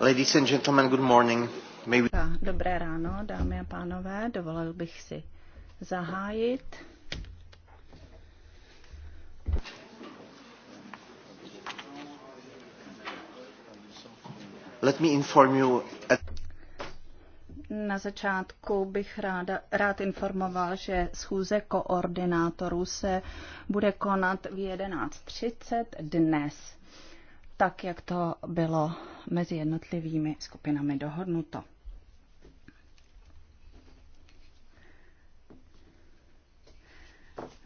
Ladies and gentlemen, good morning. May we... Dobré ráno, dámy a pánové. Dovolil bych si zahájit. Let me inform you at... Na začátku bych ráda, rád informoval, že schůze koordinátorů se bude konat v 11.30 dnes, tak jak to bylo mezi jednotlivými skupinami dohodnuto.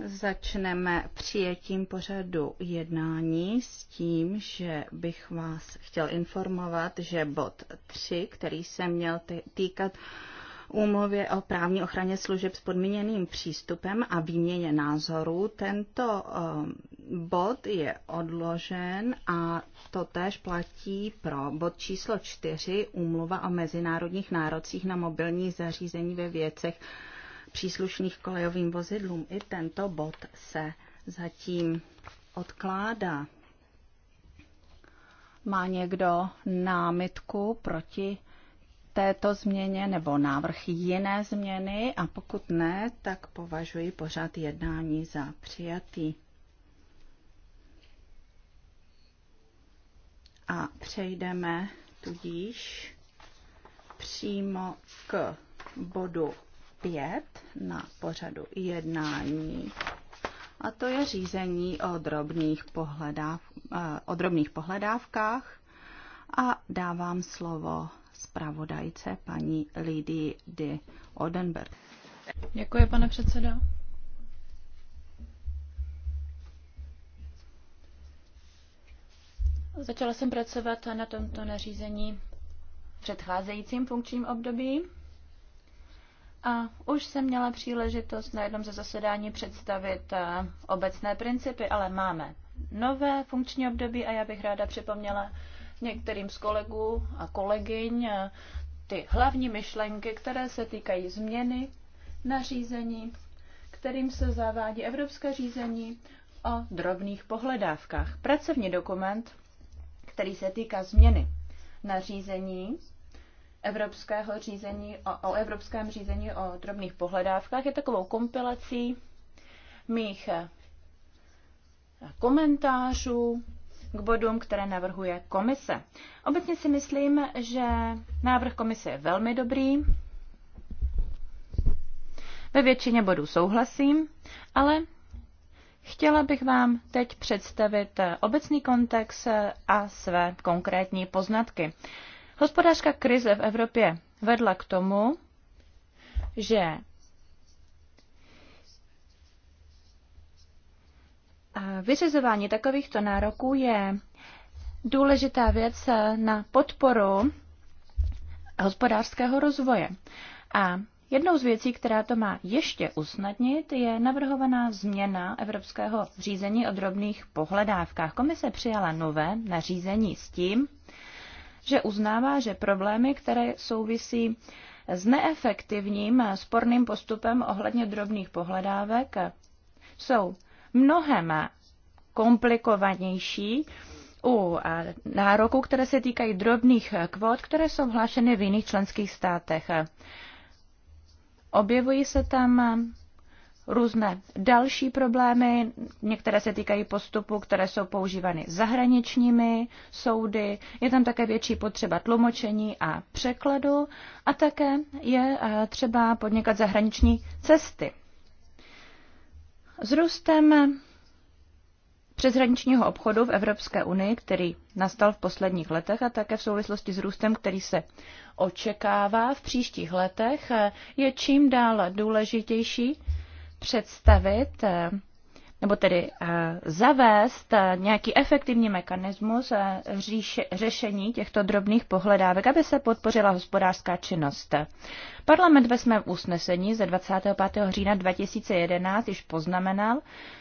Začneme přijetím pořadu jednání s tím, že bych vás chtěl informovat, že bod 3, který se měl týkat úmluvě o právní ochraně služeb s podmíněným přístupem a výměně názorů. Tento eh, bod je odložen a to též platí pro bod číslo 4, úmluva o mezinárodních nárocích na mobilní zařízení ve věcech příslušných kolejovým vozidlům. I tento bod se zatím odkládá. Má někdo námitku proti této změně nebo návrh jiné změny a pokud ne, tak považuji pořád jednání za přijatý. A přejdeme tudíž přímo k bodu 5 na pořadu jednání. A to je řízení o drobných, pohledáv, eh, o drobných pohledávkách a dávám slovo zpravodajce paní Lidii de Odenberg. Děkuji, pane předsedo. Začala jsem pracovat na tomto nařízení v předcházejícím funkčním období a už jsem měla příležitost na jednom ze zasedání představit eh, obecné principy, ale máme nové funkční období a já bych ráda připomněla některým z kolegů a kolegyň eh, ty hlavní myšlenky, které se týkají změny nařízení, kterým se zavádí evropské řízení o drobných pohledávkách. Pracovní dokument, který se týká změny nařízení evropského řízení o, o evropském řízení o drobných pohledávkách, je takovou kompilací mých eh, komentářů k bodům, které navrhuje komise. Obecně si myslím, že návrh komise je velmi dobrý. Ve většině bodů souhlasím, ale chtěla bych vám teď představit obecný kontext a své konkrétní poznatky. Hospodářská krize v Evropě vedla k tomu, že vyřizování takovýchto nároků je důležitá věc na podporu hospodářského rozvoje. A jednou z věcí, která to má ještě usnadnit, je navrhovaná změna evropského řízení o drobných pohledávkách. Komise přijala nové nařízení s tím, že uznává, že problémy, které souvisí s neefektivním sporným postupem ohledně drobných pohledávek, jsou mnohem komplikovanější u eh, nároků, které se týkají drobných kvót, které jsou hlášeny v jiných členských státech. Objevují se tam eh, různé další problémy, některé se týkají postupů, které jsou používány zahraničními soudy, je tam také větší potřeba tlumočení a překladu a také je eh, třeba podnikat zahraniční cesty. S růstem přeshraničního obchodu v Evropské unii, který nastal v posledních letech a také v souvislosti s růstem, který se očekává v příštích letech, je čím dál důležitější představit eh, nebo tedy eh, zavést eh, nějaký efektivní mechanismus eh, řešení těchto drobných pohledávek, aby se podpořila hospodářská činnost. Parlament ve svém usnesení ze 25. října 2011 již poznamenal,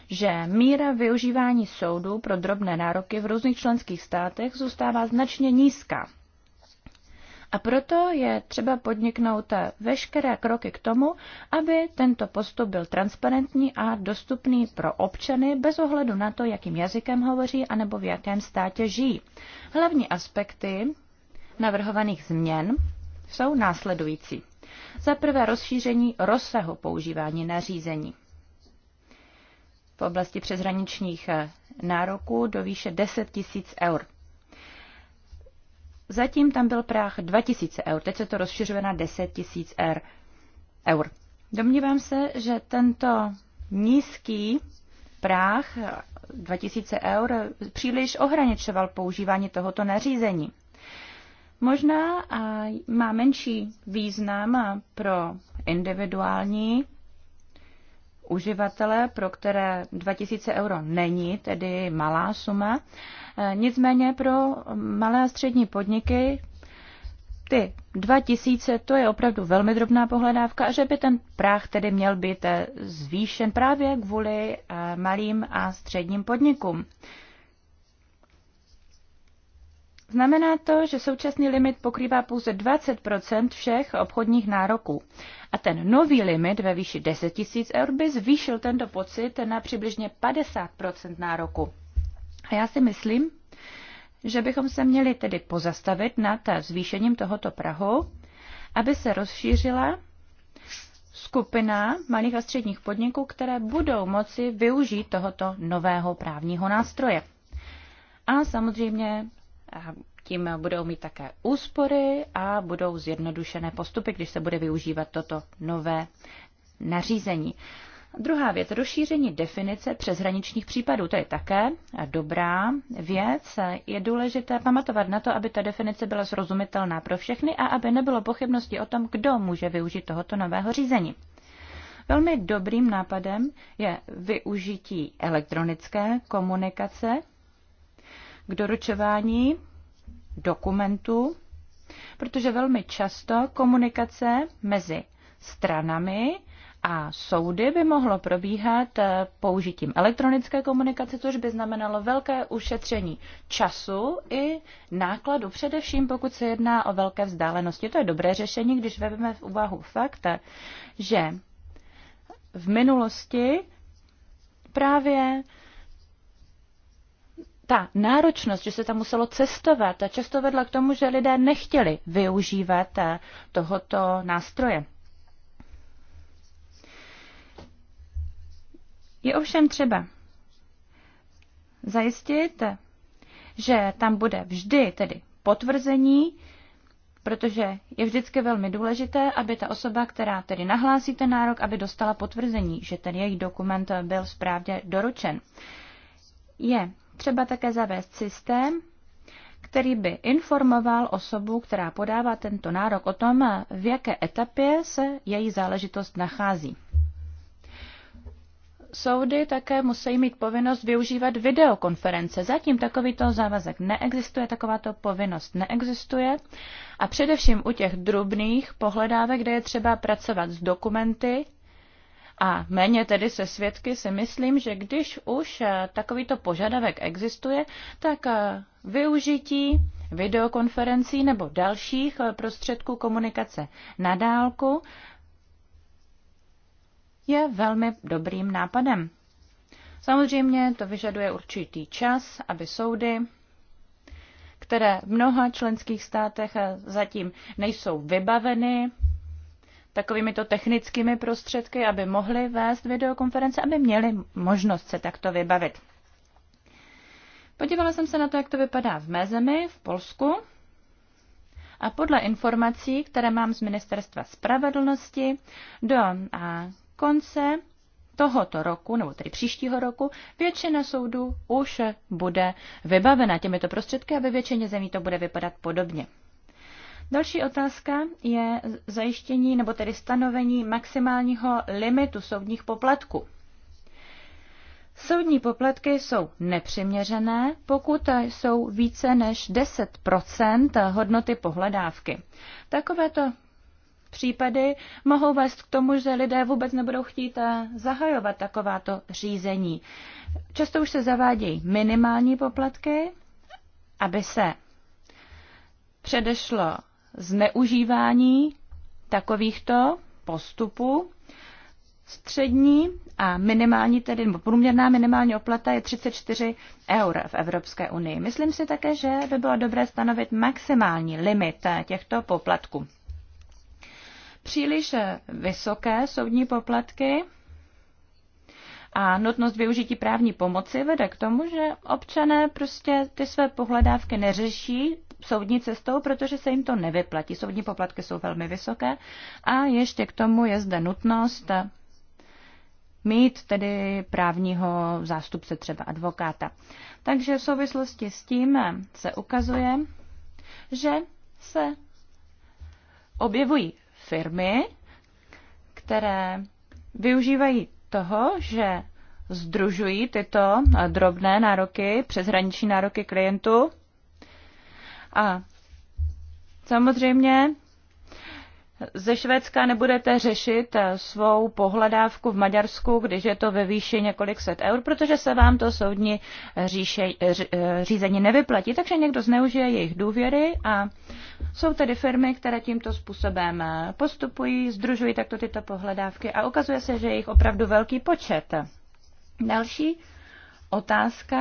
že míra využívání soudů pro drobné nároky v různých členských státech zůstává značně nízká. A proto je třeba podniknout veškeré kroky k tomu, aby tento postup byl transparentní a dostupný pro občany bez ohledu na to, jakým jazykem hovoří anebo v jakém státě žijí. Hlavní aspekty navrhovaných změn jsou následující. Za prvé rozšíření rozsahu používání nařízení. V oblasti přeshraničních nároků do výše 10 000 eur. Zatím tam byl práh 2000 eur, teď se to rozšiřuje na 10 000 er- eur. Domnívám se, že tento nízký práh 2000 eur příliš ohraničoval používání tohoto nařízení. Možná má menší význam pro individuální uživatele, pro které 2000 euro není, tedy malá suma. E, nicméně pro malé a střední podniky ty 2000, to je opravdu velmi drobná pohledávka a že by ten práh tedy měl být e, zvýšen právě kvůli e, malým a středním podnikům. Znamená to, že současný limit pokrývá pouze 20 všech obchodních nároků. A ten nový limit ve výši 10 000 eur by zvýšil tento pocit na přibližně 50 nároku. A já si myslím, že bychom se měli tedy pozastavit nad zvýšením tohoto Prahu, aby se rozšířila skupina malých a středních podniků, které budou moci využít tohoto nového právního nástroje. A samozřejmě a tím budou mít také úspory a budou zjednodušené postupy, když se bude využívat toto nové nařízení. Druhá věc, rozšíření definice přeshraničních případů. To je také dobrá věc. Je důležité pamatovat na to, aby ta definice byla srozumitelná pro všechny a aby nebylo pochybnosti o tom, kdo může využít tohoto nového řízení. Velmi dobrým nápadem je využití elektronické komunikace k doručování dokumentů, protože velmi často komunikace mezi stranami a soudy by mohlo probíhat eh, použitím elektronické komunikace, což by znamenalo velké ušetření času i nákladu, především pokud se jedná o velké vzdálenosti. To je dobré řešení, když vezmeme v úvahu fakt, že v minulosti právě ta náročnost, že se tam muselo cestovat, často vedla k tomu, že lidé nechtěli využívat eh, tohoto nástroje. Je ovšem třeba zajistit, že tam bude vždy tedy potvrzení, protože je vždycky velmi důležité, aby ta osoba, která tedy nahlásí ten nárok, aby dostala potvrzení, že ten jejich dokument byl správně doručen. Je třeba také zavést systém, který by informoval osobu, která podává tento nárok o tom, v jaké etapě se její záležitost nachází. Soudy také musí mít povinnost využívat videokonference. Zatím takovýto závazek neexistuje, takováto povinnost neexistuje. A především u těch drobných pohledávek, kde je třeba pracovat s dokumenty, a méně tedy se svědky si myslím, že když už eh, takovýto požadavek existuje, tak eh, využití videokonferencí nebo dalších eh, prostředků komunikace na dálku je velmi dobrým nápadem. Samozřejmě to vyžaduje určitý čas, aby soudy, které v mnoha členských státech zatím nejsou vybaveny takovýmito technickými prostředky, aby mohli vést videokonference, aby měli možnost se takto vybavit. Podívala jsem se na to, jak to vypadá v mé zemi, v Polsku. A podle informací, které mám z Ministerstva spravedlnosti, do a konce tohoto roku, nebo tedy příštího roku, většina soudů už bude vybavena těmito prostředky a ve většině zemí to bude vypadat podobně. Další otázka je zajištění nebo tedy stanovení maximálního limitu soudních poplatků. Soudní poplatky jsou nepřiměřené, pokud jsou více než 10 hodnoty pohledávky. Takovéto případy mohou vést k tomu, že lidé vůbec nebudou chtít eh, zahajovat takováto řízení. Často už se zavádějí minimální poplatky, aby se předešlo zneužívání takovýchto postupů. Střední a minimální, tedy nebo průměrná minimální oplata je 34 eur v Evropské unii. Myslím si také, že by bylo dobré stanovit maximální limit těchto poplatků. Příliš vysoké soudní poplatky a nutnost využití právní pomoci vede k tomu, že občané prostě ty své pohledávky neřeší soudní cestou, protože se jim to nevyplatí. Soudní poplatky jsou velmi vysoké a ještě k tomu je zde nutnost mít tedy právního zástupce, třeba advokáta. Takže v souvislosti s tím se ukazuje, že se objevují firmy, které využívají toho, že združují tyto drobné nároky, přeshraniční nároky klientů. A samozřejmě ze Švédska nebudete řešit eh, svou pohledávku v Maďarsku, když je to ve výši několik set eur, protože se vám to soudní eh, říše, eh, řízení nevyplatí, takže někdo zneužije jejich důvěry a jsou tedy firmy, které tímto způsobem postupují, združují takto tyto pohledávky a ukazuje se, že je jich opravdu velký počet. Další otázka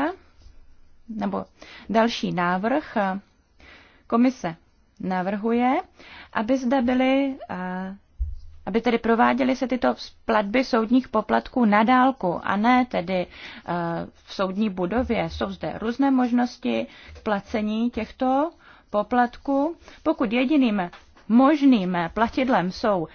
nebo další návrh komise navrhuje, aby zde byly, eh, aby tedy prováděly se tyto platby soudních poplatků na dálku a ne tedy eh, v soudní budově. Jsou zde různé možnosti placení těchto poplatků. Pokud jediným možným platidlem jsou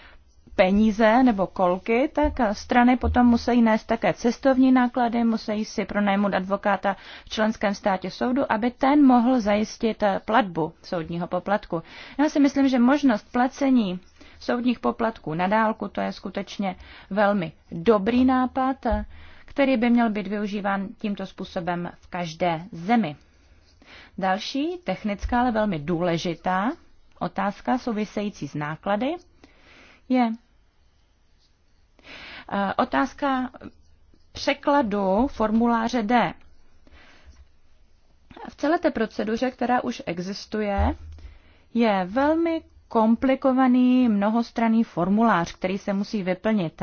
peníze nebo kolky, tak strany potom musí nést také cestovní náklady, musí si pronajmout advokáta v členském státě soudu, aby ten mohl zajistit eh, platbu soudního poplatku. Já si myslím, že možnost placení soudních poplatků na dálku, to je skutečně velmi dobrý nápad, eh, který by měl být využíván tímto způsobem v každé zemi. Další technická, ale velmi důležitá otázka související s náklady je eh, otázka překladu formuláře D. V celé té proceduře, která už existuje, je velmi komplikovaný mnohostranný formulář, který se musí vyplnit.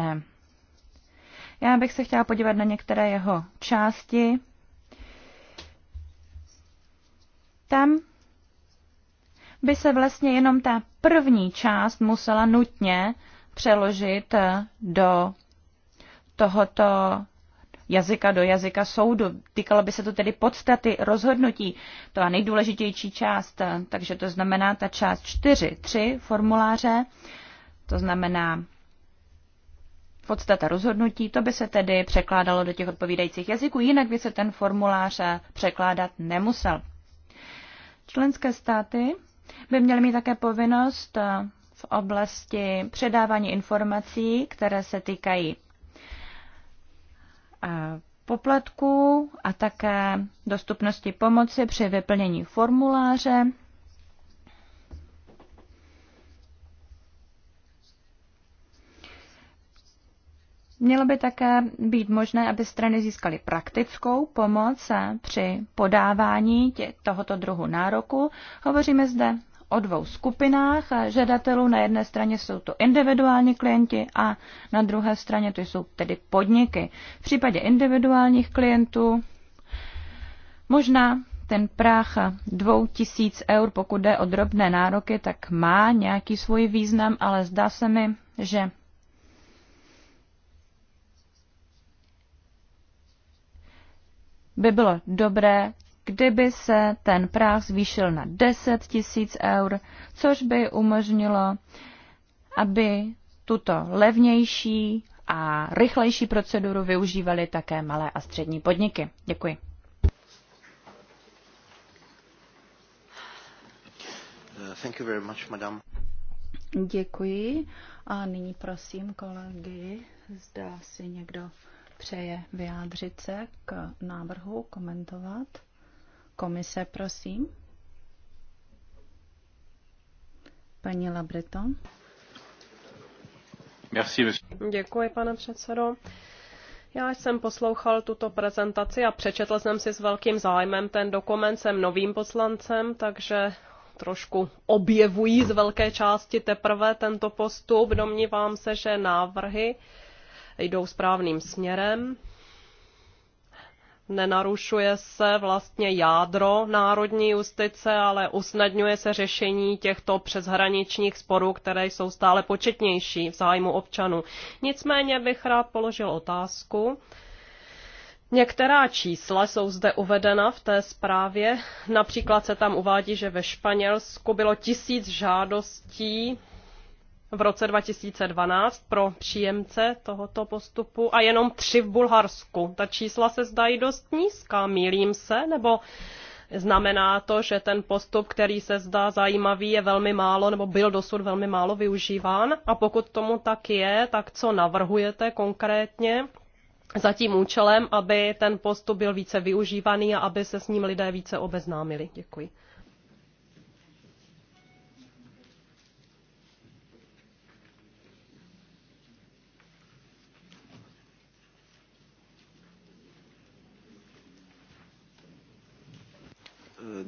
Já bych se chtěla podívat na některé jeho části. Tam by se vlastně jenom ta první část musela nutně přeložit do tohoto jazyka do jazyka soudu. Týkalo by se to tedy podstaty rozhodnutí, to je nejdůležitější část, takže to znamená ta část 4, 3 formuláře, to znamená podstata rozhodnutí, to by se tedy překládalo do těch odpovídajících jazyků, jinak by se ten formulář překládat nemusel. Členské státy by měly mít také povinnost eh, v oblasti předávání informací, které se týkají eh, poplatků a také dostupnosti pomoci při vyplnění formuláře Mělo by také být možné, aby strany získaly praktickou pomoc při podávání tě, tohoto druhu nároku. Hovoříme zde o dvou skupinách žadatelů. Na jedné straně jsou to individuální klienti a na druhé straně to jsou tedy podniky. V případě individuálních klientů možná ten práh 2000 eur, pokud jde o drobné nároky, tak má nějaký svůj význam, ale zdá se mi, že by bylo dobré, kdyby se ten práh zvýšil na 10 tisíc eur, což by umožnilo, aby tuto levnější a rychlejší proceduru využívaly také malé a střední podniky. Děkuji. Thank you very much, madam. Děkuji. A nyní prosím kolegy, zda si někdo přeje vyjádřit se k návrhu, komentovat? Komise, prosím. Paní Labreton. Děkuji, pane předsedo. Já jsem poslouchal tuto prezentaci a přečetl jsem si s velkým zájmem ten dokument. Jsem novým poslancem, takže trošku objevují z velké části teprve tento postup. Domnívám se, že návrhy, jdou správným směrem. Nenarušuje se vlastně jádro národní justice, ale usnadňuje se řešení těchto přeshraničních sporů, které jsou stále početnější v zájmu občanů. Nicméně bych rád položil otázku, Některá čísla jsou zde uvedena v té zprávě. Například se tam uvádí, že ve Španělsku bylo tisíc žádostí v roce 2012 pro příjemce tohoto postupu a jenom tři v Bulharsku. Ta čísla se zdají dost nízká, mýlím se, nebo znamená to, že ten postup, který se zdá zajímavý, je velmi málo nebo byl dosud velmi málo využíván. A pokud tomu tak je, tak co navrhujete konkrétně za tím účelem, aby ten postup byl více využívaný a aby se s ním lidé více obeznámili? Děkuji.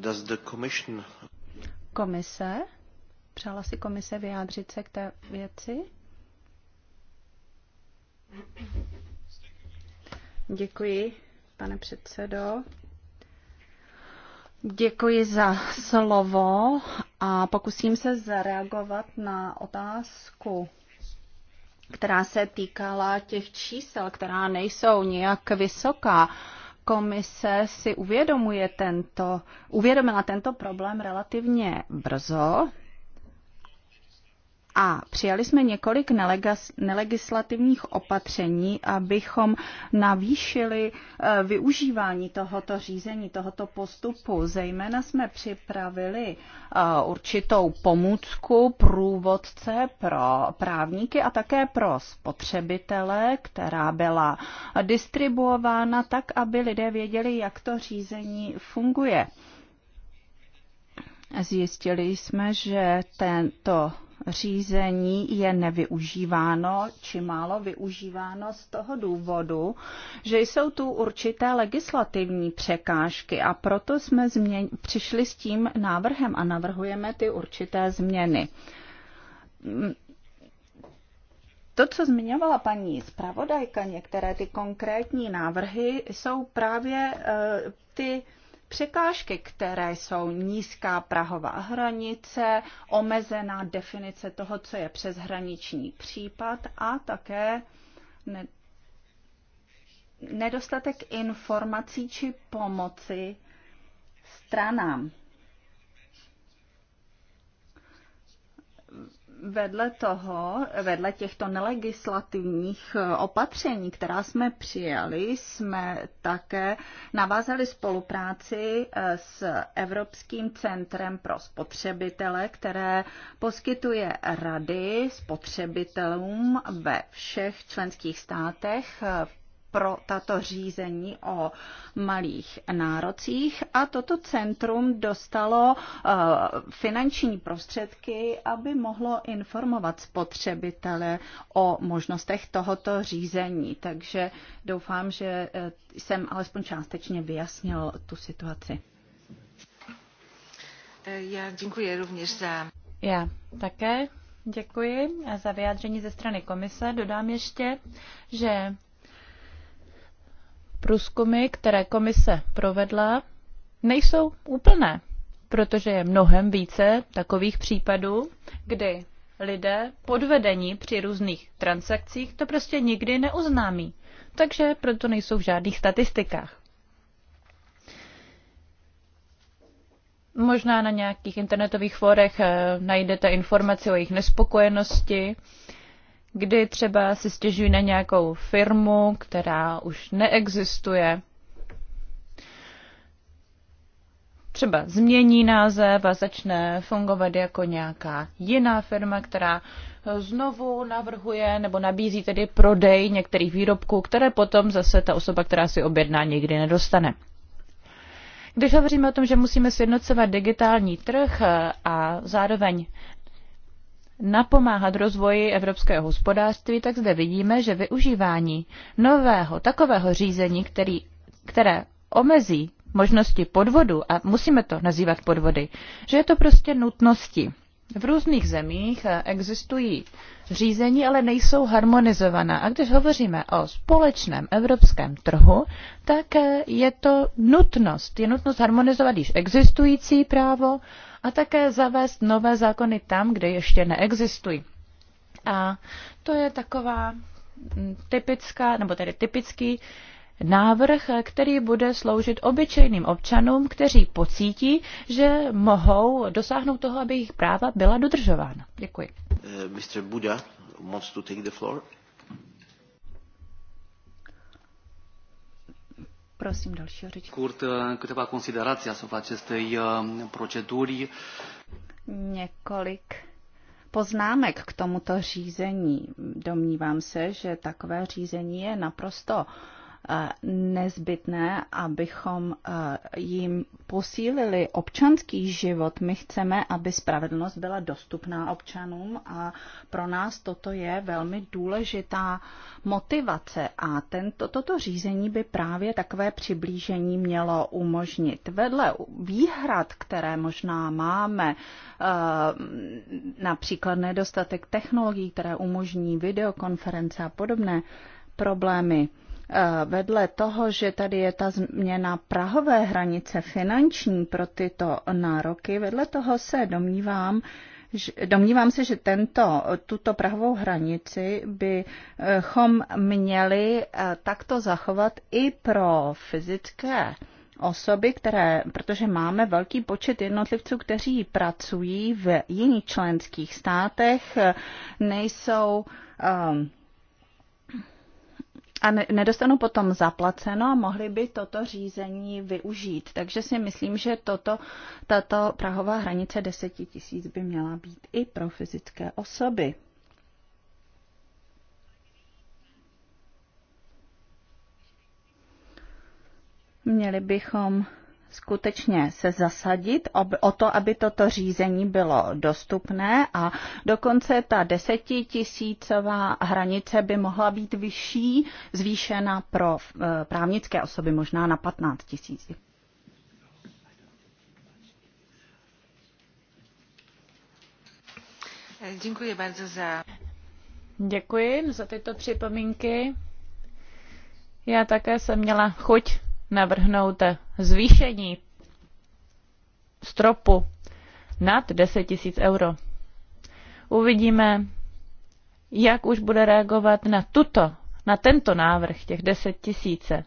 Does the commission... Komise? Přála si komise vyjádřit se k té věci? Děkuji, pane předsedo. Děkuji za slovo a pokusím se zareagovat na otázku, která se týkala těch čísel, která nejsou nijak vysoká. Komise si uvědomuje tento, uvědomila tento problém relativně brzo, a přijali jsme několik nelegislativních opatření, abychom navýšili eh, využívání tohoto řízení, tohoto postupu. Zejména jsme připravili eh, určitou pomůcku, průvodce pro právníky a také pro spotřebitele, která byla distribuována tak, aby lidé věděli, jak to řízení funguje. Zjistili jsme, že tento řízení je nevyužíváno či málo využíváno z toho důvodu, že jsou tu určité legislativní překážky a proto jsme změn- přišli s tím návrhem a navrhujeme ty určité změny. To, co zmiňovala paní zpravodajka, některé ty konkrétní návrhy jsou právě eh, ty překážky, které jsou nízká prahová hranice, omezená definice toho, co je přeshraniční případ a také nedostatek informací či pomoci stranám. vedle toho, vedle těchto nelegislativních eh, opatření, která jsme přijali, jsme také navázali spolupráci eh, s Evropským centrem pro spotřebitele, které poskytuje rady spotřebitelům ve všech členských státech eh, pro tato řízení o malých nárocích a toto centrum dostalo eh, finanční prostředky, aby mohlo informovat spotřebitele o možnostech tohoto řízení. Takže doufám, že eh, jsem alespoň částečně vyjasnil tu situaci. Eh, já děkuji rovněž za. Já také děkuji za vyjádření ze strany komise. Dodám ještě, že průzkumy, které komise provedla, nejsou úplné, protože je mnohem více takových případů, kdy lidé podvedení při různých transakcích to prostě nikdy neuznámí. Takže proto nejsou v žádných statistikách. Možná na nějakých internetových fórech eh, najdete informaci o jejich nespokojenosti, kdy třeba si stěžují na nějakou firmu, která už neexistuje. Třeba změní název a začne fungovat jako nějaká jiná firma, která znovu navrhuje nebo nabízí tedy prodej některých výrobků, které potom zase ta osoba, která si objedná, nikdy nedostane. Když hovoříme o tom, že musíme sjednocovat digitální trh a zároveň napomáhat rozvoji evropského hospodářství, tak zde vidíme, že využívání nového takového řízení, který, které omezí možnosti podvodu, a musíme to nazývat podvody, že je to prostě nutnosti. V různých zemích eh, existují řízení, ale nejsou harmonizovaná. A když hovoříme o společném evropském trhu, tak eh, je to nutnost. Je nutnost harmonizovat již existující právo a také zavést nové zákony tam, kde ještě neexistují. A to je taková mm, typická, nebo tedy typický návrh, který bude sloužit obyčejným občanům, kteří pocítí, že mohou dosáhnout toho, aby jejich práva byla dodržována. Děkuji. Uh, eh, Mr. Buda wants to take the floor. Prosím dalšího řečníka. Scurt, eh, câteva considerații asupra acestei eh, proceduri. Několik poznámek k tomuto řízení. Domnívám se, že takové řízení je naprosto uh, nezbytné, abychom jim posílili občanský život. My chceme, aby spravedlnost byla dostupná občanům a pro nás toto je velmi důležitá motivace a tento, toto řízení by právě takové přiblížení mělo umožnit. Vedle výhrad, které možná máme, například nedostatek technologií, které umožní videokonference a podobné problémy, Eh, vedle toho, že tady je ta změna prahové hranice finanční pro tyto nároky, vedle toho se domnívám, Domnívám se, že tento, tuto prahovou hranici bychom měli eh, takto zachovat i pro fyzické osoby, které, protože máme velký počet jednotlivců, kteří pracují v jiných členských státech, eh, nejsou um, a nedostanou potom zaplaceno a mohli by toto řízení využít. Takže si myslím, že toto, tato prahová hranice 10 tisíc by měla být i pro fyzické osoby. Měli bychom skutečně se zasadit o to, aby toto řízení bylo dostupné a dokonce ta desetitisícová hranice by mohla být vyšší, zvýšena pro eh, právnické osoby možná na 15 tisíc. Děkuji bardzo za... Děkuji za tyto připomínky. Já také jsem měla chuť navrhnout zvýšení stropu nad 10 tisíc euro. Uvidíme, jak už bude reagovat na tuto, na tento návrh těch 10 tisíce.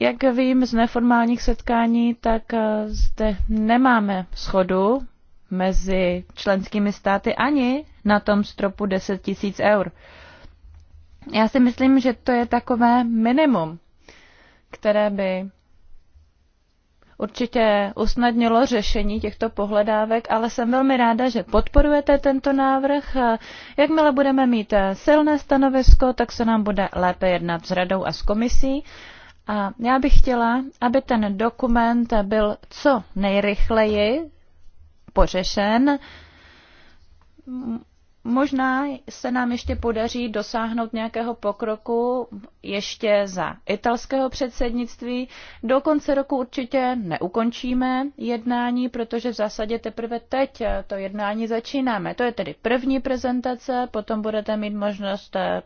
Jak vím z neformálních setkání, tak eh, zde nemáme schodu mezi členskými státy ani na tom stropu 10 tisíc eur. Já si myslím, že to je takové minimum které by určitě usnadnilo řešení těchto pohledávek, ale jsem velmi ráda, že podporujete tento návrh. Jakmile budeme mít silné stanovisko, tak se nám bude lépe jednat s radou a s komisí. A já bych chtěla, aby ten dokument byl co nejrychleji pořešen. Možná se nám ještě podaří dosáhnout nějakého pokroku ještě za italského předsednictví. Do konce roku určitě neukončíme jednání, protože v zásadě teprve teď to jednání začínáme. To je tedy první prezentace, potom budete mít možnost eh,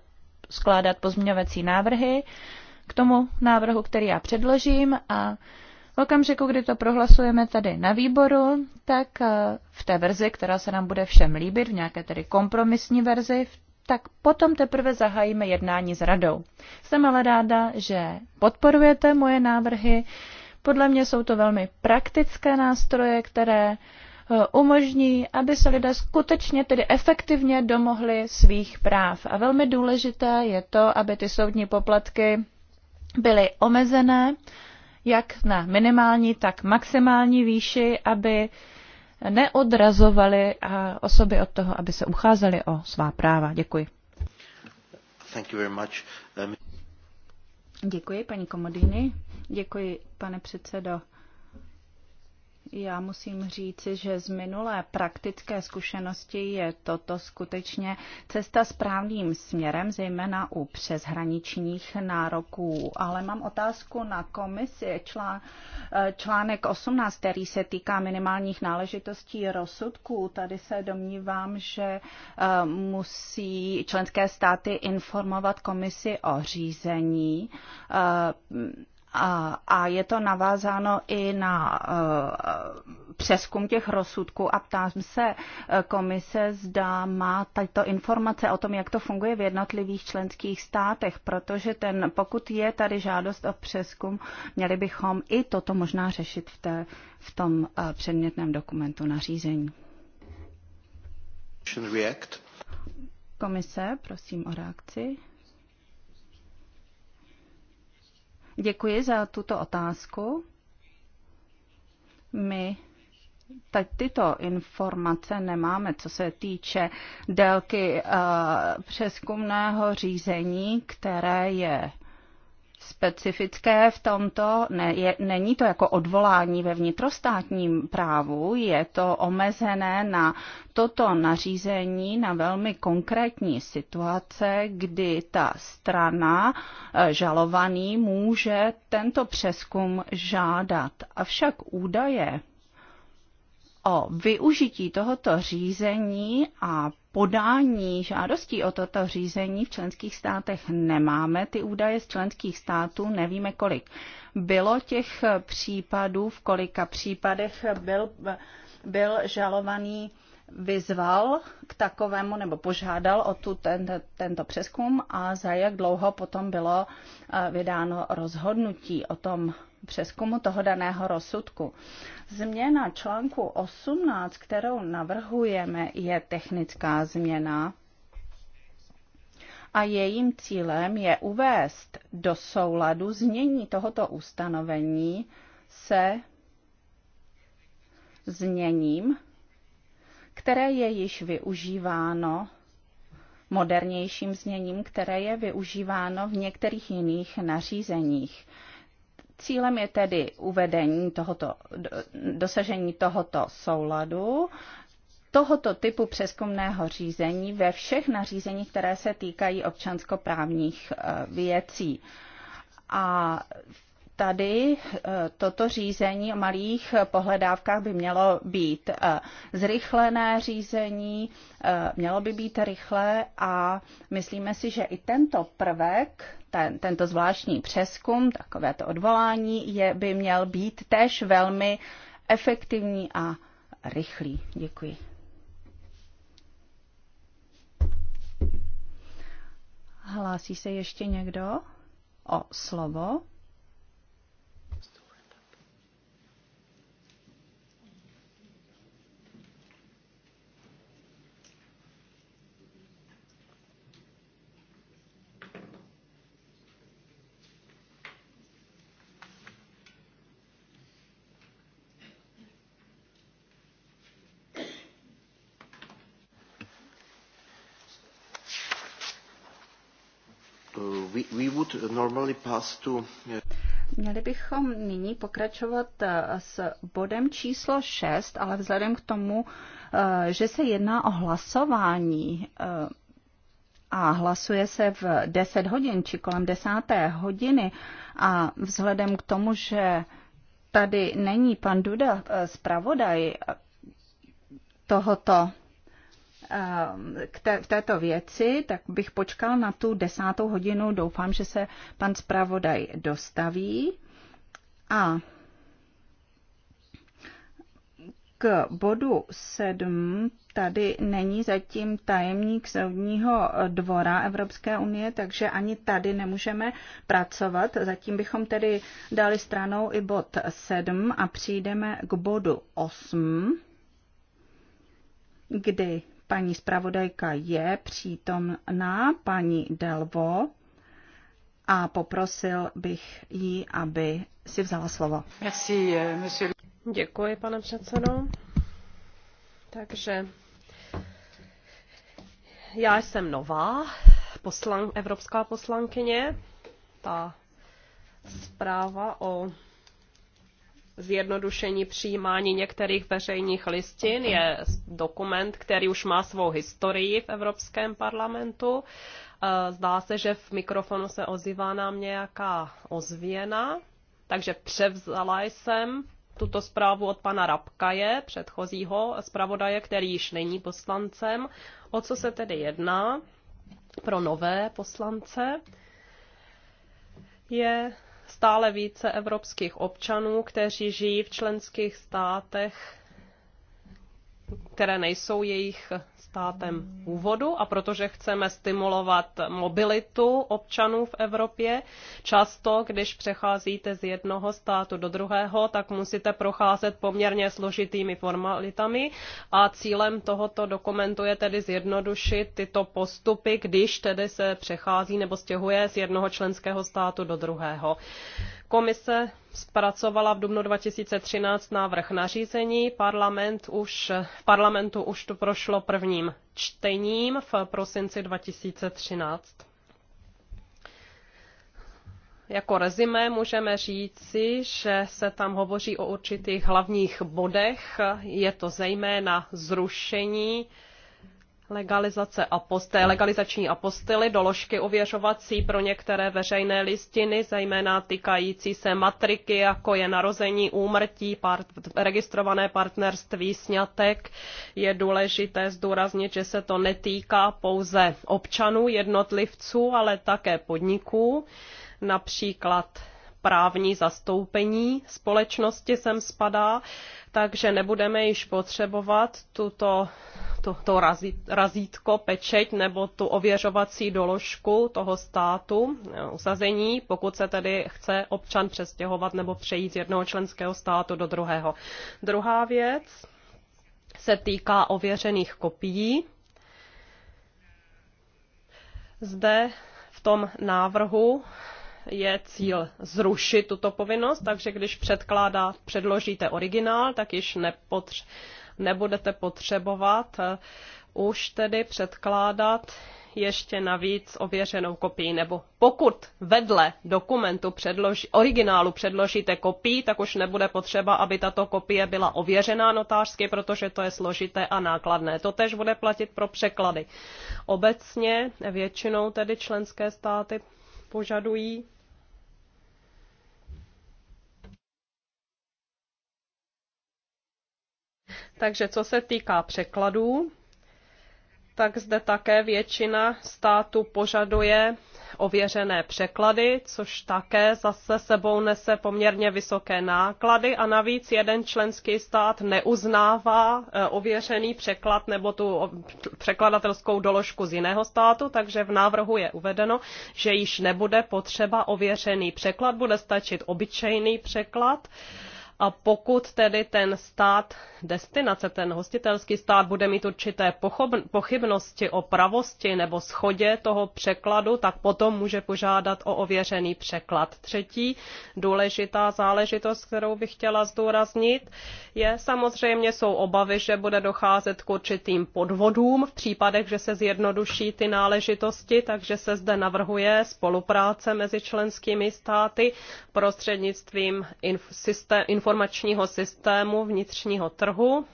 skládat pozměňovací návrhy k tomu návrhu, který já předložím a okamžiku, kdy to prohlasujeme tady na výboru, tak eh, v té verzi, která se nám bude všem líbit, v nějaké tedy kompromisní verzi, tak potom teprve zahájíme jednání s radou. Jsem ale ráda, že podporujete moje návrhy. Podle mě jsou to velmi praktické nástroje, které eh, umožní, aby se lidé skutečně tedy efektivně domohli svých práv. A velmi důležité je to, aby ty soudní poplatky byly omezené jak na minimální, tak maximální výši, aby neodrazovali osoby od toho, aby se ucházeli o svá práva. Děkuji. Thank you very much. Um... Děkuji, paní Komodýny. Děkuji, pane předsedo. Já musím říci, že z minulé praktické zkušenosti je toto skutečně cesta správným směrem, zejména u přeshraničních nároků. Ale mám otázku na komisi. Člán, eh, článek 18, který se týká minimálních náležitostí rozsudků. Tady se domnívám, že eh, musí členské státy informovat komisi o řízení eh, a, je to navázáno i na eh, přeskum těch rozsudků a ptám se eh, komise, zda má tato informace o tom, jak to funguje v jednotlivých členských státech, protože ten, pokud je tady žádost o přeskum, měli bychom i toto možná řešit v, té, v tom eh, předmětném dokumentu nařízení. Komise, prosím o reakci. Děkuji za tuto otázku. My tak tyto informace nemáme, co se týče délky eh, přeskumného řízení, které je specifické v tomto, ne, je, není to jako odvolání ve vnitrostátním právu, je to omezené na toto nařízení, na velmi konkrétní situace, kdy ta strana eh, žalovaný může tento přeskum žádat. Avšak údaje o využití tohoto řízení a podání žádostí o toto řízení v členských státech nemáme. Ty údaje z členských států nevíme kolik. Bylo těch případů, v kolika případech byl, byl žalovaný vyzval k takovému nebo požádal o tu, ten, tento přeskum a za jak dlouho potom bylo eh, vydáno rozhodnutí o tom přeskumu toho daného rozsudku. Změna článku 18, kterou navrhujeme, je technická změna a jejím cílem je uvést do souladu změní tohoto ustanovení se změním které je již využíváno modernějším zněním, které je využíváno v některých jiných nařízeních. Cílem je tedy uvedení tohoto, dosažení tohoto souladu, tohoto typu přeskumného řízení ve všech nařízeních, které se týkají občanskoprávních eh, věcí. A tady e, toto řízení o malých pohledávkách by mělo být e, zrychlené řízení, e, mělo by být rychlé a myslíme si, že i tento prvek, ten, tento zvláštní přeskum, takovéto odvolání, je, by měl být též velmi efektivní a rychlý. Děkuji. Hlásí se ještě někdo o slovo? Eh, Měli bychom nyní pokračovat eh, s bodem číslo 6, ale vzhledem k tomu, eh, že se jedná o hlasování a hlasuje se v 10 hodin či kolem 10. hodiny a vzhledem k tomu, že tady není pan Duda zpravodaj tohoto Eh, k té, v této věci, tak bych počkal na tu desátou hodinu. Doufám, že se pan zpravodaj dostaví. A k bodu sedm tady není zatím tajemník soudního dvora Evropské unie, takže ani tady nemůžeme pracovat. Zatím bychom tedy dali stranou i bod sedm a přijdeme k bodu osm, kdy Paní zpravodajka je přítomná, paní Delvo, a poprosil bych ji, aby si vzala slovo. Merci, eh, monsieur. Děkuji, pane předsedo. Takže já jsem nová poslan, evropská poslankyně. Ta zpráva o zjednodušení přijímání některých veřejných listin je dokument, který už má svou historii v Evropském parlamentu. Eh, zdá se, že v mikrofonu se ozývá nám nějaká ozvěna, takže převzala jsem tuto zprávu od pana Rabkaje, předchozího zpravodaje, který již není poslancem. O co se tedy jedná pro nové poslance? Je stále více evropských občanů, kteří žijí v členských státech které nejsou jejich státem úvodu a protože chceme stimulovat mobilitu občanů v Evropě, často, když přecházíte z jednoho státu do druhého, tak musíte procházet poměrně složitými formalitami a cílem tohoto dokumentu je tedy zjednodušit tyto postupy, když tedy se přechází nebo stěhuje z jednoho členského státu do druhého. Komise zpracovala v dubnu 2013 návrh nařízení. Parlament už, v parlamentu už to prošlo prvním čtením v prosinci 2013. Jako rezime můžeme říci, že se tam hovoří o určitých hlavních bodech. Je to zejména zrušení legalizace aposté, legalizační apostily, doložky ověřovací pro některé veřejné listiny, zejména týkající se matriky, jako je narození, úmrtí, part, registrované partnerství, sňatek. Je důležité zdůraznit, že se to netýká pouze občanů, jednotlivců, ale také podniků, například právní zastoupení společnosti sem spadá takže nebudeme již potřebovat tuto to, to razítko, pečeť nebo tu ověřovací doložku toho státu eh, usazení, pokud se tedy chce občan přestěhovat nebo přejít z jednoho členského státu do druhého. Druhá věc se týká ověřených kopií. Zde v tom návrhu je cíl zrušit tuto povinnost, takže když předkládá, předložíte originál, tak již nepotř- nebudete potřebovat eh, už tedy předkládat ještě navíc ověřenou kopii, nebo pokud vedle dokumentu předloži, originálu předložíte kopii, tak už nebude potřeba, aby tato kopie byla ověřená notářsky, protože to je složité a nákladné. To tež bude platit pro překlady. Obecně většinou tedy členské státy požadují Takže co se týká překladů, tak zde také většina států požaduje ověřené překlady, což také zase sebou nese poměrně vysoké náklady a navíc jeden členský stát neuznává e, ověřený překlad nebo tu překladatelskou doložku z jiného státu, takže v návrhu je uvedeno, že již nebude potřeba ověřený překlad, bude stačit obyčejný překlad. Uh, a pokud tedy ten stát destinace, ten hostitelský stát bude mít určité pochybnosti o pravosti nebo schodě toho překladu, tak potom může požádat o ověřený překlad. Třetí důležitá záležitost, kterou bych chtěla zdůraznit, je samozřejmě jsou obavy, že bude docházet k určitým podvodům v případech, že se zjednoduší ty náležitosti, takže se zde navrhuje spolupráce mezi členskými státy prostřednictvím systém, informačního systému vnitřního trhu.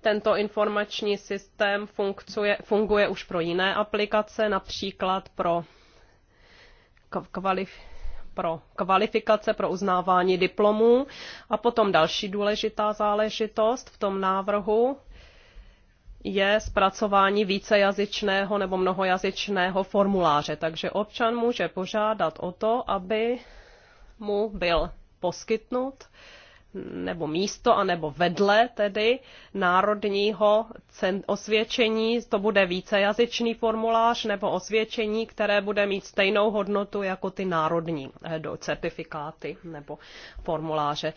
Tento informační systém funkcuje, funguje už pro jiné aplikace, například pro, kvalif, pro kvalifikace, pro uznávání diplomů. A potom další důležitá záležitost v tom návrhu je zpracování vícejazyčného nebo mnohojazyčného formuláře. Takže občan může požádat o to, aby mu byl poskytnout nebo místo, anebo vedle tedy národního osvědčení, to bude vícejazyčný formulář nebo osvědčení, které bude mít stejnou hodnotu jako ty národní eh, certifikáty nebo formuláře.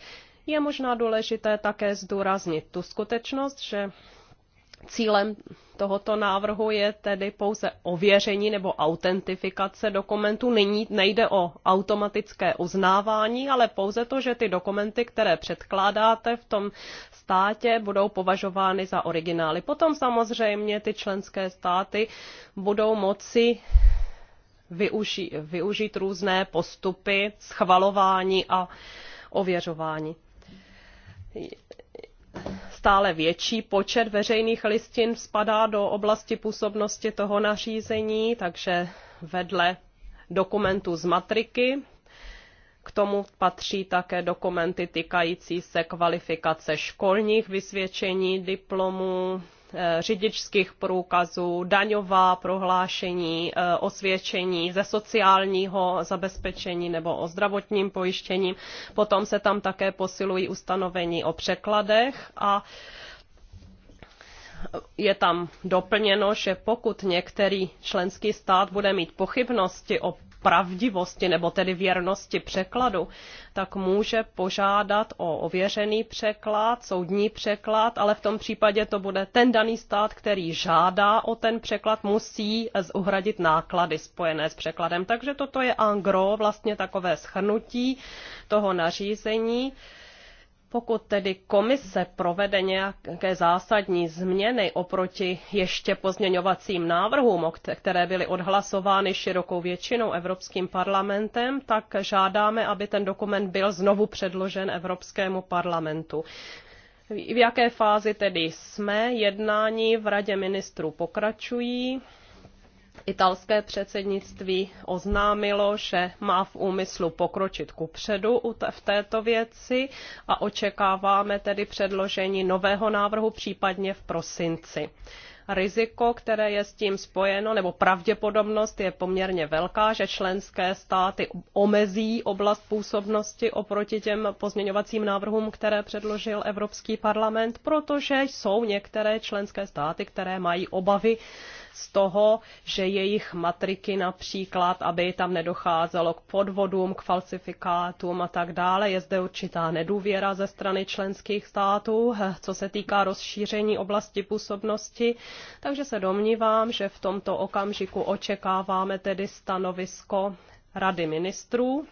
Je možná důležité také zdůraznit tu skutečnost, že Cílem tohoto návrhu je tedy pouze ověření nebo autentifikace dokumentů. Nyní nejde o automatické uznávání, ale pouze to, že ty dokumenty, které předkládáte v tom státě, budou považovány za originály. Potom samozřejmě ty členské státy budou moci využít, využít různé postupy schvalování a ověřování stále větší počet veřejných listin spadá do oblasti působnosti toho nařízení, takže vedle dokumentů z matriky k tomu patří také dokumenty týkající se kvalifikace školních vysvědčení, diplomů, Eh, řidičských průkazů, daňová prohlášení, eh, osvědčení ze sociálního zabezpečení nebo o zdravotním pojištění. Potom se tam také posilují ustanovení o překladech a je tam doplněno, že pokud některý členský stát bude mít pochybnosti o pravdivosti nebo tedy věrnosti překladu, tak může požádat o ověřený překlad, soudní překlad, ale v tom případě to bude ten daný stát, který žádá o ten překlad, musí uhradit náklady spojené s překladem. Takže toto je angro, vlastně takové schrnutí toho nařízení. Pokud tedy komise provede nějaké zásadní změny oproti ještě pozměňovacím návrhům, které byly odhlasovány širokou většinou Evropským parlamentem, tak žádáme, aby ten dokument byl znovu předložen Evropskému parlamentu. V jaké fázi tedy jsme? Jednání v Radě ministrů pokračují italské předsednictví oznámilo, že má v úmyslu pokročit kupředu v této věci a očekáváme tedy předložení nového návrhu případně v prosinci. Riziko, které je s tím spojeno, nebo pravděpodobnost je poměrně velká, že členské státy omezí oblast působnosti oproti těm pozměňovacím návrhům, které předložil Evropský parlament, protože jsou některé členské státy, které mají obavy z toho, že jejich matriky například, aby tam nedocházelo k podvodům, k falsifikátům a tak dále. Je zde určitá nedůvěra ze strany členských států, eh, co se týká rozšíření oblasti působnosti. Takže se domnívám, že v tomto okamžiku očekáváme tedy stanovisko Rady ministrů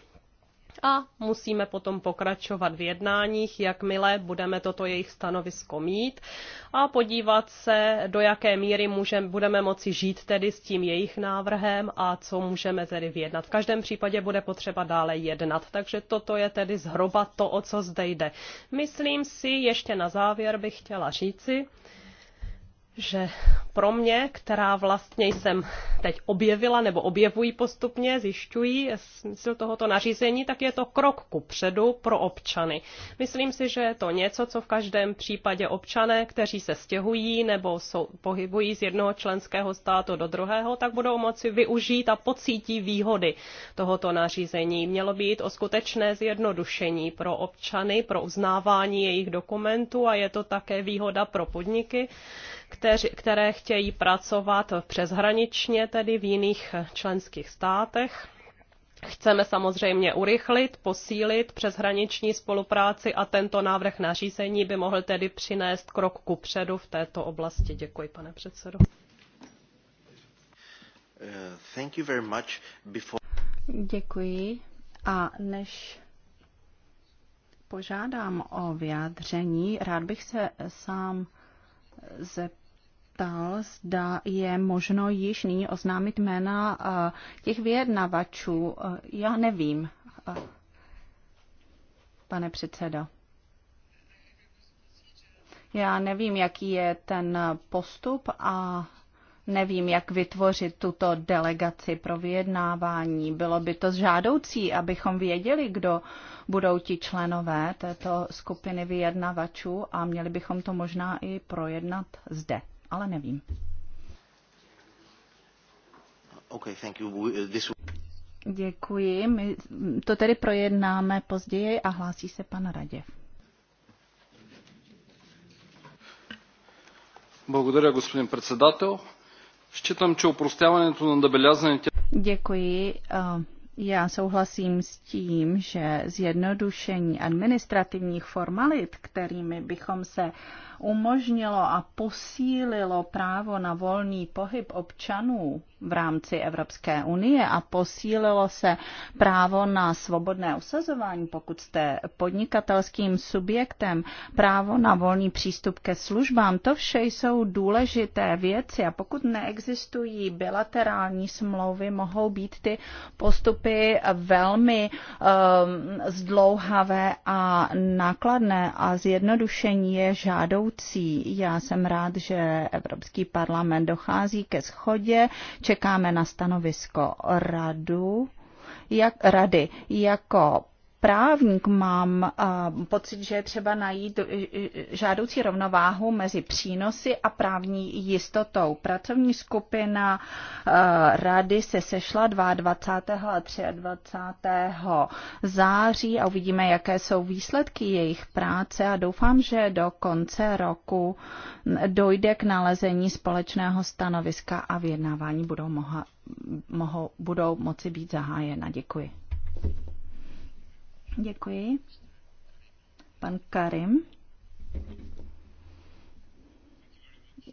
a musíme potom pokračovat v jednáních, jakmile budeme toto jejich stanovisko mít a podívat se, do jaké míry můžem, budeme moci žít tedy s tím jejich návrhem a co můžeme tedy vyjednat. V každém případě bude potřeba dále jednat, takže toto je tedy zhruba to, o co zde jde. Myslím si, ještě na závěr bych chtěla říci, že pro mě, která vlastně jsem teď objevila nebo objevují postupně, zjišťují smysl tohoto nařízení, tak je to krok ku předu pro občany. Myslím si, že je to něco, co v každém případě občané, kteří se stěhují nebo jsou, pohybují z jednoho členského státu do druhého, tak budou moci využít a pocítí výhody tohoto nařízení. Mělo by jít o skutečné zjednodušení pro občany, pro uznávání jejich dokumentů a je to také výhoda pro podniky kteři, které chtějí pracovat přeshraničně, tedy v jiných členských státech. Chceme samozřejmě urychlit, posílit přeshraniční spolupráci a tento návrh nařízení by mohl tedy přinést krok ku předu v této oblasti. Děkuji, pane předsedo. Uh, thank you very much. Before... Děkuji. A než požádám o vyjádření, rád bych se sám zeptal, zda je možno již nyní oznámit jména eh, těch vyjednavačů. Eh, já nevím, eh, pane předsedo. Já nevím, jaký je ten postup a Nevím, jak vytvořit tuto delegaci pro vyjednávání. Bylo by to žádoucí, abychom věděli, kdo budou ti členové této skupiny vyjednavačů a měli bychom to možná i projednat zde, ale nevím. Okay, thank you. Uh, this... Děkuji. My to tedy projednáme později a hlásí se pan Raděv. Благодаря, господин председател. Считам, че упростяването на набелязаните... Děkuji. Já souhlasím s tím, že zjednodušení administrativních formalit, kterými bychom se umožnilo a posílilo právo na volný pohyb občanů v rámci Evropské unie a posílilo se právo na svobodné usazování, pokud jste podnikatelským subjektem, právo na volný přístup ke službám, to vše jsou důležité věci a pokud neexistují bilaterální smlouvy, mohou být ty postupy velmi um, zdlouhavé a nákladné a zjednodušení je žádoucí budoucí. Já jsem rád, že Evropský parlament dochází ke schodě. Čekáme na stanovisko radu jak, rady. Jako právník, mám eh, pocit, že je třeba najít eh, eh, žádoucí rovnováhu mezi přínosy a právní jistotou. Pracovní skupina rady se sešla 22. a 23. září a uvidíme, jaké jsou výsledky jejich práce a doufám, že do konce roku dojde k nalezení společného stanoviska a vyjednávání budou, moha, mohou, budou moci být zahájena. Děkuji. Děkuji. Pan Karim.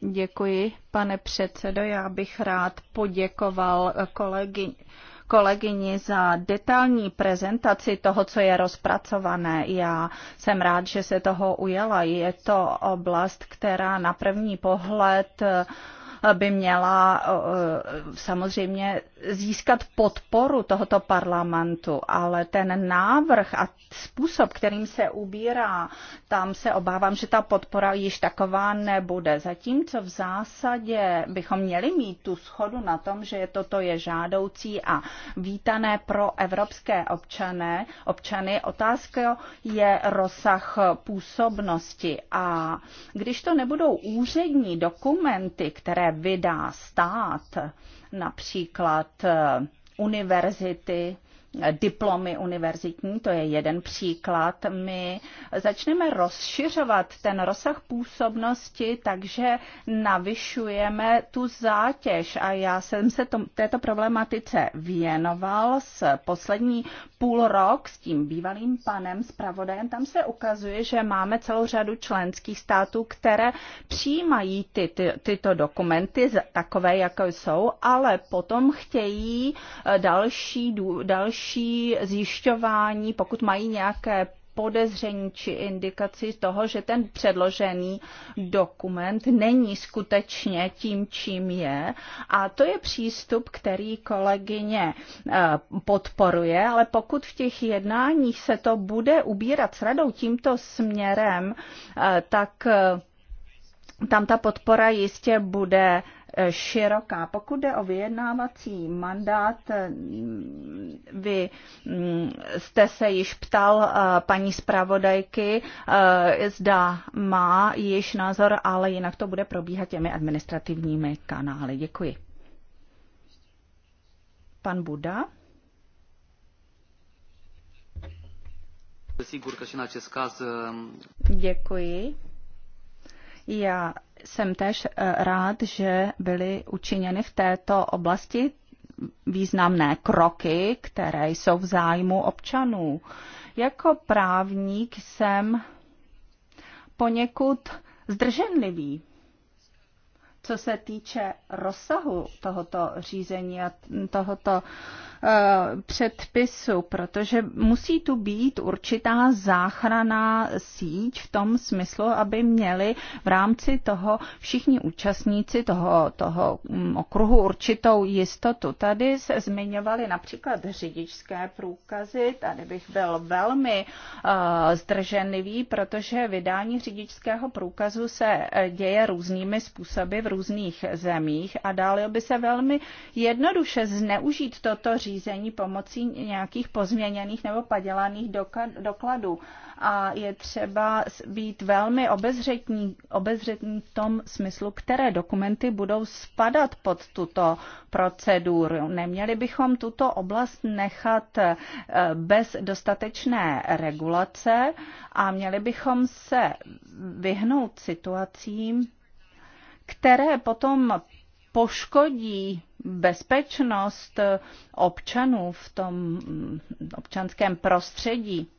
Děkuji, pane předsedo. Já bych rád poděkoval kolegy, kolegyni za detailní prezentaci toho, co je rozpracované. Já jsem rád, že se toho ujela. Je to oblast, která na první pohled uh, by měla samozřejmě získat podporu tohoto parlamentu, ale ten návrh a způsob, kterým se ubírá, tam se obávám, že ta podpora již taková nebude. Zatímco v zásadě bychom měli mít tu schodu na tom, že toto je žádoucí a vítané pro evropské občané, občany. Otázka je rozsah působnosti a když to nebudou úřední dokumenty, které vydá stát, například eh, univerzity, diplomy univerzitní, to je jeden příklad. My začneme rozšiřovat ten rozsah působnosti, takže navyšujeme tu zátěž a já jsem se tom, této problematice věnoval s poslední půl rok s tím bývalým panem zpravodajem. Tam se ukazuje, že máme celou řadu členských států, které přijímají ty, ty, tyto dokumenty takové, jako jsou, ale potom chtějí eh, další, další další zjišťování, pokud mají nějaké podezření či indikaci toho, že ten předložený dokument není skutečně tím, čím je. A to je přístup, který kolegyně eh, podporuje, ale pokud v těch jednáních se to bude ubírat s radou tímto směrem, eh, tak eh, tam ta podpora jistě bude široká. Pokud jde o vyjednávací mandát, mm, vy mm, jste se již ptal eh, paní zpravodajky, eh, zda má již názor, ale jinak to bude probíhat těmi administrativními kanály. Děkuji. Pan Buda. Eh, Děkuji. Já jsem též eh, rád, že byly učiněny v této oblasti významné kroky, které jsou v zájmu občanů. Jako právník jsem poněkud zdrženlivý, co se týče rozsahu tohoto řízení a tohoto uh, Eh, předpisu, protože musí tu být určitá záchrana síť v tom smyslu, aby měli v rámci toho všichni účastníci toho, toho mm, okruhu určitou jistotu. Tady se zmiňovaly například řidičské průkazy, tady bych byl velmi uh, zdrženlivý, protože vydání řidičského průkazu se eh, děje různými způsoby v různých zemích a dále by se velmi jednoduše zneužít toto řízení řízení pomocí nějakých pozměněných nebo padělaných dokladů. A je třeba být velmi obezřetní, obezřetní v tom smyslu, které dokumenty budou spadat pod tuto proceduru. Neměli bychom tuto oblast nechat eh, bez dostatečné regulace a měli bychom se vyhnout situacím, které potom poškodí bezpečnost občanů v tom občanském prostředí.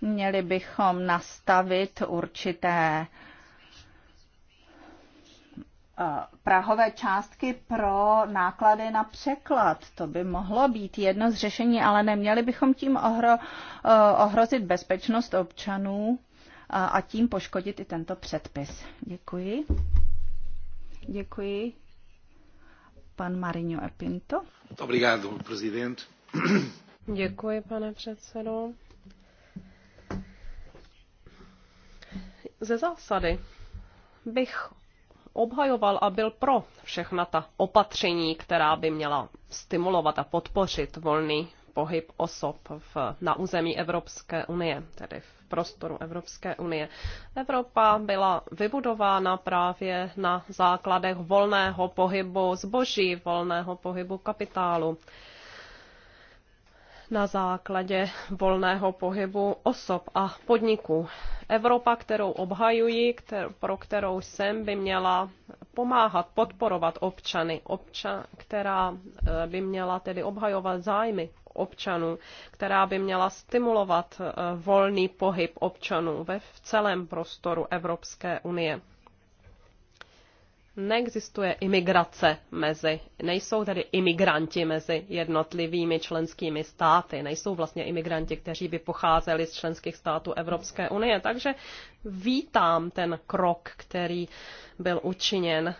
Měli bychom nastavit určité eh, Prahové částky pro náklady na překlad. To by mohlo být jedno z řešení, ale neměli bychom tím ohro, eh, ohrozit bezpečnost občanů a tím poškodit i tento předpis. Děkuji. Děkuji. Pan Marino Epinto. Obrigado, prezident. Děkuji, pane předsedo. Ze zásady bych obhajoval a byl pro všechna ta opatření, která by měla stimulovat a podpořit volný pohyb osob v, na území Evropské unie, tedy v prostoru Evropské unie. Evropa byla vybudována právě na základech volného pohybu zboží, volného pohybu kapitálu na základě volného pohybu osob a podniků. Evropa, kterou obhajuji, kter, pro kterou jsem, by měla pomáhat, podporovat občany, obča- která eh, by měla tedy obhajovat zájmy občanů, která by měla stimulovat eh, volný pohyb občanů ve v celém prostoru Evropské unie. Neexistuje imigrace mezi, nejsou tedy imigranti mezi jednotlivými členskými státy, nejsou vlastně imigranti, kteří by pocházeli z členských států Evropské unie, takže vítám ten krok, který byl učiněn.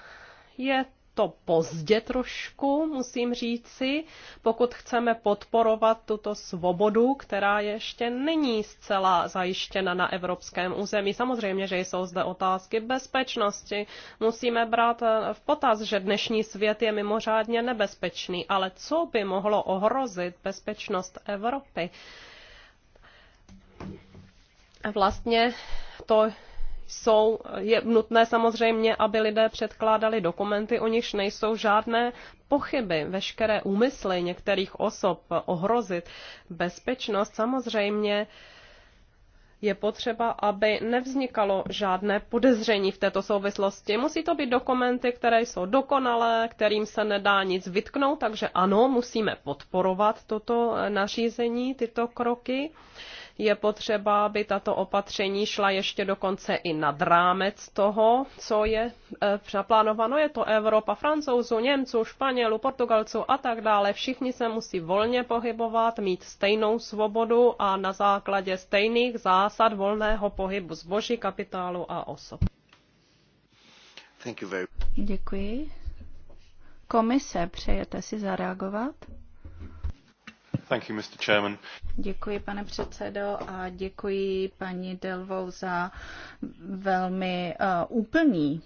Je to pozdě trošku, musím říci, pokud chceme podporovat tuto svobodu, která ještě není zcela zajištěna na evropském území. Samozřejmě, že jsou zde otázky bezpečnosti. Musíme brát eh, v potaz, že dnešní svět je mimořádně nebezpečný, ale co by mohlo ohrozit bezpečnost Evropy? Vlastně to jsou, je nutné samozřejmě, aby lidé předkládali dokumenty, o nichž nejsou žádné pochyby. Veškeré úmysly některých osob ohrozit bezpečnost samozřejmě je potřeba, aby nevznikalo žádné podezření v této souvislosti. Musí to být dokumenty, které jsou dokonalé, kterým se nedá nic vytknout, takže ano, musíme podporovat toto nařízení, tyto kroky je potřeba, aby tato opatření šla ještě dokonce i nad rámec toho, co je e, přeplánováno. Je to Evropa francouzů, Němců, Španělů, Portugalců a tak dále. Všichni se musí volně pohybovat, mít stejnou svobodu a na základě stejných zásad volného pohybu zboží, kapitálu a osob. Děkuji. Komise, přejete si zareagovat? Thank you, Mr. Chairman. Děkuji, pane předsedo, a děkuji paní Delvou za velmi uh, úplný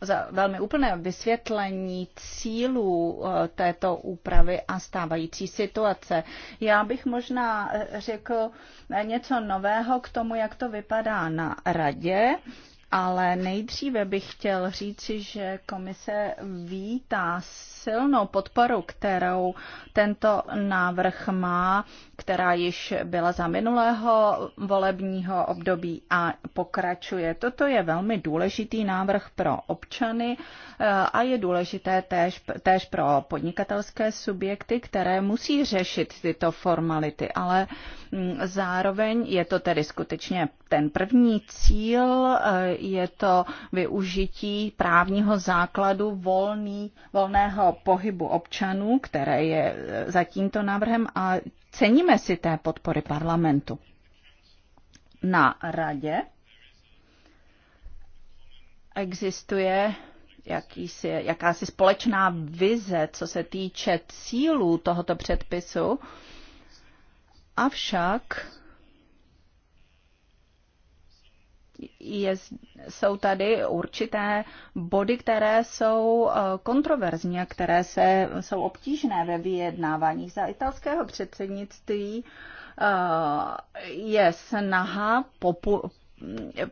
za velmi úplné vysvětlení cílů uh, této úpravy a stávající situace. Já bych možná uh, řekl uh, něco nového k tomu, jak to vypadá na radě ale nejdříve bych chtěl říci, že komise vítá silnou podporu, kterou tento návrh má, která již byla za minulého volebního období a pokračuje. Toto je velmi důležitý návrh pro občany eh, a je důležité též, též pro podnikatelské subjekty, které musí řešit tyto formality, ale mm, zároveň je to tedy skutečně ten první cíl eh, je to využití právního základu volný, volného pohybu občanů, které je eh, za tímto návrhem a ceníme si té podpory parlamentu. Na radě existuje jakýsi, jakási společná vize, co se týče cílů tohoto předpisu, avšak je, jsou tady určité body, které jsou eh, kontroverzní a které se, jsou obtížné ve vyjednávání. Za italského předsednictví eh, je snaha popu,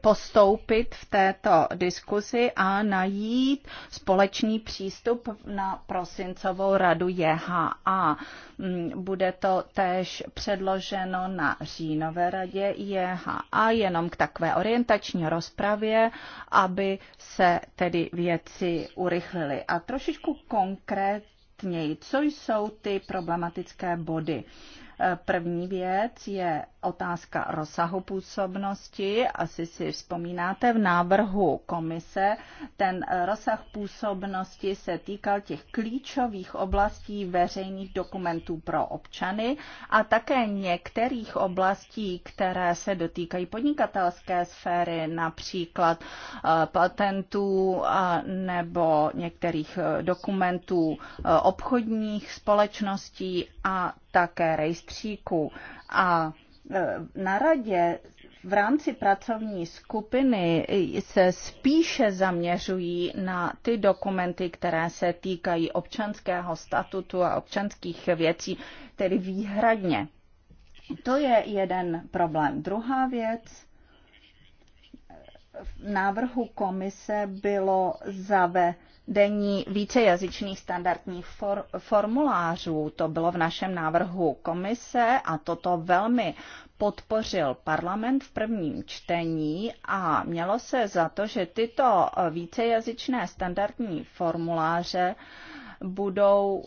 postoupit v této diskuzi a najít společný přístup na prosincovou radu JHA. Mm, bude to též předloženo na říjnové radě JHA jenom k takové orientační rozpravě, aby se tedy věci urychlily. A trošičku konkrétněji, co jsou ty problematické body? Uh, První věc je otázka rozsahu působnosti. Asi si vzpomínáte v návrhu komise, ten rozsah působnosti se týkal těch klíčových oblastí veřejných dokumentů pro občany a také některých oblastí, které se dotýkají podnikatelské sféry, například eh, patentů eh, nebo některých eh, dokumentů obchodních společností a také rejstříků. A e, na radě v rámci pracovní skupiny se spíše zaměřují na ty dokumenty, které se týkají občanského statutu a občanských věcí, tedy výhradně. To je jeden problém. Druhá věc, v návrhu komise bylo zavedeno denní vícejazyčných standardních for, formulářů. To bylo v našem návrhu komise a toto velmi podpořil parlament v prvním čtení a mělo se za to, že tyto vícejazyčné standardní formuláře budou,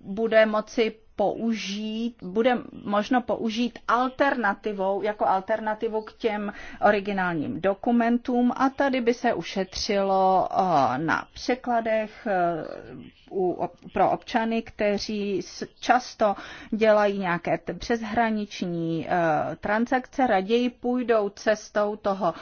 bude moci použít, bude možno použít alternativou, jako alternativu k těm originálním dokumentům a tady by se ušetřilo eh, na překladech, eh, u, pro občany, kteří často dělají nějaké přeshraniční eh, transakce, raději půjdou cestou toho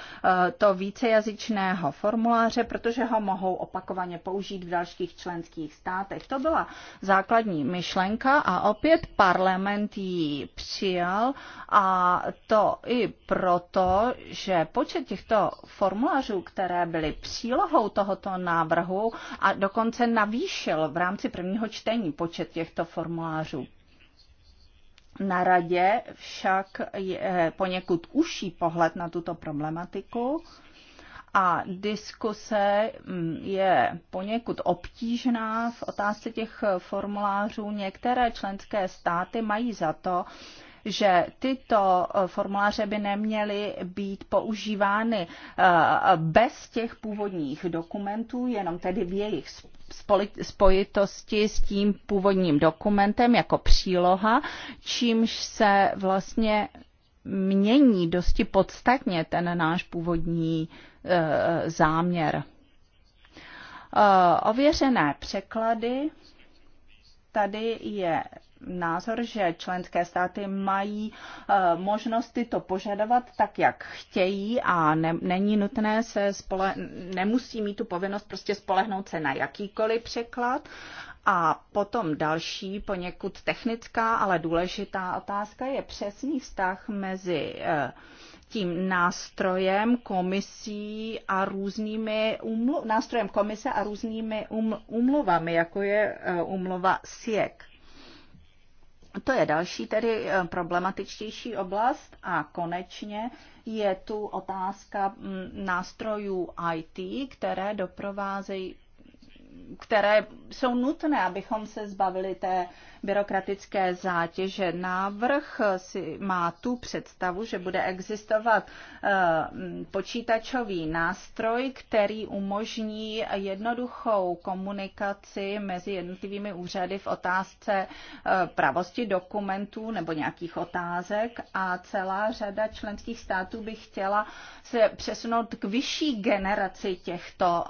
eh, to vícejazyčného formuláře, protože ho mohou opakovaně použít v dalších členských státech. To byla základní myšlenka a opět parlament ji přijal a to i proto, že počet těchto formulářů, které byly přílohou tohoto návrhu a dokonce navýšil v rámci prvního čtení počet těchto formulářů. Na radě však je poněkud užší pohled na tuto problematiku a diskuse mm, je poněkud obtížná v otázce těch formulářů. Některé členské státy mají za to, že tyto eh, formuláře by neměly být používány eh, bez těch původních dokumentů, jenom tedy v jejich spojitosti s tím původním dokumentem jako příloha, čímž se vlastně mění dosti podstatně ten náš původní eh, záměr. Ověřené překlady tady je názor, že členské státy mají eh, možnosti to požadovat tak, jak chtějí a ne, není nutné se spole, nemusí mít tu povinnost prostě spolehnout se na jakýkoliv překlad. A potom další, poněkud technická, ale důležitá otázka je přesný vztah mezi eh, tím nástrojem komisí a různými umlu- nástrojem komise a různými um- umluvami, jako je umluva eh, SIEK. To je další tedy eh, problematičtější oblast a konečně je tu otázka mm, nástrojů IT, které doprovázejí které jsou nutné, abychom se zbavili té byrokratické zátěže. Návrh si má tu představu, že bude existovat eh, počítačový nástroj, který umožní jednoduchou komunikaci mezi jednotlivými úřady v otázce eh, pravosti dokumentů nebo nějakých otázek a celá řada členských států by chtěla se přesunout k vyšší generaci těchto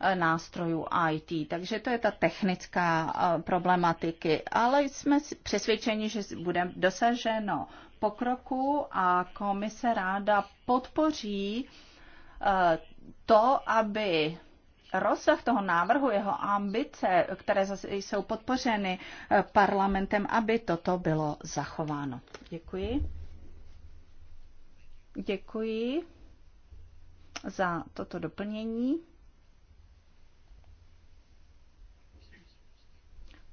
eh, nástrojů IT. Takže to je ta technická problematiky. A ale jsme přesvědčeni, že bude dosaženo pokroku a komise ráda podpoří eh, to, aby rozsah toho návrhu, jeho ambice, které jsou podpořeny eh, parlamentem, aby toto bylo zachováno. Děkuji. Děkuji za toto doplnění.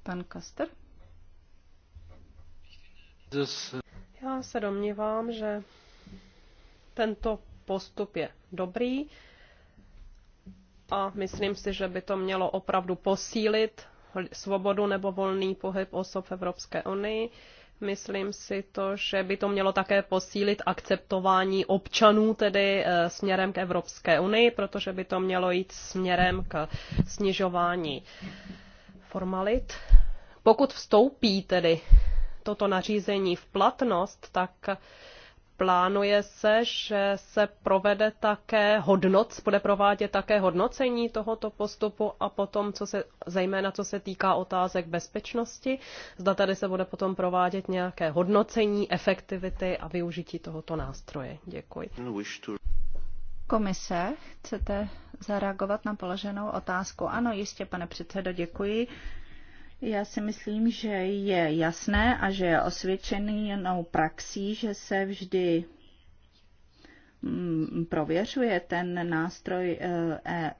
Pan Koster. Já se domnívám, že tento postup je dobrý a myslím si, že by to mělo opravdu posílit svobodu nebo volný pohyb osob v Evropské unii. Myslím si to, že by to mělo také posílit akceptování občanů tedy eh, směrem k Evropské unii, protože by to mělo jít směrem k snižování formalit. Pokud vstoupí tedy toto nařízení v platnost, tak plánuje se, že se provede také hodnoc, bude provádět také hodnocení tohoto postupu a potom, co se, zejména co se týká otázek bezpečnosti, zda tady se bude potom provádět nějaké hodnocení efektivity a využití tohoto nástroje. Děkuji. Komise, chcete zareagovat na položenou otázku? Ano, jistě, pane předsedo, děkuji. Já si myslím, že je jasné a že je osvědčenou praxí, že se vždy mm, prověřuje ten nástroj EU. Eh, e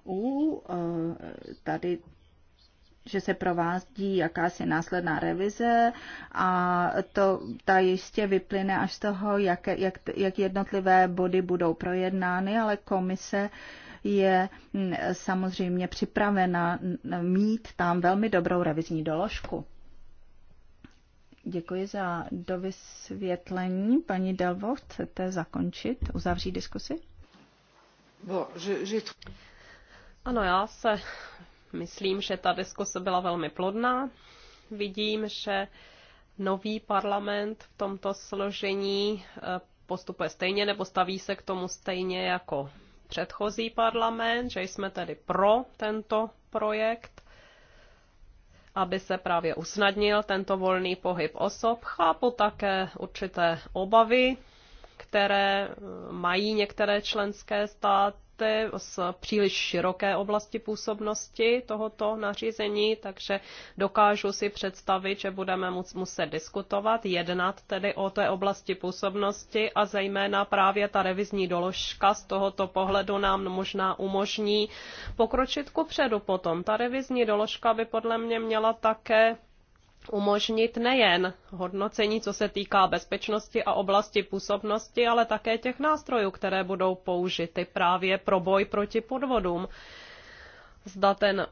eh, tady že se provádí jakási následná revize a to ta jistě vyplyne až z toho, jak, jak, jak jednotlivé body budou projednány, ale komise uh, je mm, samozřejmě připravena mít tam velmi dobrou revizní doložku. Děkuji za dovysvětlení. Paní Delvo, chcete zakončit, uzavřít diskusi? Ano, já se myslím, že ta diskuse byla velmi plodná. Vidím, že nový parlament v tomto složení eh, postupuje stejně nebo staví se k tomu stejně jako předchozí parlament, že jsme tedy pro tento projekt, aby se právě usnadnil tento volný pohyb osob. Chápu také určité obavy, které eh, mají některé členské státy oblasti, z příliš široké oblasti působnosti tohoto nařízení, takže dokážu si představit, že budeme muset diskutovat, jednat tedy o té oblasti působnosti a zejména právě ta revizní doložka z tohoto pohledu nám možná umožní pokročit ku předu potom. Ta revizní doložka by podle mě měla také umožnit nejen hodnocení, co se týká bezpečnosti a oblasti působnosti, ale také těch nástrojů, které budou použity právě pro boj proti podvodům zda ten eh,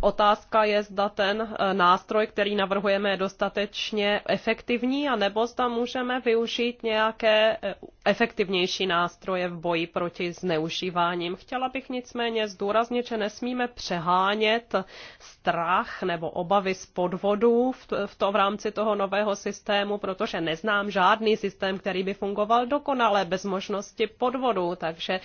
otázka je, zda ten eh, nástroj, který navrhujeme, je dostatečně efektivní, anebo zda můžeme využít nějaké eh, efektivnější nástroje v boji proti zneužíváním. Chtěla bych nicméně zdůraznit, že nesmíme přehánět strach nebo obavy z podvodů v, to, v, to, v rámci toho nového systému, protože neznám žádný systém, který by fungoval dokonale bez možnosti podvodu, takže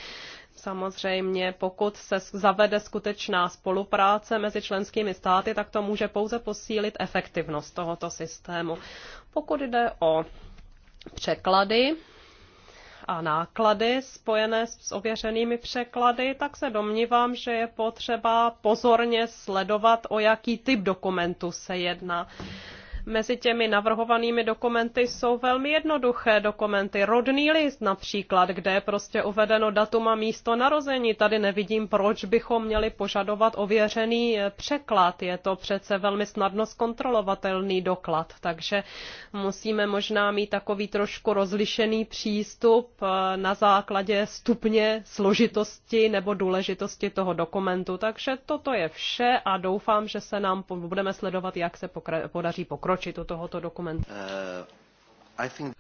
Samozřejmě, pokud se zavede skutečná spolupráce mezi členskými státy, tak to může pouze posílit efektivnost tohoto systému. Pokud jde o překlady, a náklady spojené s ověřenými překlady, tak se domnívám, že je potřeba pozorně sledovat, o jaký typ dokumentu se jedná mezi těmi navrhovanými dokumenty jsou velmi jednoduché dokumenty. Rodný list například, kde je prostě uvedeno datum a místo narození. Tady nevidím, proč bychom měli požadovat ověřený eh, překlad. Je to přece velmi snadno zkontrolovatelný doklad, takže musíme možná mít takový trošku rozlišený přístup eh, na základě stupně složitosti nebo důležitosti toho dokumentu. Takže toto je vše a doufám, že se nám budeme sledovat, jak se pokra- podaří pokročit pokročit u tohoto dokumentu? Uh,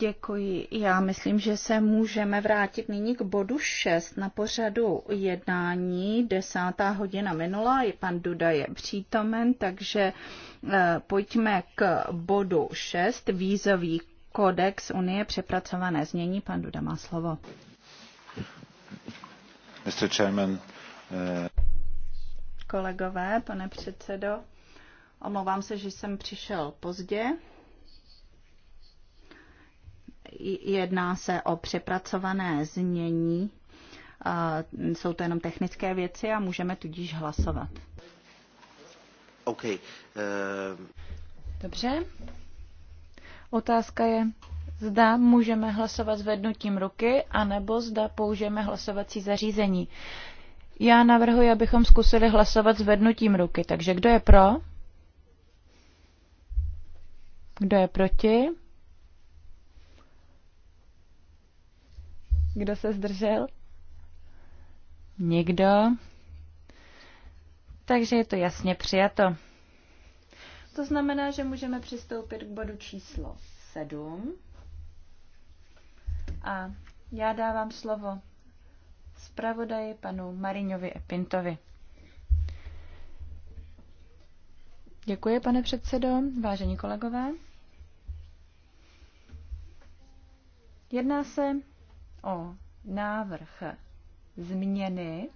Děkuji. Já myslím, že se můžeme vrátit nyní k bodu 6 na pořadu jednání. Desátá hodina minula, i pan Duda je přítomen, takže uh, pojďme k bodu 6, vízový kodex Unie přepracované znění. Pan Duda má slovo. Mr. Chairman, uh... Kolegové, pane předsedo, Omlouvám se, že jsem přišel pozdě. Jedná se o přepracované znění. Jsou to jenom technické věci a můžeme tudíž hlasovat. Okay. Uh... Dobře. Otázka je, zda můžeme hlasovat zvednutím ruky, anebo zda použijeme hlasovací zařízení. Já navrhuji, abychom zkusili hlasovat zvednutím ruky. Takže kdo je pro? Kdo je proti? Kdo se zdržel? Nikdo. Takže je to jasně přijato. To znamená, že můžeme přistoupit k bodu číslo 7. A já dávám slovo zpravodaji panu Mariňovi Epintovi. Děkuji, pane předsedo, vážení kolegové. Jedná se o návrh změny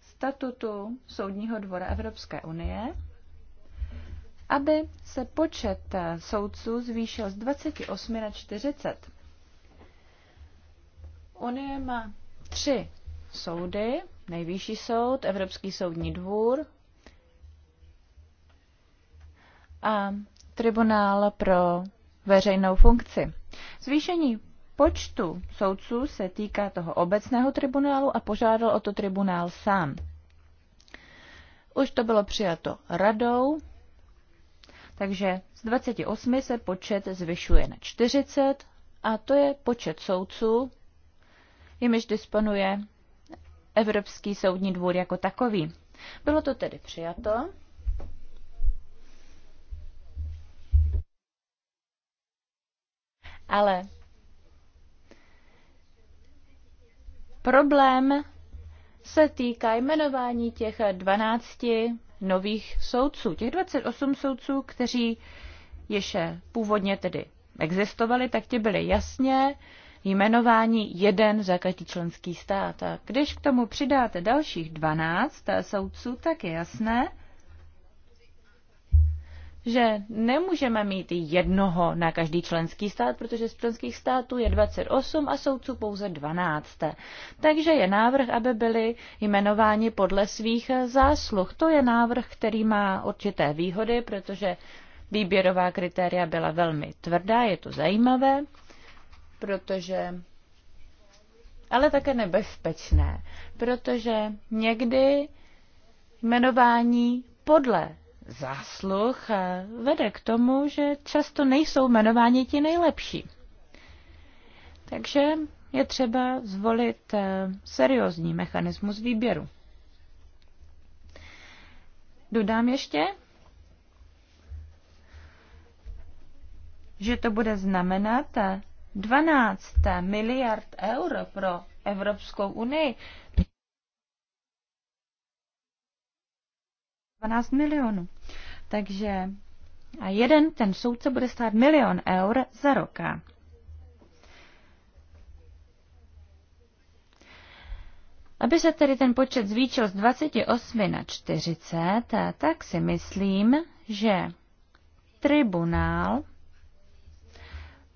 statutu Soudního dvora Evropské unie, aby se počet soudců zvýšil z 28 na 40. Unie má tři soudy, nejvyšší soud, Evropský soudní dvůr a Tribunál pro veřejnou funkci. Zvýšení počtu soudců se týká toho obecného tribunálu a požádal o to tribunál sám. Už to bylo přijato radou, takže z 28 se počet zvyšuje na 40 a to je počet soudců, jimiž disponuje Evropský soudní dvůr jako takový. Bylo to tedy přijato Ale problém se týká jmenování těch 12 nových soudců. Těch 28 soudců, kteří ještě původně tedy existovali, tak ti byly jasně jmenování jeden za každý členský stát. A když k tomu přidáte dalších 12 soudců, tak je jasné, že nemůžeme mít jednoho na každý členský stát, protože z členských států je 28 a soudců pouze 12. Takže je návrh, aby byli jmenováni podle svých zásluh. To je návrh, který má určité výhody, protože výběrová kritéria byla velmi tvrdá, je to zajímavé, protože ale také nebezpečné, protože někdy jmenování podle zásluh eh, vede k tomu, že často nejsou jmenováni ti nejlepší. Takže je třeba zvolit eh, seriózní mechanismus výběru. Dodám ještě, že to bude znamenat 12 eh, miliard euro pro Evropskou unii, 12 milionů. Takže a jeden ten soudce bude stát milion eur za roka. Aby se tedy ten počet zvýšil z 28 na 40, tak si myslím, že tribunál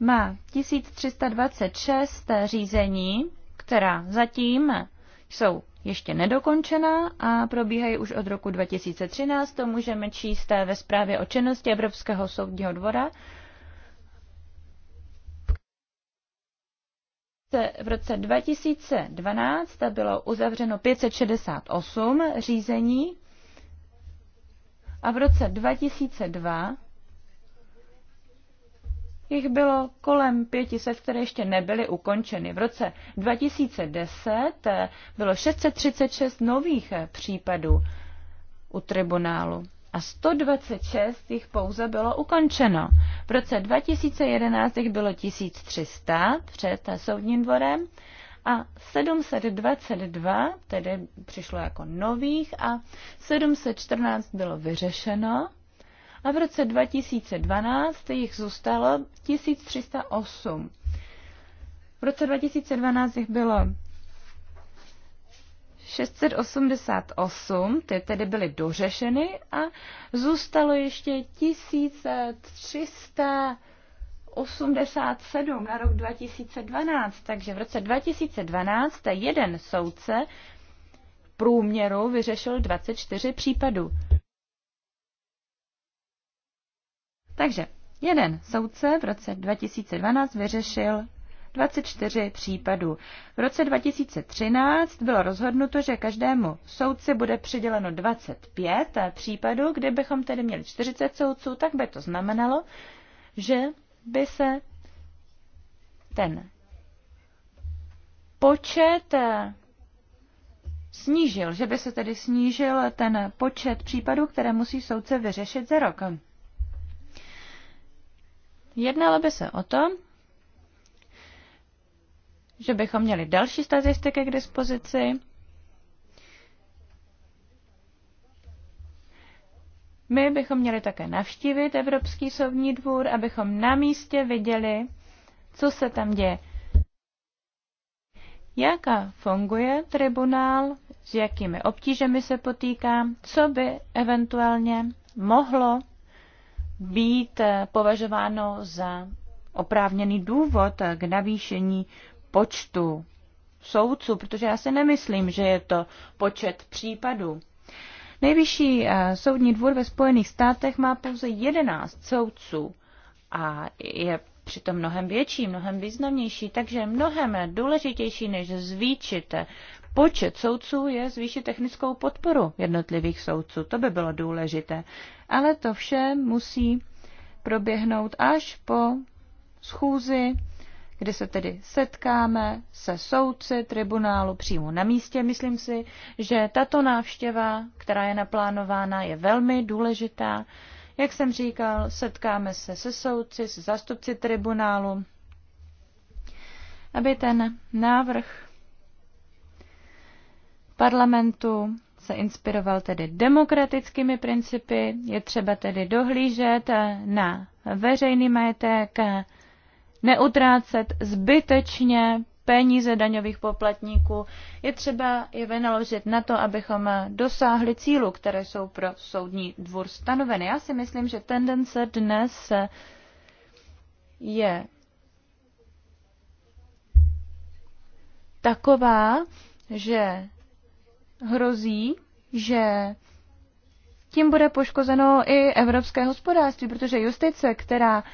má 1326 řízení, která zatím jsou ještě nedokončená a probíhají už od roku 2013. To můžeme číst ve zprávě o činnosti Evropského soudního dvora. V roce 2012 bylo uzavřeno 568 řízení a v roce 2002 Jich bylo kolem 500, které ještě nebyly ukončeny. V roce 2010 eh, bylo 636 nových eh, případů u tribunálu a 126 jich pouze bylo ukončeno. V roce 2011 jich bylo 1300 před soudním dvorem a 722 tedy přišlo jako nových a 714 bylo vyřešeno a v roce 2012 jich zůstalo 1308. V roce 2012 jich bylo 688, ty tedy byly dořešeny a zůstalo ještě 1387 na rok 2012. Takže v roce 2012 jeden soudce v průměru vyřešil 24 případů. Takže jeden soudce v roce 2012 vyřešil 24 případů. V roce 2013 bylo rozhodnuto, že každému soudci bude přiděleno 25 případů. Kdybychom tedy měli 40 soudců, tak by to znamenalo, že by se ten počet eh, snížil, že by se tedy snížil ten počet případů, které musí soudce vyřešit za rok. Jednalo by se o to, že bychom měli další statistiky k dispozici. My bychom měli také navštívit Evropský soudní dvůr, abychom na místě viděli, co se tam děje. Jaká funguje tribunál, s jakými obtížemi se potýká, co by eventuálně mohlo být eh, považováno za oprávněný důvod k navýšení počtu soudců, protože já si nemyslím, že je to počet případů. Nejvyšší eh, soudní dvůr ve Spojených státech má pouze 11 soudců a je přitom mnohem větší, mnohem významnější, takže mnohem důležitější, než zvýčit eh, počet soudců je zvýšit technickou podporu jednotlivých soudců. To by bylo důležité. Ale to vše musí proběhnout až po schůzi, kde se tedy setkáme se soudci tribunálu přímo na místě. Myslím si, že tato návštěva, která je naplánována, je velmi důležitá. Jak jsem říkal, setkáme se se soudci, se zastupci tribunálu, aby ten návrh parlamentu se inspiroval tedy demokratickými principy, je třeba tedy dohlížet eh, na veřejný majetek, eh, neutrácet zbytečně peníze daňových poplatníků. Je třeba je vynaložit na to, abychom eh, dosáhli cílu, které jsou pro soudní dvůr stanoveny. Já si myslím, že tendence dnes je taková, že hrozí, že tím bude poškozeno i evropské hospodářství, protože justice, která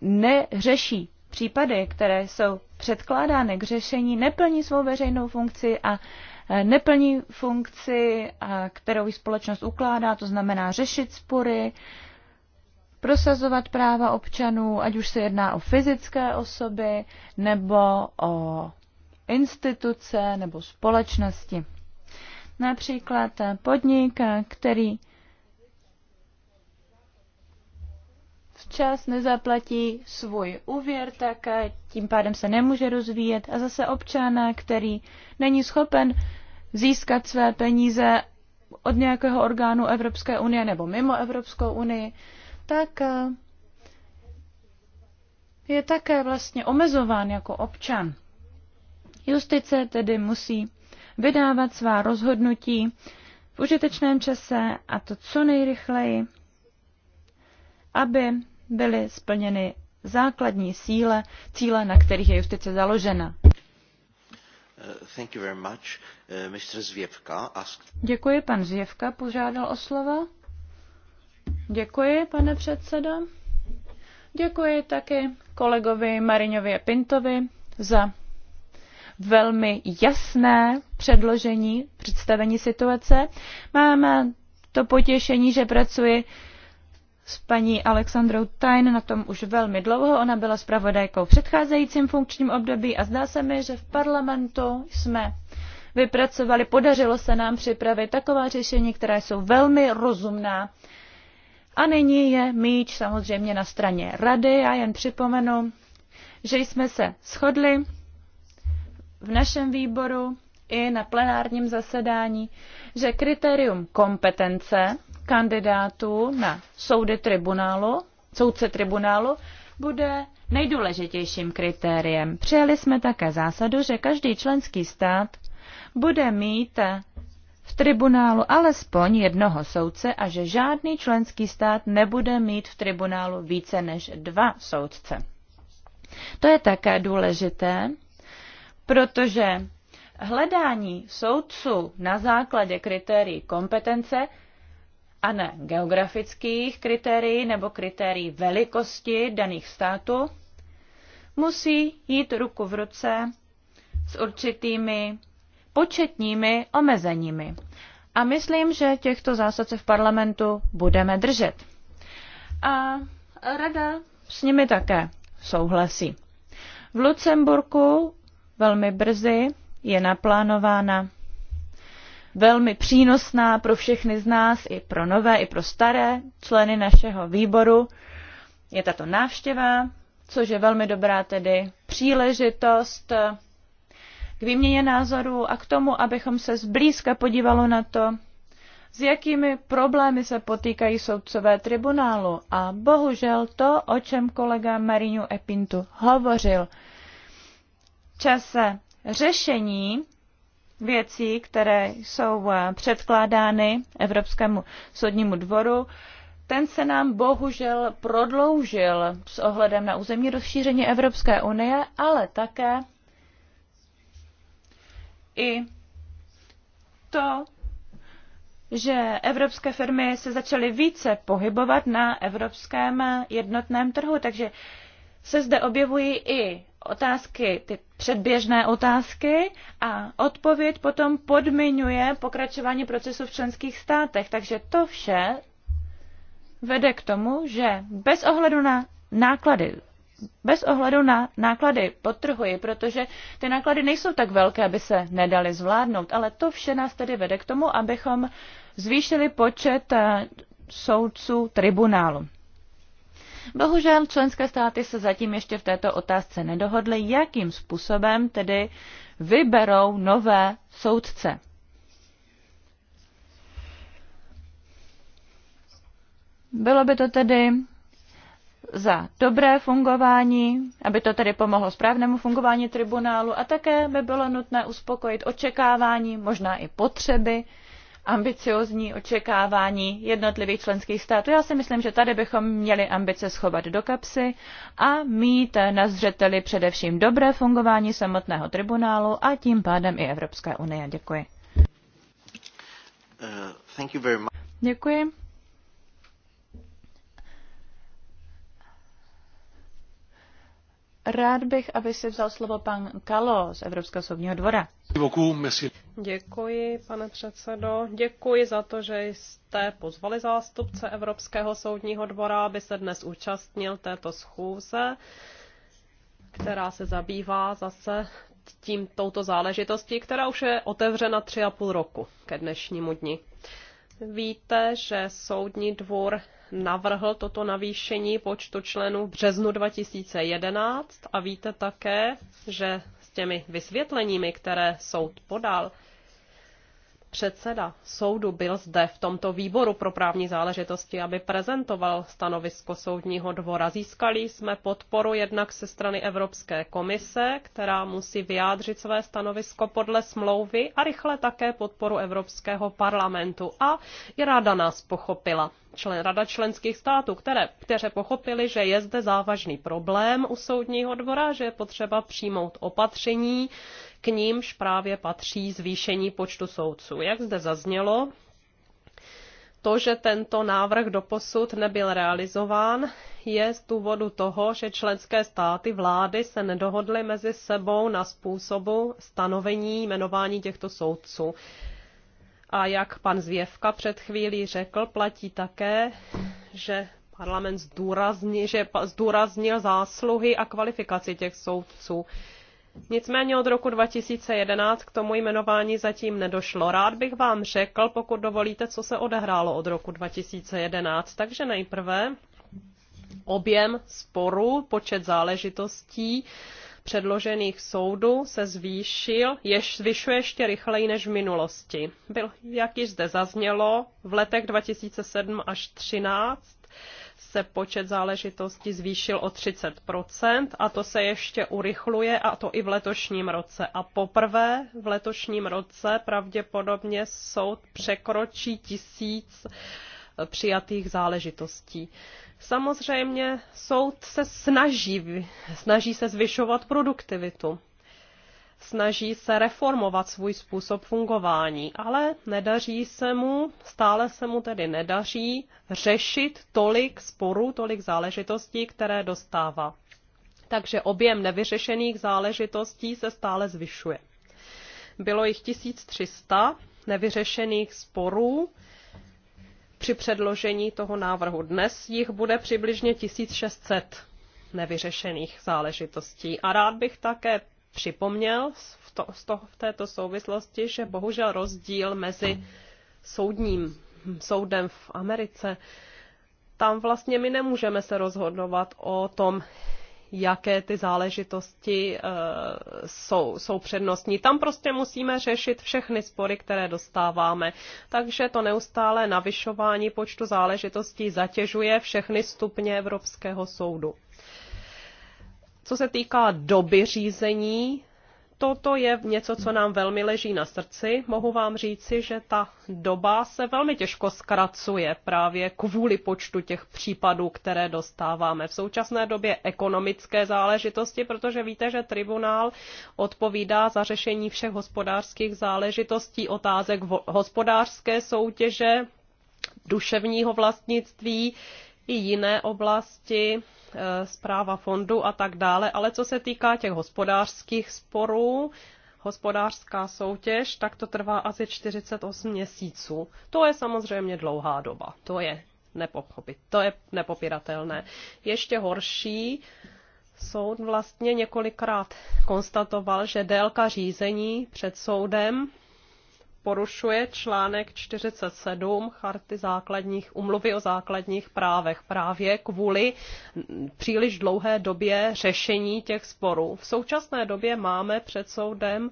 neřeší případy, které jsou předkládány k řešení, neplní svou veřejnou funkci a e, neplní funkci, kterou ji společnost ukládá, to znamená řešit spory, prosazovat práva občanů, ať už se jedná o fyzické osoby nebo o instituce nebo společnosti. Například eh, podnik, eh, který včas nezaplatí svůj úvěr, tak eh, tím pádem se nemůže rozvíjet. A zase občana, který není schopen získat své peníze od nějakého orgánu Evropské unie nebo mimo Evropskou unii, tak je také vlastně omezován jako občan. Justice tedy musí vydávat svá rozhodnutí v užitečném čase a to co nejrychleji, aby byly splněny základní síle, cíle, na kterých je justice založena. Eh, thank you very much. Eh, Mr. asked... Děkuji, pan Zjevka požádal o slovo. Děkuji, pane předsedo. Děkuji taky kolegovi Mariňovi a Pintovi za velmi jasné předložení, představení situace. Máme to potěšení, že pracuji s paní Alexandrou Tain na tom už velmi dlouho. Ona byla zpravodajkou v předcházejícím funkčním období a zdá se mi, že v parlamentu jsme vypracovali, podařilo se nám připravit taková řešení, která jsou velmi rozumná. A nyní je míč samozřejmě na straně rady. Já jen připomenu, že jsme se shodli v našem výboru i na plenárním zasedání, že kritérium kompetence kandidátů na soudy tribunálu, soudce tribunálu bude nejdůležitějším kritériem. Přijali jsme také zásadu, že každý členský stát bude mít v tribunálu alespoň jednoho soudce a že žádný členský stát nebude mít v tribunálu více než dva soudce. To je také důležité protože hledání soudců na základě kritérií kompetence a ne geografických kritérií nebo kritérií velikosti daných států, musí jít ruku v ruce s určitými početními omezeními. A myslím, že těchto zásad se v parlamentu budeme držet. A rada s nimi také souhlasí. V Lucemburku Velmi brzy je naplánována velmi přínosná pro všechny z nás, i pro nové, i pro staré členy našeho výboru. Je tato návštěva, což je velmi dobrá tedy příležitost k výměně názorů a k tomu, abychom se zblízka podívalo na to, s jakými problémy se potýkají soudcové tribunálu. A bohužel to, o čem kolega Marinu Epintu hovořil, čase řešení věcí, které jsou eh, předkládány Evropskému soudnímu dvoru, ten se nám bohužel prodloužil s ohledem na územní rozšíření Evropské unie, ale také i to, že evropské firmy se začaly více pohybovat na evropském jednotném trhu, takže se zde objevují i otázky, ty předběžné otázky a odpověď potom podmiňuje pokračování procesu v členských státech. Takže to vše vede k tomu, že bez ohledu na náklady, bez ohledu na náklady potrhuji, protože ty náklady nejsou tak velké, aby se nedaly zvládnout, ale to vše nás tedy vede k tomu, abychom zvýšili počet eh, soudců tribunálu. Bohužel členské státy se zatím ještě v této otázce nedohodly, jakým způsobem tedy vyberou nové soudce. Bylo by to tedy za dobré fungování, aby to tedy pomohlo správnému fungování tribunálu a také by bylo nutné uspokojit očekávání, možná i potřeby ambiciozní očekávání jednotlivých členských států. Já si myslím, že tady bychom měli ambice schovat do kapsy a mít na zřeteli především dobré fungování samotného tribunálu a tím pádem i Evropské unie. Děkuji. Uh, Děkuji. Rád bych, aby si vzal slovo pan Kalo z Evropského soudního dvora. Děkuji, pane předsedo. Děkuji za to, že jste pozvali zástupce Evropského soudního dvora, aby se dnes účastnil této schůze, která se zabývá zase tím, touto záležitostí, která už je otevřena tři a půl roku ke dnešnímu dni. Víte, že soudní dvůr navrhl toto navýšení počtu členů v březnu 2011 a víte také, že s těmi vysvětleními, které soud podal, předseda soudu byl zde v tomto výboru pro právní záležitosti, aby prezentoval stanovisko soudního dvora. Získali jsme podporu jednak ze strany Evropské komise, která musí vyjádřit své stanovisko podle smlouvy a rychle také podporu Evropského parlamentu. A i ráda nás pochopila. Člen, rada členských států, které, které pochopili, že je zde závažný problém u soudního dvora, že je potřeba přijmout opatření, k nímž právě patří zvýšení počtu soudců. Jak zde zaznělo, to, že tento návrh doposud nebyl realizován, je z důvodu toho, že členské státy vlády se nedohodly mezi sebou na způsobu stanovení jmenování těchto soudců. A jak pan Zvěvka před chvílí řekl, platí také, že parlament zdůraznil, že zdůraznil zásluhy a kvalifikaci těch soudců. Nicméně od roku 2011 k tomu jmenování zatím nedošlo. Rád bych vám řekl, pokud dovolíte, co se odehrálo od roku 2011. Takže nejprve objem sporu, počet záležitostí předložených soudu se zvýšil, jež zvyšuje ještě rychleji než v minulosti. Byl, jak již zde zaznělo, v letech 2007 až 2013 se počet záležitostí zvýšil o 30 a to se ještě urychluje, a to i v letošním roce. A poprvé v letošním roce pravděpodobně soud překročí tisíc eh, přijatých záležitostí. Samozřejmě soud se snaží, snaží se zvyšovat produktivitu snaží se reformovat svůj způsob fungování, ale nedaří se mu, stále se mu tedy nedaří řešit tolik sporů, tolik záležitostí, které dostává. Takže objem nevyřešených záležitostí se stále zvyšuje. Bylo jich 1300 nevyřešených sporů, při předložení toho návrhu dnes jich bude přibližně 1600 nevyřešených záležitostí. A rád bych také připomněl v, to, v, to, v této souvislosti, že bohužel rozdíl mezi soudním soudem v Americe, tam vlastně my nemůžeme se rozhodovat o tom, jaké ty záležitosti e, jsou, jsou přednostní. Tam prostě musíme řešit všechny spory, které dostáváme. Takže to neustále navyšování počtu záležitostí zatěžuje všechny stupně Evropského soudu. Co se týká doby řízení, toto je něco, co nám velmi leží na srdci. Mohu vám říci, že ta doba se velmi těžko zkracuje právě kvůli počtu těch případů, které dostáváme. V současné době ekonomické záležitosti, protože víte, že tribunál odpovídá za řešení všech hospodářských záležitostí, otázek hospodářské soutěže, duševního vlastnictví, i jiné oblasti, e, zpráva fondu a tak dále. Ale co se týká těch hospodářských sporů, hospodářská soutěž, tak to trvá asi 48 měsíců. To je samozřejmě dlouhá doba. To je, nepopopit, to je nepopiratelné. Ještě horší, soud vlastně několikrát konstatoval, že délka řízení před soudem porušuje článek 47 charty základních, umluvy o základních právech právě kvůli příliš dlouhé době řešení těch sporů. V současné době máme před soudem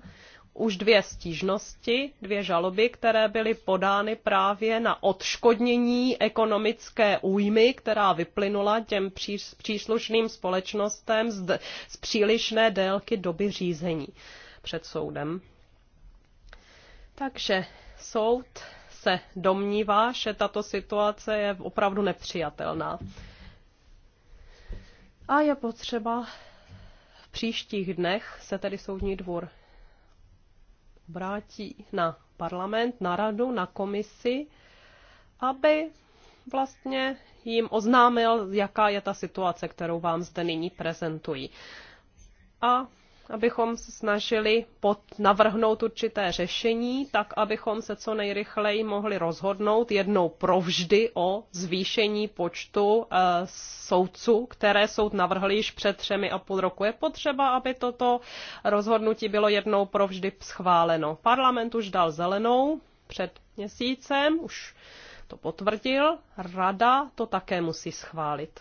už dvě stížnosti, dvě žaloby, které byly podány právě na odškodnění ekonomické újmy, která vyplynula těm příslušným společnostem z, z přílišné délky doby řízení před soudem. Takže soud se domnívá, že tato situace je opravdu nepřijatelná. A je potřeba v příštích dnech se tedy soudní dvůr obrátí na parlament, na radu, na komisi, aby vlastně jim oznámil, jaká je ta situace, kterou vám zde nyní prezentují. A abychom se snažili pod, navrhnout určité řešení, tak abychom se co nejrychleji mohli rozhodnout jednou provždy o zvýšení počtu e, soudců, které soud navrhl již před třemi a půl roku. Je potřeba, aby toto rozhodnutí bylo jednou provždy schváleno. Parlament už dal zelenou před měsícem, už to potvrdil, rada to také musí schválit.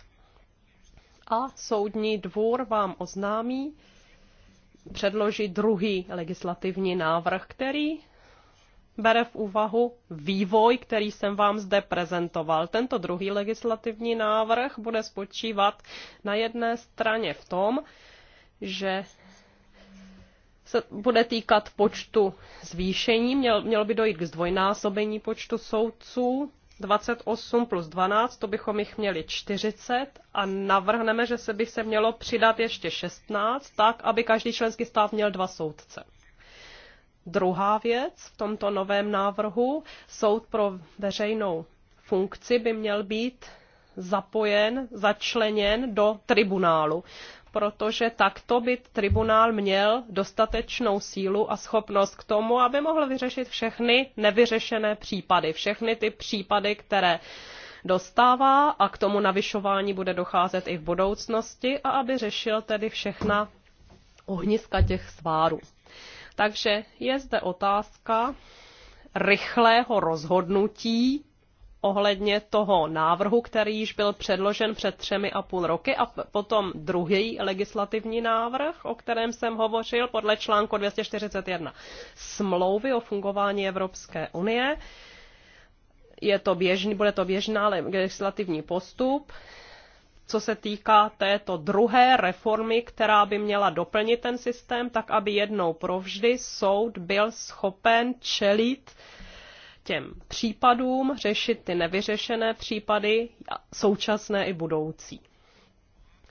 A soudní dvůr vám oznámí, předložit druhý legislativní návrh, který bere v úvahu vývoj, který jsem vám zde prezentoval. Tento druhý legislativní návrh bude spočívat na jedné straně v tom, že se bude týkat počtu zvýšení, měl, mělo by dojít k zdvojnásobení počtu soudců 28 plus 12, to bychom jich měli 40 a navrhneme, že se by se mělo přidat ještě 16, tak aby každý členský stát měl dva soudce. Druhá věc v tomto novém návrhu, soud pro veřejnou funkci by měl být zapojen, začleněn do tribunálu protože takto by tribunál měl dostatečnou sílu a schopnost k tomu, aby mohl vyřešit všechny nevyřešené případy, všechny ty případy, které dostává a k tomu navyšování bude docházet i v budoucnosti a aby řešil tedy všechna ohniska těch svárů. Takže je zde otázka rychlého rozhodnutí ohledně toho návrhu, který již byl předložen před třemi a půl roky a potom druhý legislativní návrh, o kterém jsem hovořil podle článku 241 smlouvy o fungování Evropské unie. Je to běžný, bude to běžná legislativní postup co se týká této druhé reformy, která by měla doplnit ten systém, tak aby jednou provždy soud byl schopen čelit těm případům, řešit ty nevyřešené případy, současné i budoucí.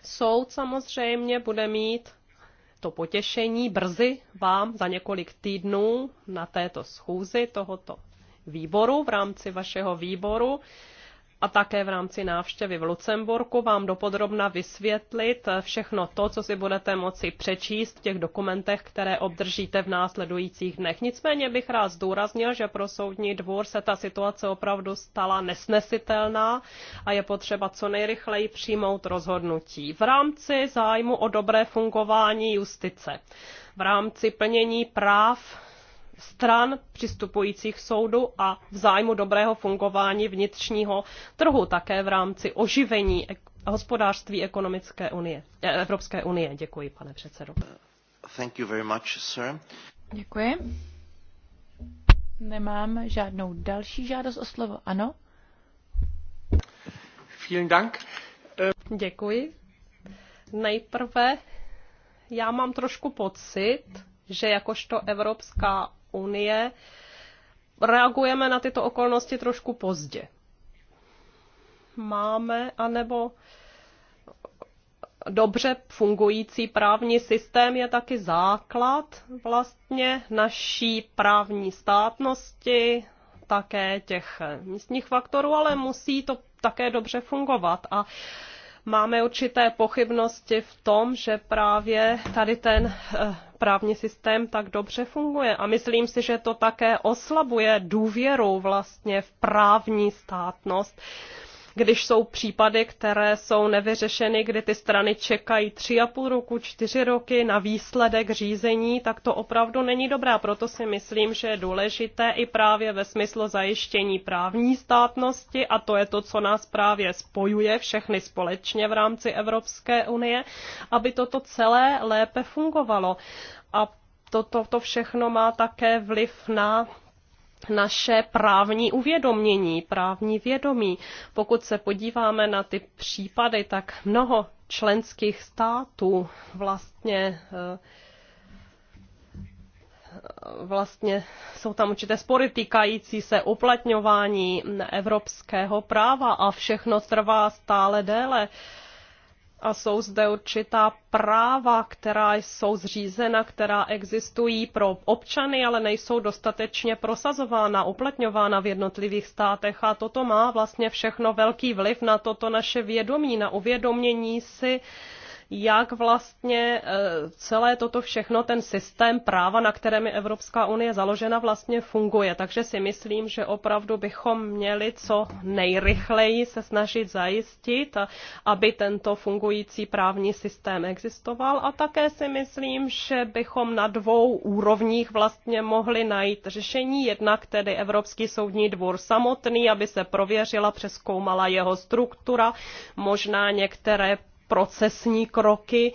Soud samozřejmě bude mít to potěšení brzy vám za několik týdnů na této schůzi tohoto výboru v rámci vašeho výboru a také v rámci návštěvy v Lucemburku vám dopodrobna vysvětlit všechno to, co si budete moci přečíst v těch dokumentech, které obdržíte v následujících dnech. Nicméně bych rád zdůraznil, že pro soudní dvůr se ta situace opravdu stala nesnesitelná a je potřeba co nejrychleji přijmout rozhodnutí v rámci zájmu o dobré fungování justice v rámci plnění práv stran přistupujících soudu a v zájmu dobrého fungování vnitřního trhu také v rámci oživení hospodářství ekonomické unie, eh, Evropské unie. Děkuji, pane předsedo. Uh, thank you very much, sir. Děkuji. Nemám žádnou další žádost o slovo. Ano? Vielen Dank. Eh. Děkuji. Nejprve já mám trošku pocit, že jakožto Evropská unie, reagujeme na tyto okolnosti trošku pozdě. Máme, anebo dobře fungující právní systém je taky základ vlastně naší právní státnosti, také těch místních faktorů, ale musí to také dobře fungovat. A Máme určité pochybnosti v tom, že právě tady ten eh, právní systém tak dobře funguje. A myslím si, že to také oslabuje důvěru vlastně v právní státnost když jsou případy, které jsou nevyřešeny, kdy ty strany čekají tři a půl roku, čtyři roky na výsledek řízení, tak to opravdu není dobré. proto si myslím, že je důležité i právě ve smyslu zajištění právní státnosti, a to je to, co nás právě spojuje všechny společně v rámci Evropské unie, aby toto celé lépe fungovalo. A toto to, to všechno má také vliv na naše právní uvědomění, právní vědomí. Pokud se podíváme na ty případy, tak mnoho členských států vlastně eh, vlastně jsou tam určité spory týkající se uplatňování evropského práva a všechno trvá stále déle. Uh, a jsou zde určitá práva, která jsou zřízena, která existují pro občany, ale nejsou dostatečně prosazována, uplatňována v jednotlivých státech a toto má vlastně všechno velký vliv na toto naše vědomí, na uvědomění si, jak vlastně eh, celé toto všechno, ten systém práva, na kterém je Evropská unie založena, vlastně funguje. Takže si myslím, že opravdu bychom měli co nejrychleji se snažit zajistit, aby tento fungující právní systém existoval. A také si myslím, že bychom na dvou úrovních vlastně mohli najít řešení. Jednak tedy Evropský soudní dvůr samotný, aby se prověřila, přeskoumala jeho struktura, možná některé procesní kroky,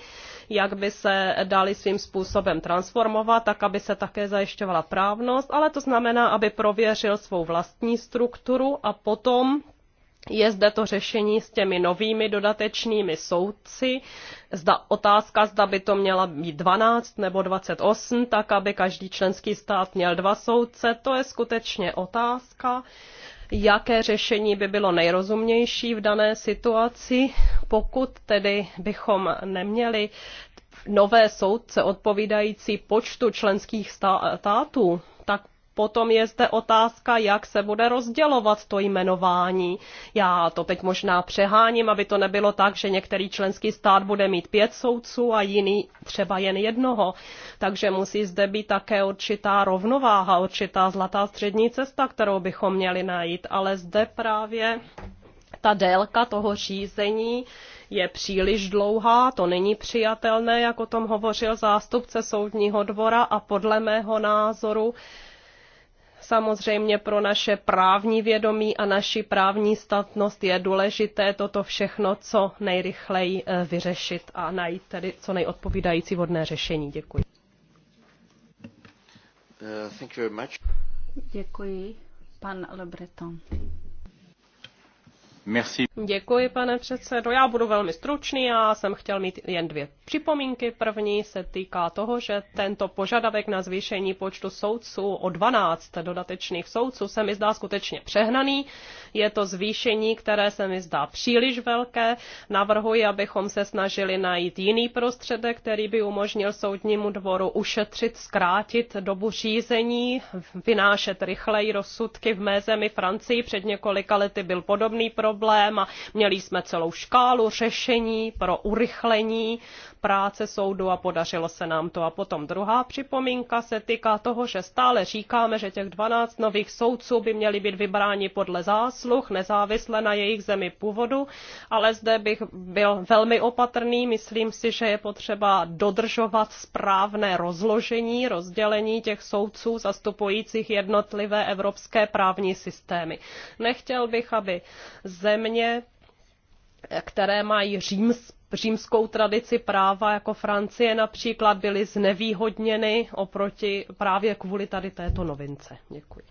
jak by se dali svým způsobem transformovat, tak aby se také zajišťovala právnost, ale to znamená, aby prověřil svou vlastní strukturu a potom je zde to řešení s těmi novými dodatečnými soudci. Zda, otázka, zda by to měla být 12 nebo 28, tak aby každý členský stát měl dva soudce, to je skutečně otázka, jaké řešení by bylo nejrozumější v dané situaci, pokud tedy bychom neměli nové soudce odpovídající počtu členských států, tak Potom je zde otázka, jak se bude rozdělovat to jmenování. Já to teď možná přeháním, aby to nebylo tak, že některý členský stát bude mít pět soudců a jiný třeba jen jednoho. Takže musí zde být také určitá rovnováha, určitá zlatá střední cesta, kterou bychom měli najít. Ale zde právě ta délka toho řízení je příliš dlouhá, to není přijatelné, jak o tom hovořil zástupce soudního dvora a podle mého názoru samozřejmě pro naše právní vědomí a naši právní statnost je důležité toto všechno co nejrychleji eh, vyřešit a najít tedy co nejodpovídající vhodné řešení. Děkuji. Uh, thank you very much. Děkuji, pan Lebreton. Děkuji, pane předsedo. Já budu velmi stručný. a jsem chtěl mít jen dvě připomínky. První se týká toho, že tento požadavek na zvýšení počtu soudců o 12 dodatečných soudců se mi zdá skutečně přehnaný. Je to zvýšení, které se mi zdá příliš velké. Navrhuji, abychom se snažili najít jiný prostředek, který by umožnil soudnímu dvoru ušetřit, zkrátit dobu řízení, vynášet rychleji rozsudky. V mé zemi Francii před několika lety byl podobný pro problém a měli jsme celou škálu řešení pro urychlení práce soudu a podařilo se nám to. A potom druhá připomínka se týká toho, že stále říkáme, že těch 12 nových soudců by měli být vybráni podle zásluh, nezávisle na jejich zemi původu, ale zde bych byl velmi opatrný. Myslím si, že je potřeba dodržovat správné rozložení, rozdělení těch soudců zastupujících jednotlivé evropské právní systémy. Nechtěl bych, aby země, které mají říms, římskou tradici práva, jako Francie například, byly znevýhodněny oproti právě kvůli tady této novince. Děkuji.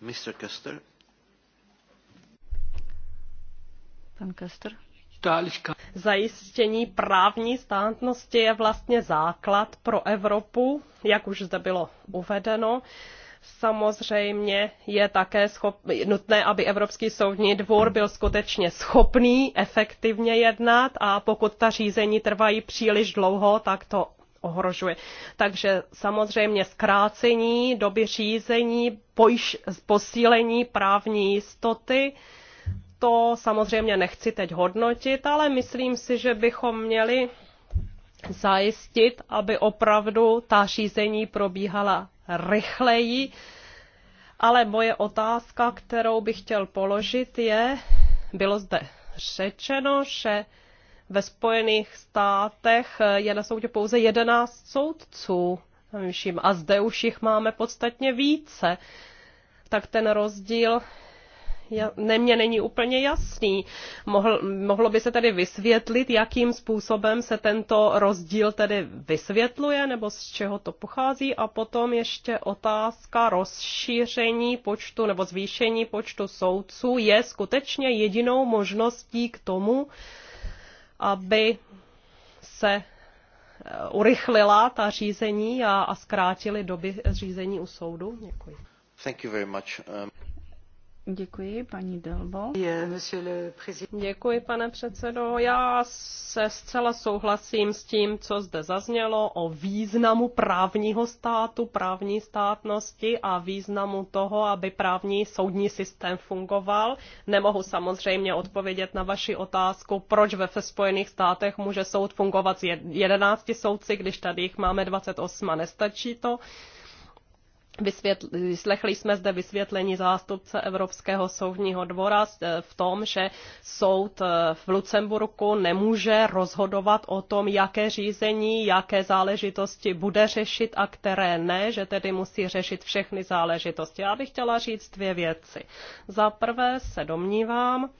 Mr. Kester. Pan Kester. Zajištění právní státnosti je vlastně základ pro Evropu, jak už zde bylo uvedeno. Samozřejmě je také schop, nutné, aby Evropský soudní dvůr byl skutečně schopný efektivně jednat a pokud ta řízení trvají příliš dlouho, tak to ohrožuje. Takže samozřejmě zkrácení doby řízení, pojiš, posílení právní jistoty, to samozřejmě nechci teď hodnotit, ale myslím si, že bychom měli zajistit, aby opravdu ta řízení probíhala rychleji. Ale moje otázka, kterou bych chtěl položit, je, bylo zde řečeno, že ve Spojených státech je na soudě pouze 11 soudců, a zde už jich máme podstatně více. Tak ten rozdíl ne, mě není úplně jasný. Mohl, mohlo by se tedy vysvětlit, jakým způsobem se tento rozdíl tedy vysvětluje, nebo z čeho to pochází. A potom ještě otázka rozšíření počtu nebo zvýšení počtu soudců je skutečně jedinou možností k tomu, aby se eh, urychlila ta řízení a, a zkrátili doby řízení u soudu? Děkuji. Thank you very much. Um... Děkuji, paní Delbo. Děkuji, pane předsedo. Já se zcela souhlasím s tím, co zde zaznělo o významu právního státu, právní státnosti a významu toho, aby právní soudní systém fungoval. Nemohu samozřejmě odpovědět na vaši otázku, proč ve Spojených státech může soud fungovat s 11 soudci, když tady jich máme 28 a nestačí to vyslechli jsme zde vysvětlení zástupce Evropského soudního dvora eh, v tom, že soud eh, v Lucemburku nemůže rozhodovat o tom, jaké řízení, jaké záležitosti bude řešit a které ne, že tedy musí řešit všechny záležitosti. Já bych chtěla říct dvě věci. Za prvé se domnívám,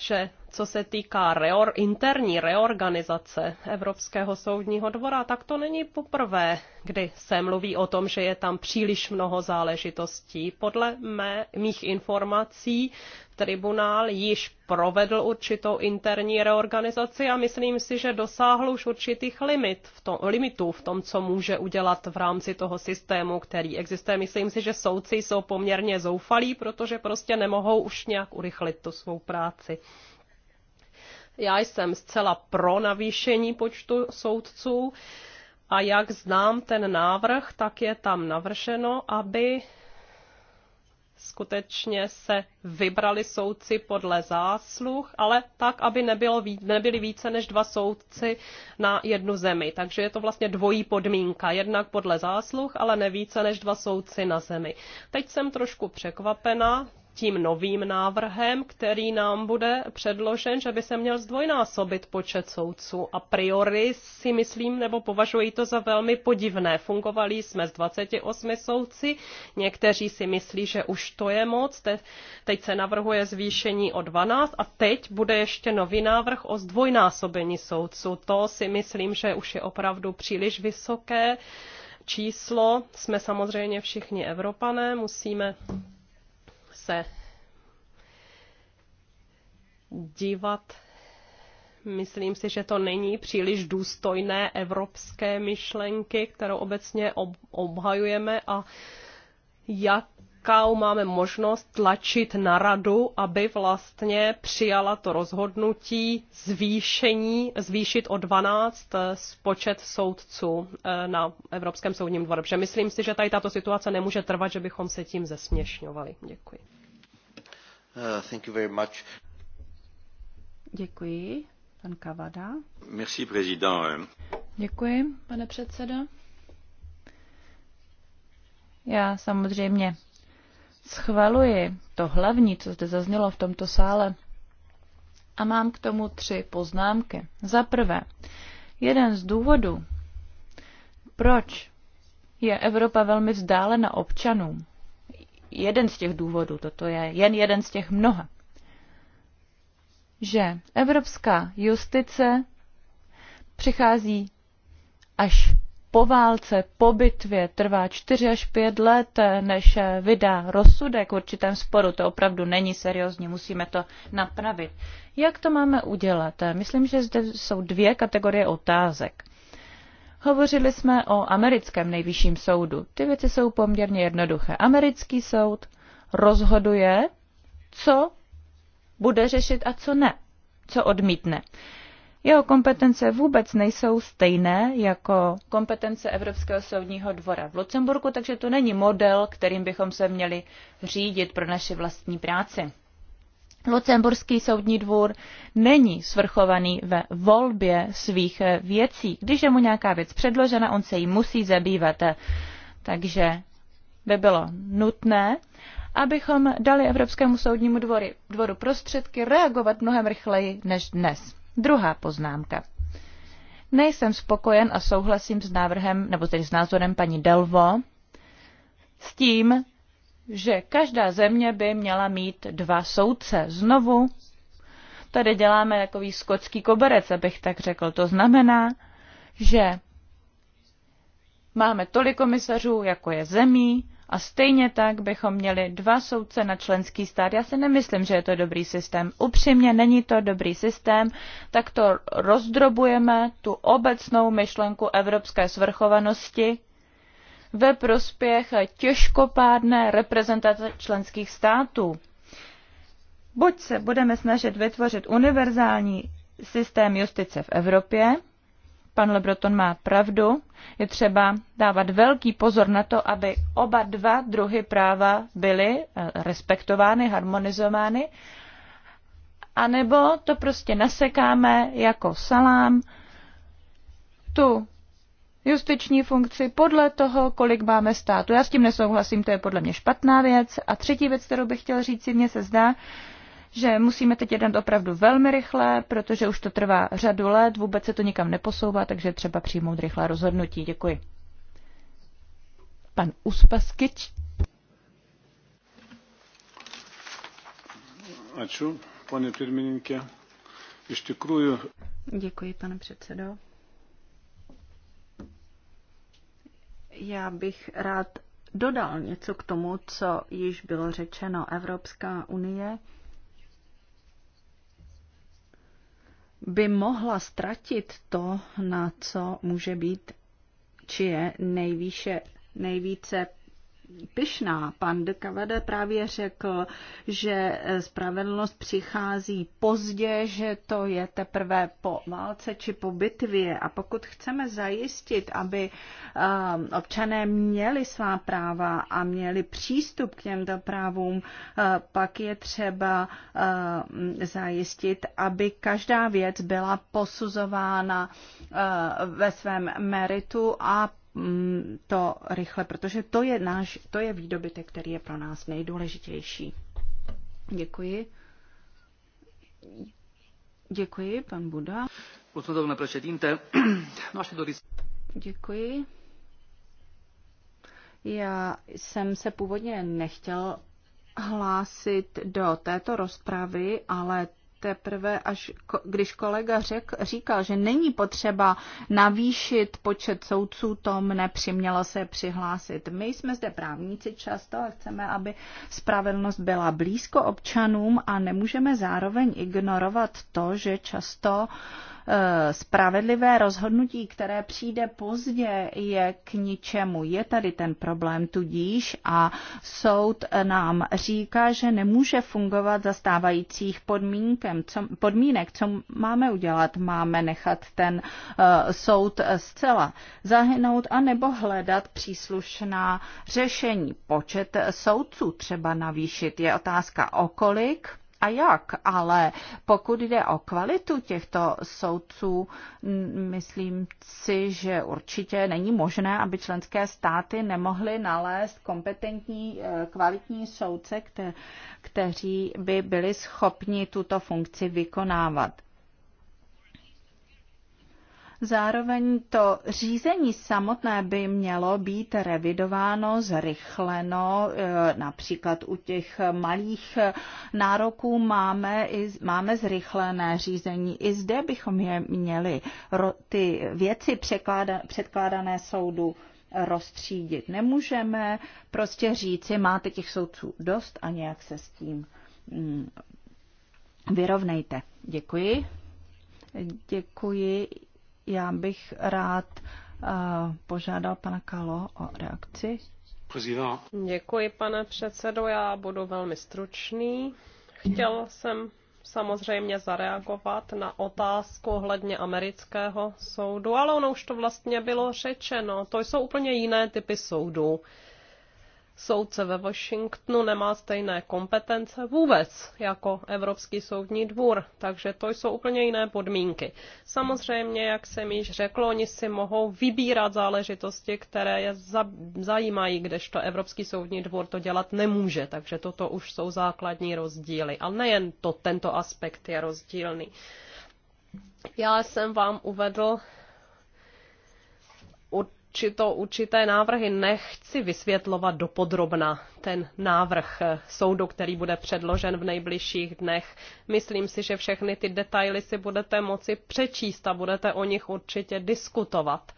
že co se týká reor, interní reorganizace Evropského soudního dvora, tak to není poprvé, kdy se mluví o tom, že je tam příliš mnoho záležitostí. Podle mé, mých informací tribunál již provedl určitou interní reorganizaci a myslím si, že dosáhl už určitých limit v tom, limitů v tom, co může udělat v rámci toho systému, který existuje. Myslím si, že soudci jsou poměrně zoufalí, protože prostě nemohou už nějak urychlit tu svou práci. Já jsem zcela pro navýšení počtu soudců a jak znám ten návrh, tak je tam navrženo, aby skutečně se vybrali soudci podle zásluh, ale tak, aby nebylo, nebyly více než dva soudci na jednu zemi. Takže je to vlastně dvojí podmínka. Jednak podle zásluh, ale ne více než dva soudci na zemi. Teď jsem trošku překvapena, tím novým návrhem, který nám bude předložen, že by se měl zdvojnásobit počet soudců. A priori si myslím, nebo považuji to za velmi podivné. Fungovali jsme s 28 soudci, někteří si myslí, že už to je moc, Te, teď se navrhuje zvýšení o 12 a teď bude ještě nový návrh o zdvojnásobení soudců. To si myslím, že už je opravdu příliš vysoké číslo. Jsme samozřejmě všichni Evropané, musíme se dívat. Myslím si, že to není příliš důstojné evropské myšlenky, kterou obecně obhajujeme a jak máme možnost tlačit na radu, aby vlastně přijala to rozhodnutí zvýšení, zvýšit o 12 eh, počet soudců eh, na Evropském soudním dvoru. Protože myslím si, že tady tato situace nemůže trvat, že bychom se tím zesměšňovali. Děkuji. Uh, thank you very much. Děkuji. Pan Kavada. Merci, prezident. Děkuji, pane předsedo. Já samozřejmě schvaluji to hlavní, co zde zaznělo v tomto sále. A mám k tomu tři poznámky. Za prvé, jeden z důvodů, proč je Evropa velmi vzdálena občanům, jeden z těch důvodů, toto je jen jeden z těch mnoha, že evropská justice přichází až po válce, po bitvě, trvá čtyři až pět let, než vydá rozsudek v určitém sporu. To opravdu není seriózní, musíme to napravit. Jak to máme udělat? Myslím, že zde jsou dvě kategorie otázek. Hovořili jsme o americkém nejvyšším soudu. Ty věci jsou poměrně jednoduché. Americký soud rozhoduje, co bude řešit a co ne, co odmítne. Jeho kompetence vůbec nejsou stejné jako kompetence Evropského soudního dvora v Lucemburku, takže to není model, kterým bychom se měli řídit pro naši vlastní práci. Lucemburský soudní dvůr není svrchovaný ve volbě svých eh, věcí. Když je mu nějaká věc předložena, on se jí musí zabývat. Takže by bylo nutné, abychom dali Evropskému soudnímu dvory, dvoru prostředky reagovat mnohem rychleji než dnes. Druhá poznámka. Nejsem spokojen a souhlasím s návrhem, nebo tedy s názorem paní Delvo, s tím, že každá země by měla mít dva soudce. Znovu tady děláme takový skotský koberec, abych tak řekl. To znamená, že máme tolik komisařů, jako je zemí, a stejně tak bychom měli dva soudce na členský stát. Já si nemyslím, že je to dobrý systém. Upřímně není to dobrý systém, tak to rozdrobujeme tu obecnou myšlenku evropské svrchovanosti ve prospěch těžkopádné reprezentace členských států. Buď se budeme snažit vytvořit univerzální systém justice v Evropě, pan Lebroton má pravdu, je třeba dávat velký pozor na to, aby oba dva druhy práva byly eh, respektovány, harmonizovány, anebo to prostě nasekáme jako salám, tu justiční funkci podle toho, kolik máme státu. Já s tím nesouhlasím, to je podle mě špatná věc. A třetí věc, kterou bych chtěl říct, si mně se zdá, že musíme teď jednat opravdu velmi rychle, protože už to trvá řadu let, vůbec se to nikam neposouvá, takže třeba přijmout rychlá rozhodnutí. Děkuji. Pan Uspaskyč. Ačiū, pane pirmininkė. Ještě tikrųjų. Děkuji, pane předsedo. Já bych rád dodal něco k tomu, co již bylo řečeno. Evropská unie by mohla ztratit to, na co může být či je nejvíce pyšná. Pan de Cavade právě řekl, že eh, spravedlnost přichází pozdě, že to je teprve po válce či po bitvě. A pokud chceme zajistit, aby eh, občané měli svá práva a měli přístup k těmto právům, eh, pak je třeba zajistit, aby každá věc byla posuzována ve svém meritu a Mm, to rychle, protože to je, náš, to je výdobytek, který je pro nás nejdůležitější. Děkuji. Děkuji, pan Buda. Děkuji. Já jsem se původně nechtěl hlásit do této rozpravy, ale teprve, až když kolega řek, říkal, že není potřeba navýšit počet soudců, to mne přimělo se přihlásit. My jsme zde právníci často a chceme, aby spravedlnost byla blízko občanům a nemůžeme zároveň ignorovat to, že často uh, Eh, spravedlivé rozhodnutí, které přijde pozdě, je k ničemu. Je tady ten problém tudíž a soud nám říká, že nemůže fungovat za stávajících podmínkem, co, podmínek. Co máme udělat? Máme nechat ten uh, soud zcela zahynout a nebo hledat příslušná řešení. Počet soudců třeba navýšit. Je otázka, okolik a jak, ale pokud jde o kvalitu těchto soudců, myslím si, že určitě není možné, aby členské státy nemohly nalézt kompetentní, eh, kvalitní soudce, kteří by byli schopni tuto funkci vykonávat. Zároveň to řízení samotné by mělo být revidováno, zrychleno. E, například u těch malých nároků máme, i, máme zrychlené řízení. I zde bychom je měli ty věci předkládané soudu rozstřídit. Nemůžeme prostě říci, máte těch soudců dost a nějak se s tím mm, vyrovnejte. Děkuji. Děkuji. Já bych rád eh, požádal pana Kalo o reakci. Děkuji, pane předsedo. Já budu velmi stručný. Chtěl jsem samozřejmě zareagovat na otázku ohledně amerického soudu, ale ono už to vlastně bylo řečeno. To jsou úplně jiné typy soudů soudce ve Washingtonu nemá stejné kompetence vůbec jako Evropský soudní dvůr, takže to jsou úplně jiné podmínky. Samozřejmě, jak jsem již řekl, oni si mohou vybírat záležitosti, které je zajímají, kdežto Evropský soudní dvůr to dělat nemůže, takže toto už jsou základní rozdíly. A nejen to, tento aspekt je rozdílný. Já jsem vám uvedl či to určité návrhy. Nechci vysvětlovat dopodrobna ten návrh eh, soudu, který bude předložen v nejbližších dnech. Myslím si, že všechny ty detaily si budete moci přečíst a budete o nich určitě diskutovat.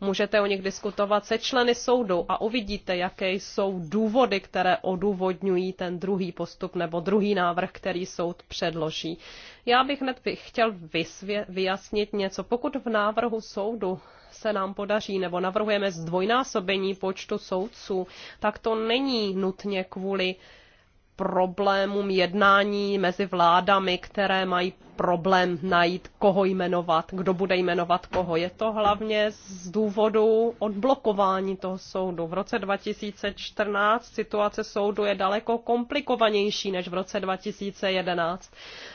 Můžete o nich diskutovat se členy soudu a uvidíte, jaké jsou důvody, které odůvodňují ten druhý postup nebo druhý návrh, který soud předloží. Já bych hned chtěl vysvě- vyjasnit něco. Pokud v návrhu soudu se nám podaří, nebo navrhujeme zdvojnásobení počtu soudců, tak to není nutně kvůli problémům jednání mezi vládami, které mají problém najít, koho jmenovat, kdo bude jmenovat koho. Je to hlavně z důvodu odblokování toho soudu. V roce 2014 situace soudu je daleko komplikovanější než v roce 2011.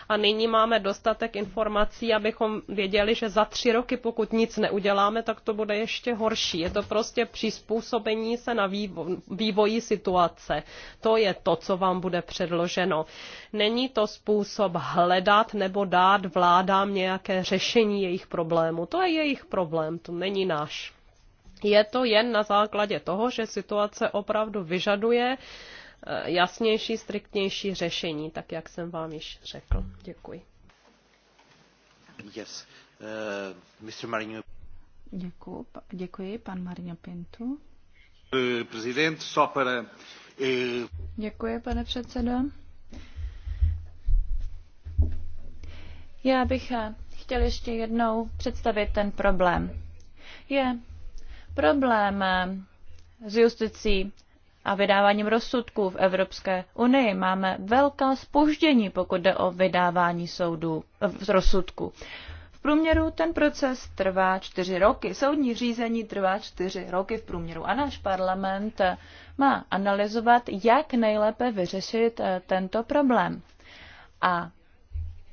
A nyní máme dostatek informací, abychom věděli, že za tři roky, pokud nic neuděláme, tak to bude ještě horší. Je to prostě přizpůsobení se na vývoji situace. To je to, co vám bude předloženo. Není to způsob hledat nebo dát vládám nějaké řešení jejich problému. To je jejich problém, to není náš. Je to jen na základě toho, že situace opravdu vyžaduje eh, jasnější, striktnější řešení, tak jak jsem vám již řekl. Děkuji. Yes. Uh, Mr. Marino. Děkuji, děkuji, pan Marino Pintu. Eh, děkuji, pane předsedo. Já bych eh, chtěl ještě jednou představit ten problém. Je problém eh, s justicí a vydáváním rozsudků v Evropské unii. Máme velká spoždění, pokud jde o vydávání soudů eh, v rozsudku. V průměru ten proces trvá čtyři roky. Soudní řízení trvá čtyři roky v průměru a náš parlament má analyzovat, jak nejlépe vyřešit tento problém. A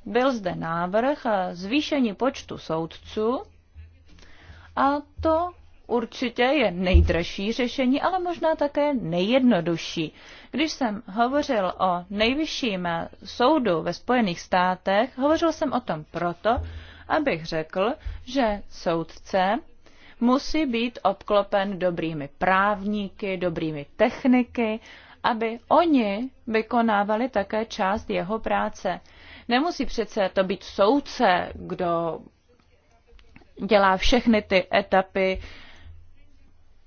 byl zde návrh zvýšení počtu soudců a to určitě je nejdražší řešení, ale možná také nejjednodušší. Když jsem hovořil o nejvyšším soudu ve Spojených státech, hovořil jsem o tom proto, abych řekl, že soudce musí být obklopen dobrými právníky, dobrými techniky, aby oni vykonávali také část jeho práce. Nemusí přece to být soudce, kdo dělá všechny ty etapy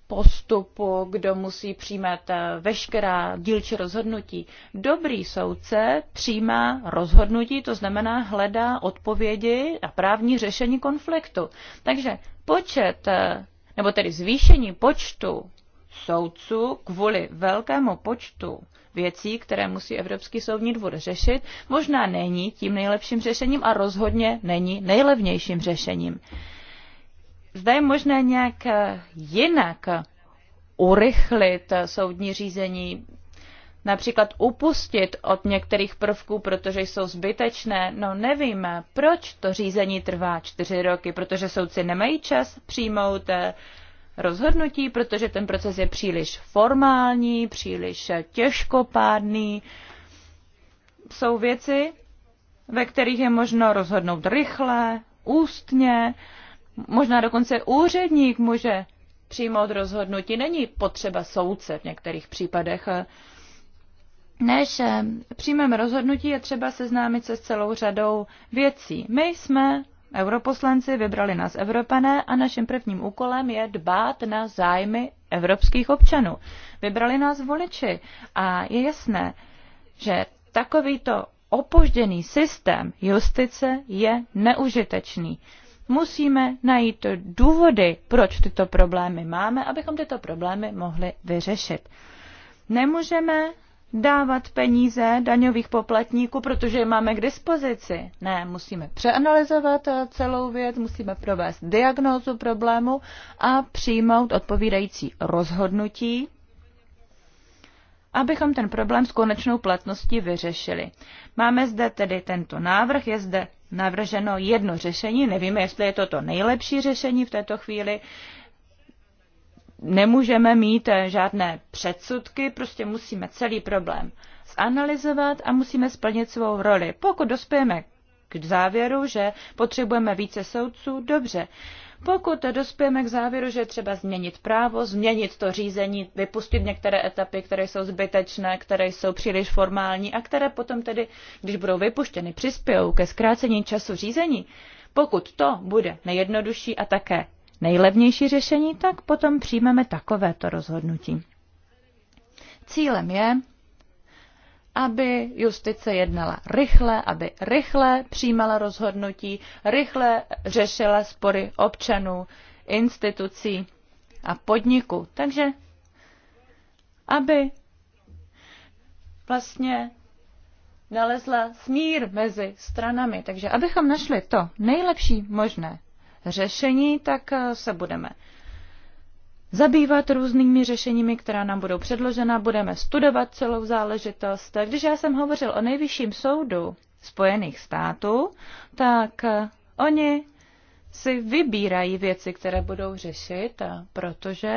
postupu, kdo musí přijímat eh, veškerá dílčí rozhodnutí. Dobrý soudce přijímá rozhodnutí, to znamená hledá odpovědi a právní řešení konfliktu. Takže počet, eh, nebo tedy zvýšení počtu soudců kvůli velkému počtu věcí, které musí Evropský soudní dvůr řešit, možná není tím nejlepším řešením a rozhodně není nejlevnějším řešením. Zda je možné nějak jinak urychlit soudní řízení, například upustit od některých prvků, protože jsou zbytečné. No nevím, proč to řízení trvá čtyři roky, protože soudci nemají čas přijmout eh, rozhodnutí, protože ten proces je příliš formální, příliš těžkopádný. Jsou věci, ve kterých je možno rozhodnout rychle, ústně, možná dokonce úředník může přijmout rozhodnutí. Není potřeba soudce v některých případech. Než eh, přijmeme rozhodnutí, je třeba seznámit se s celou řadou věcí. My jsme europoslanci, vybrali nás Evropané a naším prvním úkolem je dbát na zájmy evropských občanů. Vybrali nás voliči a je jasné, že takovýto opožděný systém justice je neužitečný. Musíme najít důvody, proč tyto problémy máme, abychom tyto problémy mohli vyřešit. Nemůžeme dávat peníze daňových poplatníků, protože je máme k dispozici. Ne, musíme přeanalyzovat eh, celou věc, musíme provést diagnózu problému a přijmout odpovídající rozhodnutí, abychom ten problém s konečnou platností vyřešili. Máme zde tedy tento návrh, je zde navrženo jedno řešení, nevíme, jestli je to to nejlepší řešení v této chvíli, nemůžeme mít eh, žádné předsudky, prostě musíme celý problém zanalizovat a musíme splnit svou roli. Pokud dospějeme k závěru, že potřebujeme více soudců, dobře. Pokud dospějeme k závěru, že třeba změnit právo, změnit to řízení, vypustit některé etapy, které jsou zbytečné, které jsou příliš formální a které potom tedy, když budou vypuštěny, přispějou ke zkrácení času řízení, pokud to bude nejjednodušší a také nejlevnější řešení, tak potom přijmeme takovéto rozhodnutí. Cílem je, aby justice jednala rychle, aby rychle přijímala rozhodnutí, rychle řešila spory občanů, institucí a podniků. Takže aby vlastně nalezla smír mezi stranami. Takže abychom našli to nejlepší možné řešení, tak eh, se budeme zabývat různými řešeními, která nám budou předložena, budeme studovat celou záležitost. Když já jsem hovořil o nejvyšším soudu Spojených států, tak eh, oni si vybírají věci, které budou řešit, protože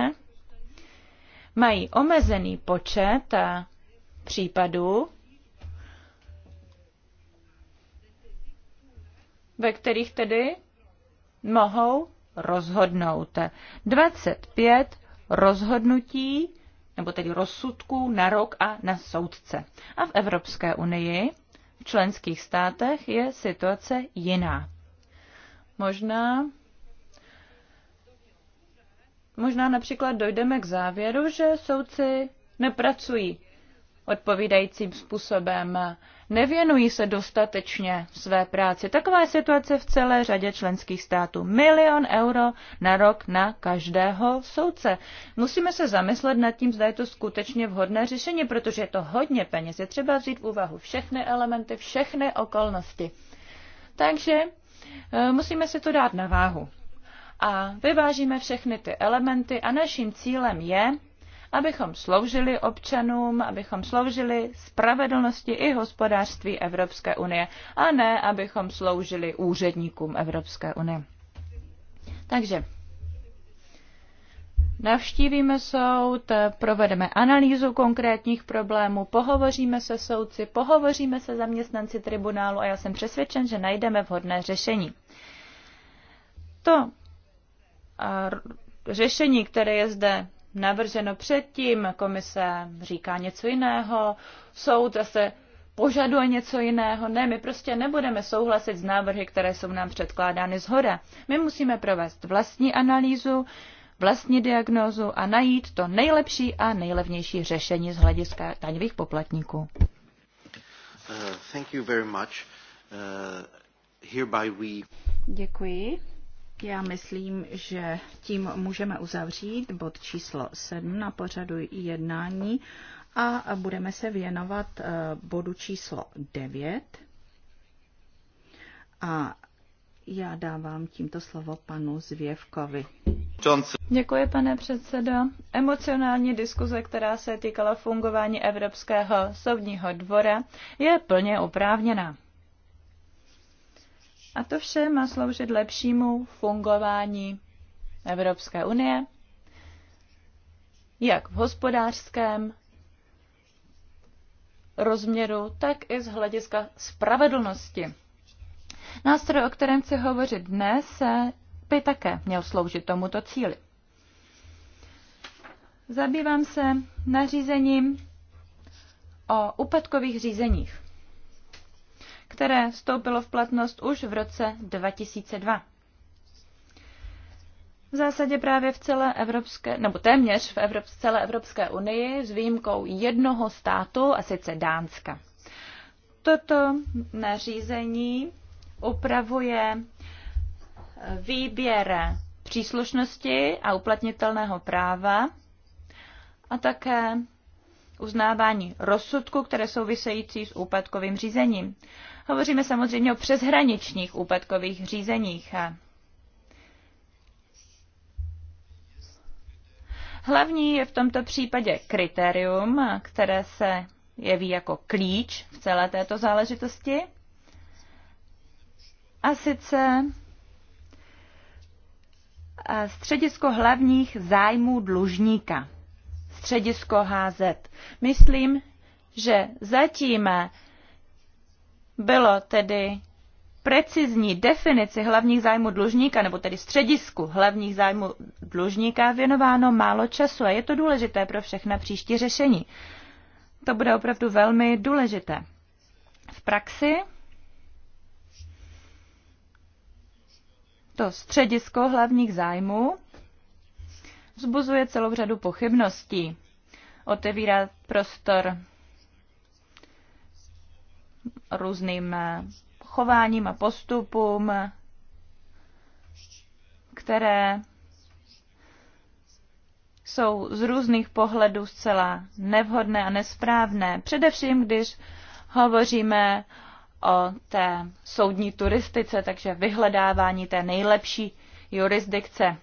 mají omezený počet eh, případů, ve kterých tedy mohou rozhodnout. 25 rozhodnutí, nebo tedy rozsudků na rok a na soudce. A v Evropské unii, v členských státech, je situace jiná. Možná Možná například dojdeme k závěru, že soudci nepracují odpovídajícím způsobem, nevěnují se dostatečně své práci. Taková je situace v celé řadě členských států. Milion euro na rok na každého soudce. Musíme se zamyslet nad tím, zda je to skutečně vhodné řešení, protože je to hodně peněz. Je třeba vzít v úvahu všechny elementy, všechny okolnosti. Takže eh, musíme si to dát na váhu. A vyvážíme všechny ty elementy a naším cílem je abychom sloužili občanům, abychom sloužili spravedlnosti i hospodářství Evropské unie, a ne abychom sloužili úředníkům Evropské unie. Takže Navštívíme soud, provedeme analýzu konkrétních problémů, pohovoříme se soudci, pohovoříme se zaměstnanci tribunálu a já jsem přesvědčen, že najdeme vhodné řešení. To řešení, které je zde navrženo předtím, komise říká něco jiného, soud zase požaduje něco jiného. Ne, my prostě nebudeme souhlasit s návrhy, které jsou nám předkládány z hora. My musíme provést vlastní analýzu, vlastní diagnózu a najít to nejlepší a nejlevnější řešení z hlediska daňových poplatníků. Uh, thank you very much. Uh, hereby we... Děkuji. Já myslím, že tím můžeme uzavřít bod číslo 7 na pořadu jednání a budeme se věnovat eh, bodu číslo 9. A já dávám tímto slovo panu Zvěvkovi. Děkuji, pane předsedo. Emocionální diskuze, která se týkala fungování Evropského soudního dvora, je plně oprávněná. A to vše má sloužit lepšímu fungování Evropské unie, jak v hospodářském rozměru, tak i z hlediska spravedlnosti. Nástroj, o kterém chci hovořit dnes, by také měl sloužit tomuto cíli. Zabývám se nařízením o úpadkových řízeních které vstoupilo v platnost už v roce 2002. V zásadě právě v celé Evropské, nebo téměř v Evrop, celé Evropské unii s výjimkou jednoho státu, a sice Dánska. Toto nařízení upravuje výběr příslušnosti a uplatnitelného práva a také uznávání rozsudku, které související s úpadkovým řízením. Hovoříme samozřejmě o přeshraničních úpadkových řízeních. Hlavní je v tomto případě kritérium, které se jeví jako klíč v celé této záležitosti. A sice středisko hlavních zájmů dlužníka. Středisko HZ. Myslím, že zatím bylo tedy precizní definici hlavních zájmů dlužníka, nebo tedy středisku hlavních zájmů dlužníka, věnováno málo času a je to důležité pro všechna příští řešení. To bude opravdu velmi důležité. V praxi to středisko hlavních zájmů vzbuzuje celou řadu pochybností. Otevírá prostor různým eh, chováním a postupům, které jsou z různých pohledů zcela nevhodné a nesprávné. Především, když hovoříme o té soudní turistice, takže vyhledávání té nejlepší jurisdikce.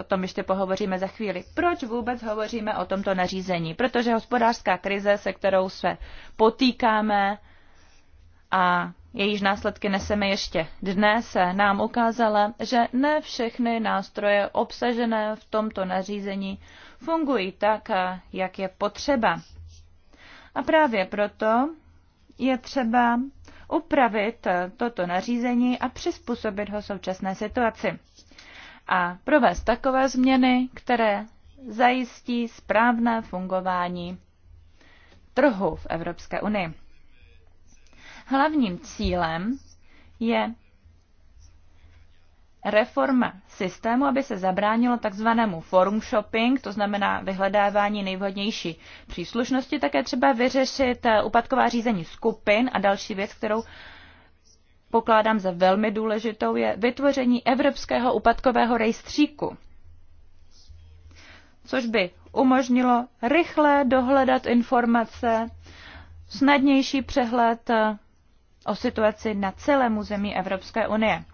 O tom ještě pohovoříme za chvíli. Proč vůbec hovoříme o tomto nařízení? Protože hospodářská krize, se kterou se potýkáme, a jejíž následky neseme ještě dnes, nám ukázala, že ne všechny nástroje obsažené v tomto nařízení fungují tak, jak je potřeba. A právě proto je třeba upravit toto nařízení a přizpůsobit ho současné situaci. A provést takové změny, které zajistí správné fungování trhu v Evropské unii. Hlavním cílem je reforma systému, aby se zabránilo takzvanému forum shopping, to znamená vyhledávání nejvhodnější příslušnosti, také třeba vyřešit upadková eh, řízení skupin a další věc, kterou pokládám za velmi důležitou, je vytvoření evropského upadkového rejstříku, což by umožnilo rychle dohledat informace, snadnější přehled eh, o situaci na celém území Evropské unie.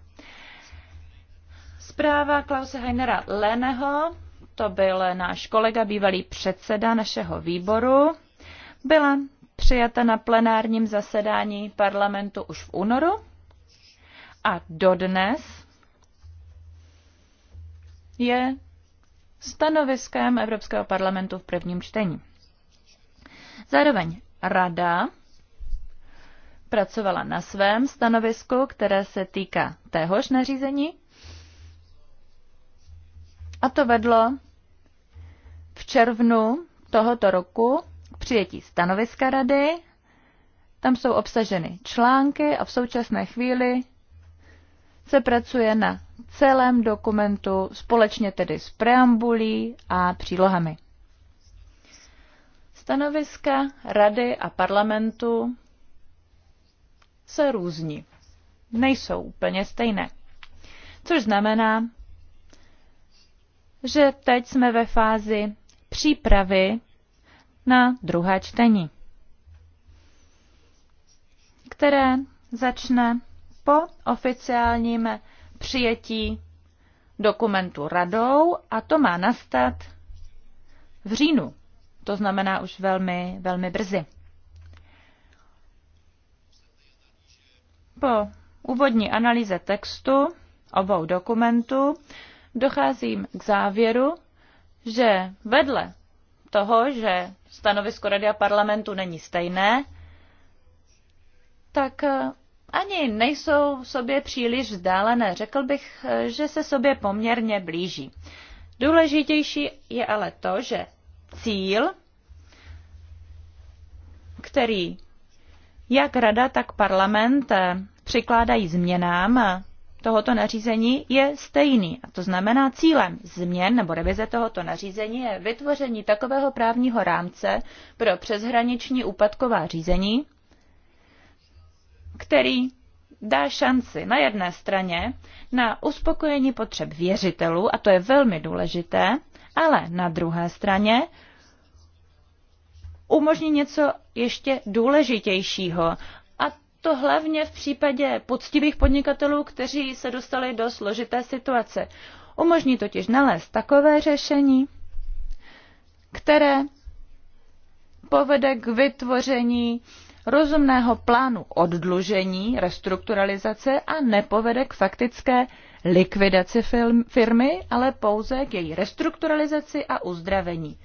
Zpráva Klause Heinera Leného, to byl náš kolega, bývalý předseda našeho výboru, byla přijata na plenárním zasedání parlamentu už v únoru a dodnes je stanoviskem Evropského parlamentu v prvním čtení. Zároveň Rada pracovala na svém stanovisku, které se týká téhož nařízení. A to vedlo v červnu tohoto roku k přijetí stanoviska rady. Tam jsou obsaženy články a v současné chvíli se pracuje na celém dokumentu společně tedy s preambulí a přílohami. Stanoviska Rady a parlamentu se různí. Nejsou úplně stejné. Což znamená, že teď jsme ve fázi přípravy na druhé čtení, které začne po oficiálním přijetí dokumentu radou a to má nastat v říjnu. To znamená už velmi, velmi brzy. Po úvodní analýze textu obou dokumentů docházím k závěru, že vedle toho, že stanovisko Rady a parlamentu není stejné, tak eh, ani nejsou sobě příliš vzdálené. Řekl bych, eh, že se sobě poměrně blíží. Důležitější je ale to, že cíl, který jak rada, tak parlament přikládají změnám tohoto nařízení je stejný. A to znamená, cílem změn nebo revize tohoto nařízení je vytvoření takového právního rámce pro přeshraniční úpadková řízení, který dá šanci na jedné straně na uspokojení potřeb věřitelů, a to je velmi důležité, ale na druhé straně umožní něco ještě důležitějšího. A to hlavně v případě poctivých podnikatelů, kteří se dostali do složité situace. Umožní totiž nalézt takové řešení, které povede k vytvoření rozumného plánu oddlužení, restrukturalizace a nepovede k faktické likvidaci firmy, ale pouze k její restrukturalizaci a uzdravení.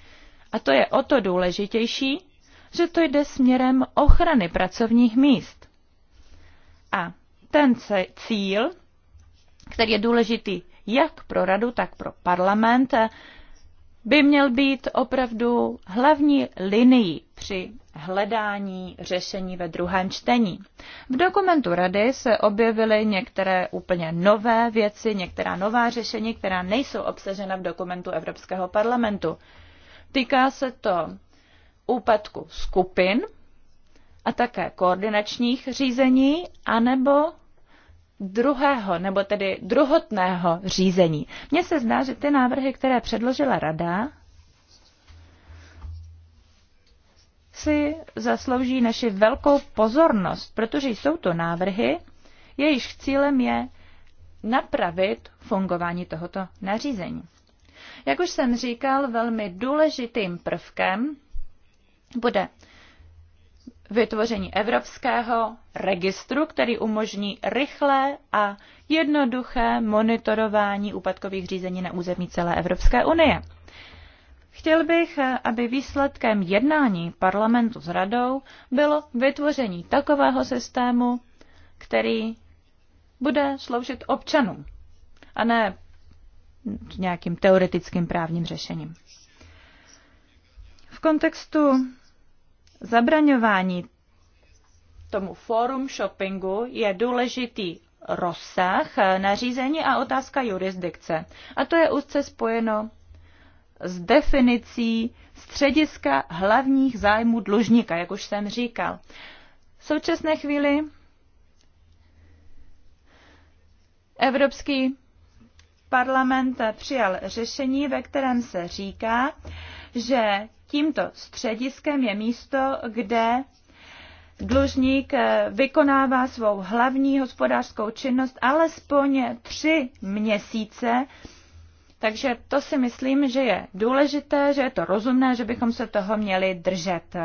A to je o to důležitější, že to jde směrem ochrany pracovních míst. A ten cíl, který je důležitý jak pro radu, tak pro parlament, by měl být opravdu hlavní linií při hledání řešení ve druhém čtení. V dokumentu rady se objevily některé úplně nové věci, některá nová řešení, která nejsou obsažena v dokumentu Evropského parlamentu. Týká se to úpadku skupin a také koordinačních řízení, anebo druhého, nebo tedy druhotného řízení. Mně se zdá, že ty návrhy, které předložila rada, si zaslouží naši velkou pozornost, protože jsou to návrhy, jejichž cílem je napravit fungování tohoto nařízení. Jak už jsem říkal, velmi důležitým prvkem bude vytvoření evropského registru, který umožní rychlé a jednoduché monitorování úpadkových řízení na území celé Evropské unie. Chtěl bych, aby výsledkem jednání parlamentu s radou bylo vytvoření takového systému, který bude sloužit občanům a ne k nějakým teoretickým právním řešením. V kontextu zabraňování tomu forum shoppingu je důležitý rozsah eh, nařízení a otázka jurisdikce. A to je úzce spojeno s definicí střediska hlavních zájmů dlužníka, jak už jsem říkal. V současné chvíli Evropský parlament přijal řešení, ve kterém se říká, že tímto střediskem je místo, kde dlužník eh, vykonává svou hlavní hospodářskou činnost alespoň tři měsíce. Takže to si myslím, že je důležité, že je to rozumné, že bychom se toho měli držet.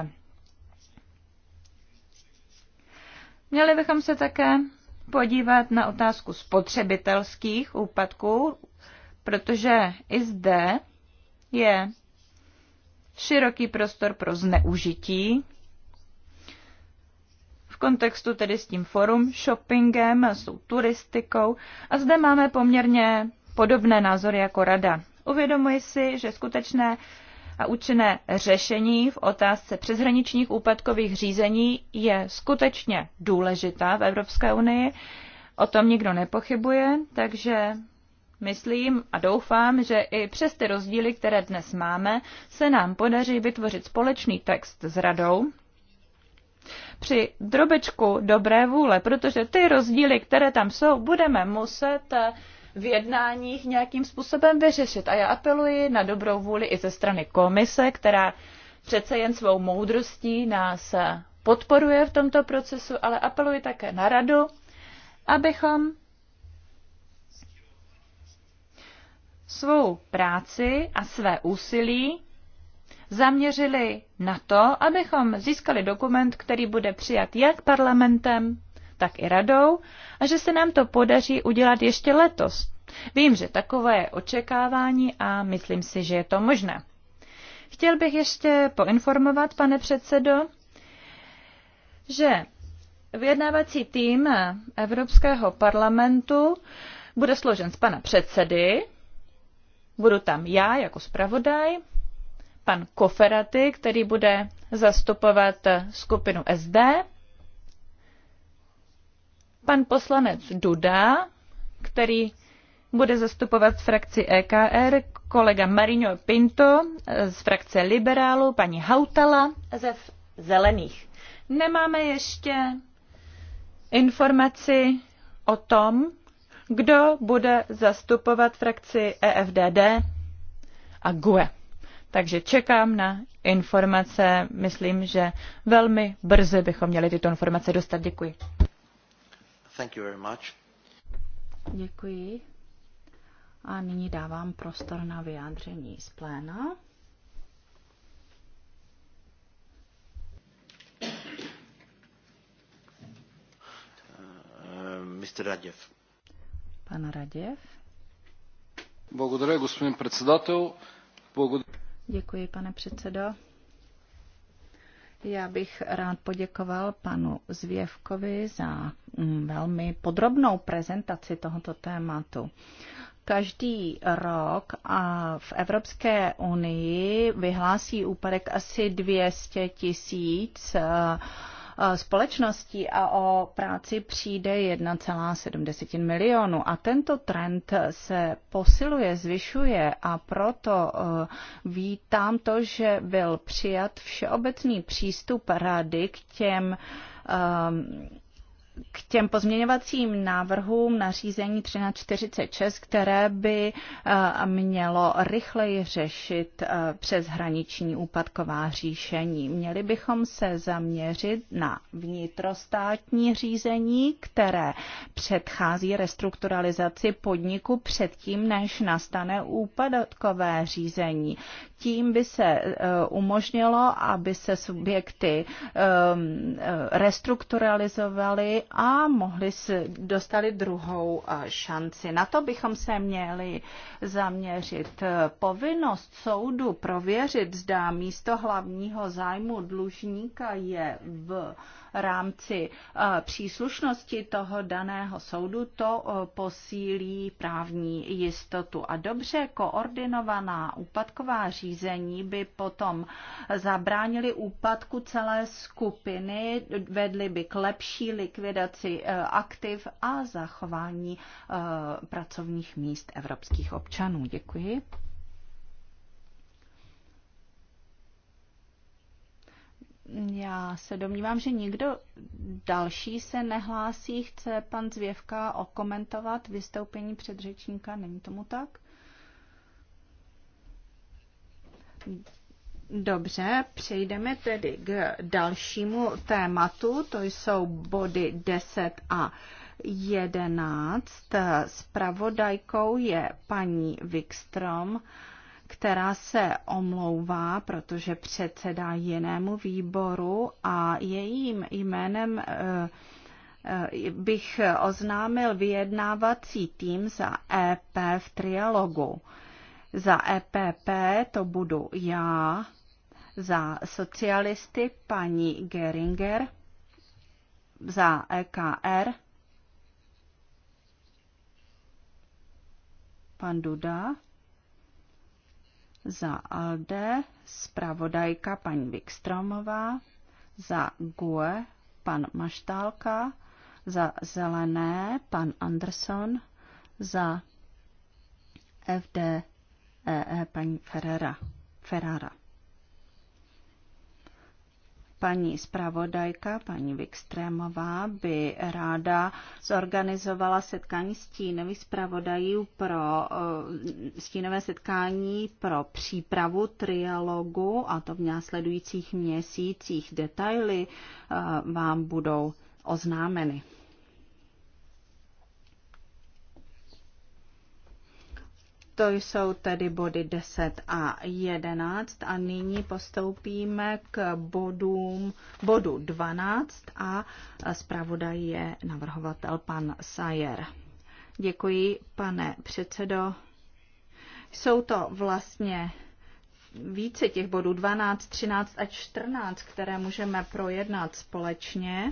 Měli bychom se také podívat na otázku spotřebitelských úpadků, protože i zde je široký prostor pro zneužití. V kontextu tedy s tím forum shoppingem, s tou turistikou. A zde máme poměrně podobné názory jako rada. Uvědomuji si, že skutečné a účinné řešení v otázce přeshraničních úpadkových řízení je skutečně důležitá v Evropské unii. O tom nikdo nepochybuje, takže myslím a doufám, že i přes ty rozdíly, které dnes máme, se nám podaří vytvořit společný text s radou, při drobečku dobré vůle, protože ty rozdíly, které tam jsou, budeme muset v jednáních nějakým způsobem vyřešit. A já apeluji na dobrou vůli i ze strany komise, která přece jen svou moudrostí nás podporuje v tomto procesu, ale apeluji také na radu, abychom svou práci a své úsilí zaměřili na to, abychom získali dokument, který bude přijat jak parlamentem, tak i radou a že se nám to podaří udělat ještě letos. Vím, že takové je očekávání a myslím si, že je to možné. Chtěl bych ještě poinformovat, pane předsedo, že vyjednávací tým Evropského parlamentu bude složen z pana předsedy, budu tam já jako zpravodaj, pan Koferaty, který bude zastupovat skupinu SD, pan poslanec Duda, který bude zastupovat frakci EKR, kolega Marino Pinto z frakce Liberálu, paní Hautala ze Zelených. Nemáme ještě informaci o tom, kdo bude zastupovat frakci EFDD a GUE. Takže čekám na informace. Myslím, že velmi brzy bychom měli tyto informace dostat. Děkuji. Thank you very much. Děkuji. A nyní dávám prostor na vyjádření z pléna. Uh, Mr. Raděv. Pan Raděv. Děkuji, pane předsedo. Já bych rád poděkoval panu Zvěvkovi za mm, velmi podrobnou prezentaci tohoto tématu. Každý rok a v Evropské unii vyhlásí úpadek asi 200 tisíc 000 eh, Eh, společností a o práci přijde 1,7 milionu. A tento trend se posiluje, zvyšuje a proto eh, vítám to, že byl přijat všeobecný přístup rady k těm um, k těm pozměňovacím návrhům nařízení 1346, které by eh, mělo rychleji řešit eh, přeshraniční úpadková říšení. Měli bychom se zaměřit na vnitrostátní řízení, které předchází restrukturalizaci podniku předtím, než nastane úpadkové řízení. Tím by se eh, umožnilo, aby se subjekty eh, eh, restrukturalizovaly a mohly dostali druhou šanci. Na to bychom se měli zaměřit. Povinnost soudu prověřit, zda místo hlavního zájmu dlužníka je v rámci eh, příslušnosti toho daného soudu, to eh, posílí právní jistotu. A dobře koordinovaná úpadková řízení by potom zabránili úpadku celé skupiny, vedly by k lepší likvidaci eh, aktiv a zachování pracovních míst evropských občanů. Děkuji. Já se domnívám, že nikdo další se nehlásí. Chce pan Zvěvka okomentovat vystoupení předřečníka? Není tomu tak? Dobře, přejdeme tedy k dalšímu tématu, to jsou body 10 a 11. Spravodajkou je paní Wikstrom která se omlouvá, protože předsedá jinému výboru a jejím jménem eh, eh, bych oznámil vyjednávací tým za EP v trialogu. Za EPP to budu já, za socialisty paní Geringer, za EKR pan Duda, za ALDE, zpravodajka paní Vikstromová, za GUE pan Maštálka, za Zelené pan Anderson, za FDE e paní Ferrera. Ferrara. Paní zpravodajka, paní Vikstrémová, by ráda zorganizovala setkání stínových zpravodajů pro eh, stínové setkání pro přípravu trialogu a to v následujících měsících. Detaily eh, vám budou oznámeny. To jsou tedy body 10 a 11 a nyní postoupíme k bodům, bodu 12 a zpravodaj je navrhovatel pan Sajer. Děkuji, pane předsedo. Jsou to vlastně více těch bodů 12, 13 a 14, které můžeme projednat společně.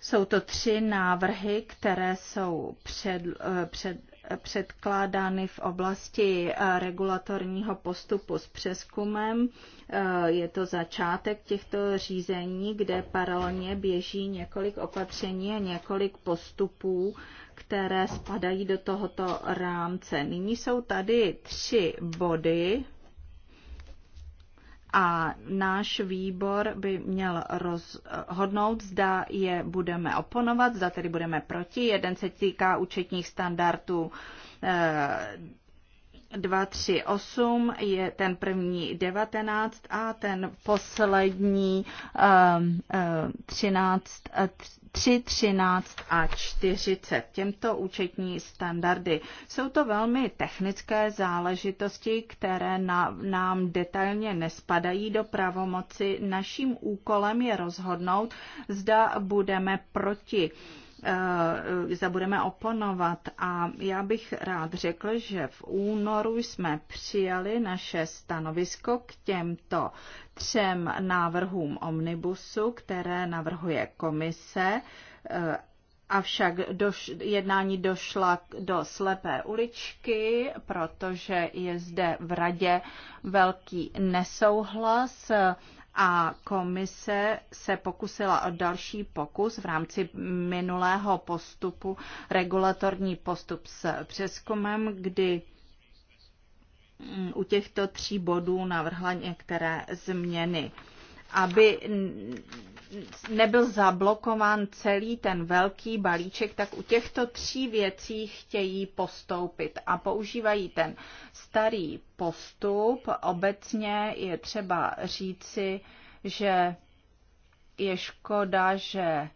Jsou to tři návrhy, které jsou před, eh, před, předkládány v oblasti eh, regulatorního postupu s přeskumem. Eh, je to začátek těchto řízení, kde paralelně běží několik opatření a několik postupů, které spadají do tohoto rámce. Nyní jsou tady tři body a náš výbor by měl rozhodnout, zda je budeme oponovat, zda tedy budeme proti. Jeden se týká účetních standardů eh, 238 je ten první 19 a ten poslední um, uh, 13, uh, 3, 13 a 40. Těmto účetní standardy. Jsou to velmi technické záležitosti, které na, nám detailně nespadají do pravomoci. Naším úkolem je rozhodnout, zda budeme proti uh, Eh, zda budeme oponovat. A já bych rád řekl, že v únoru jsme přijali naše stanovisko k těmto třem návrhům omnibusu, které navrhuje komise. Eh, avšak doš, jednání došla do slepé uličky, protože je zde v radě velký nesouhlas a komise se pokusila o další pokus v rámci minulého postupu, regulatorní postup s přeskumem, kdy mm, u těchto tří bodů navrhla některé změny aby nebyl zablokován celý ten velký balíček, tak u těchto tří věcí chtějí postoupit a používají ten starý postup. Obecně je třeba říci, že je škoda, že e,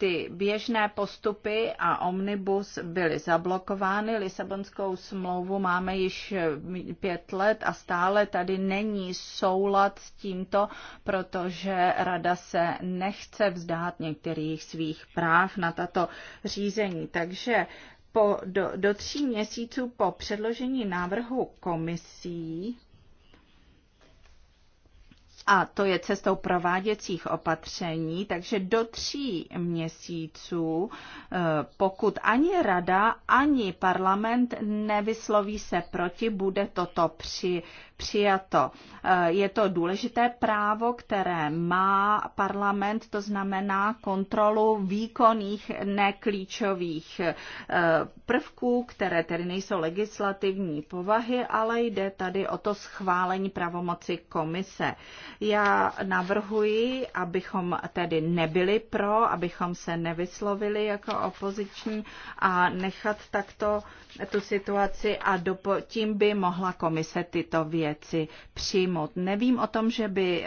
ty běžné postupy a omnibus byly zablokovány. Lisabonskou smlouvu máme již mm, pět let a stále tady není soulad s tímto, protože rada se nechce vzdát některých svých práv na tato řízení. Takže po, do, do tří měsíců po předložení návrhu komisí a to je cestou prováděcích opatření, takže do tří měsíců, eh, pokud ani rada, ani parlament nevysloví se proti, bude toto při přijato. Eh, je to důležité právo, které má parlament, to znamená kontrolu výkonných neklíčových eh, prvků, které tedy nejsou legislativní povahy, ale jde tady o to schválení pravomoci komise. Já navrhuji, abychom tedy nebyli pro, abychom se nevyslovili jako opoziční a nechat takto tu situaci a dopo, tím by mohla komise tyto věci věci přijmout. Nevím o tom, že by eh,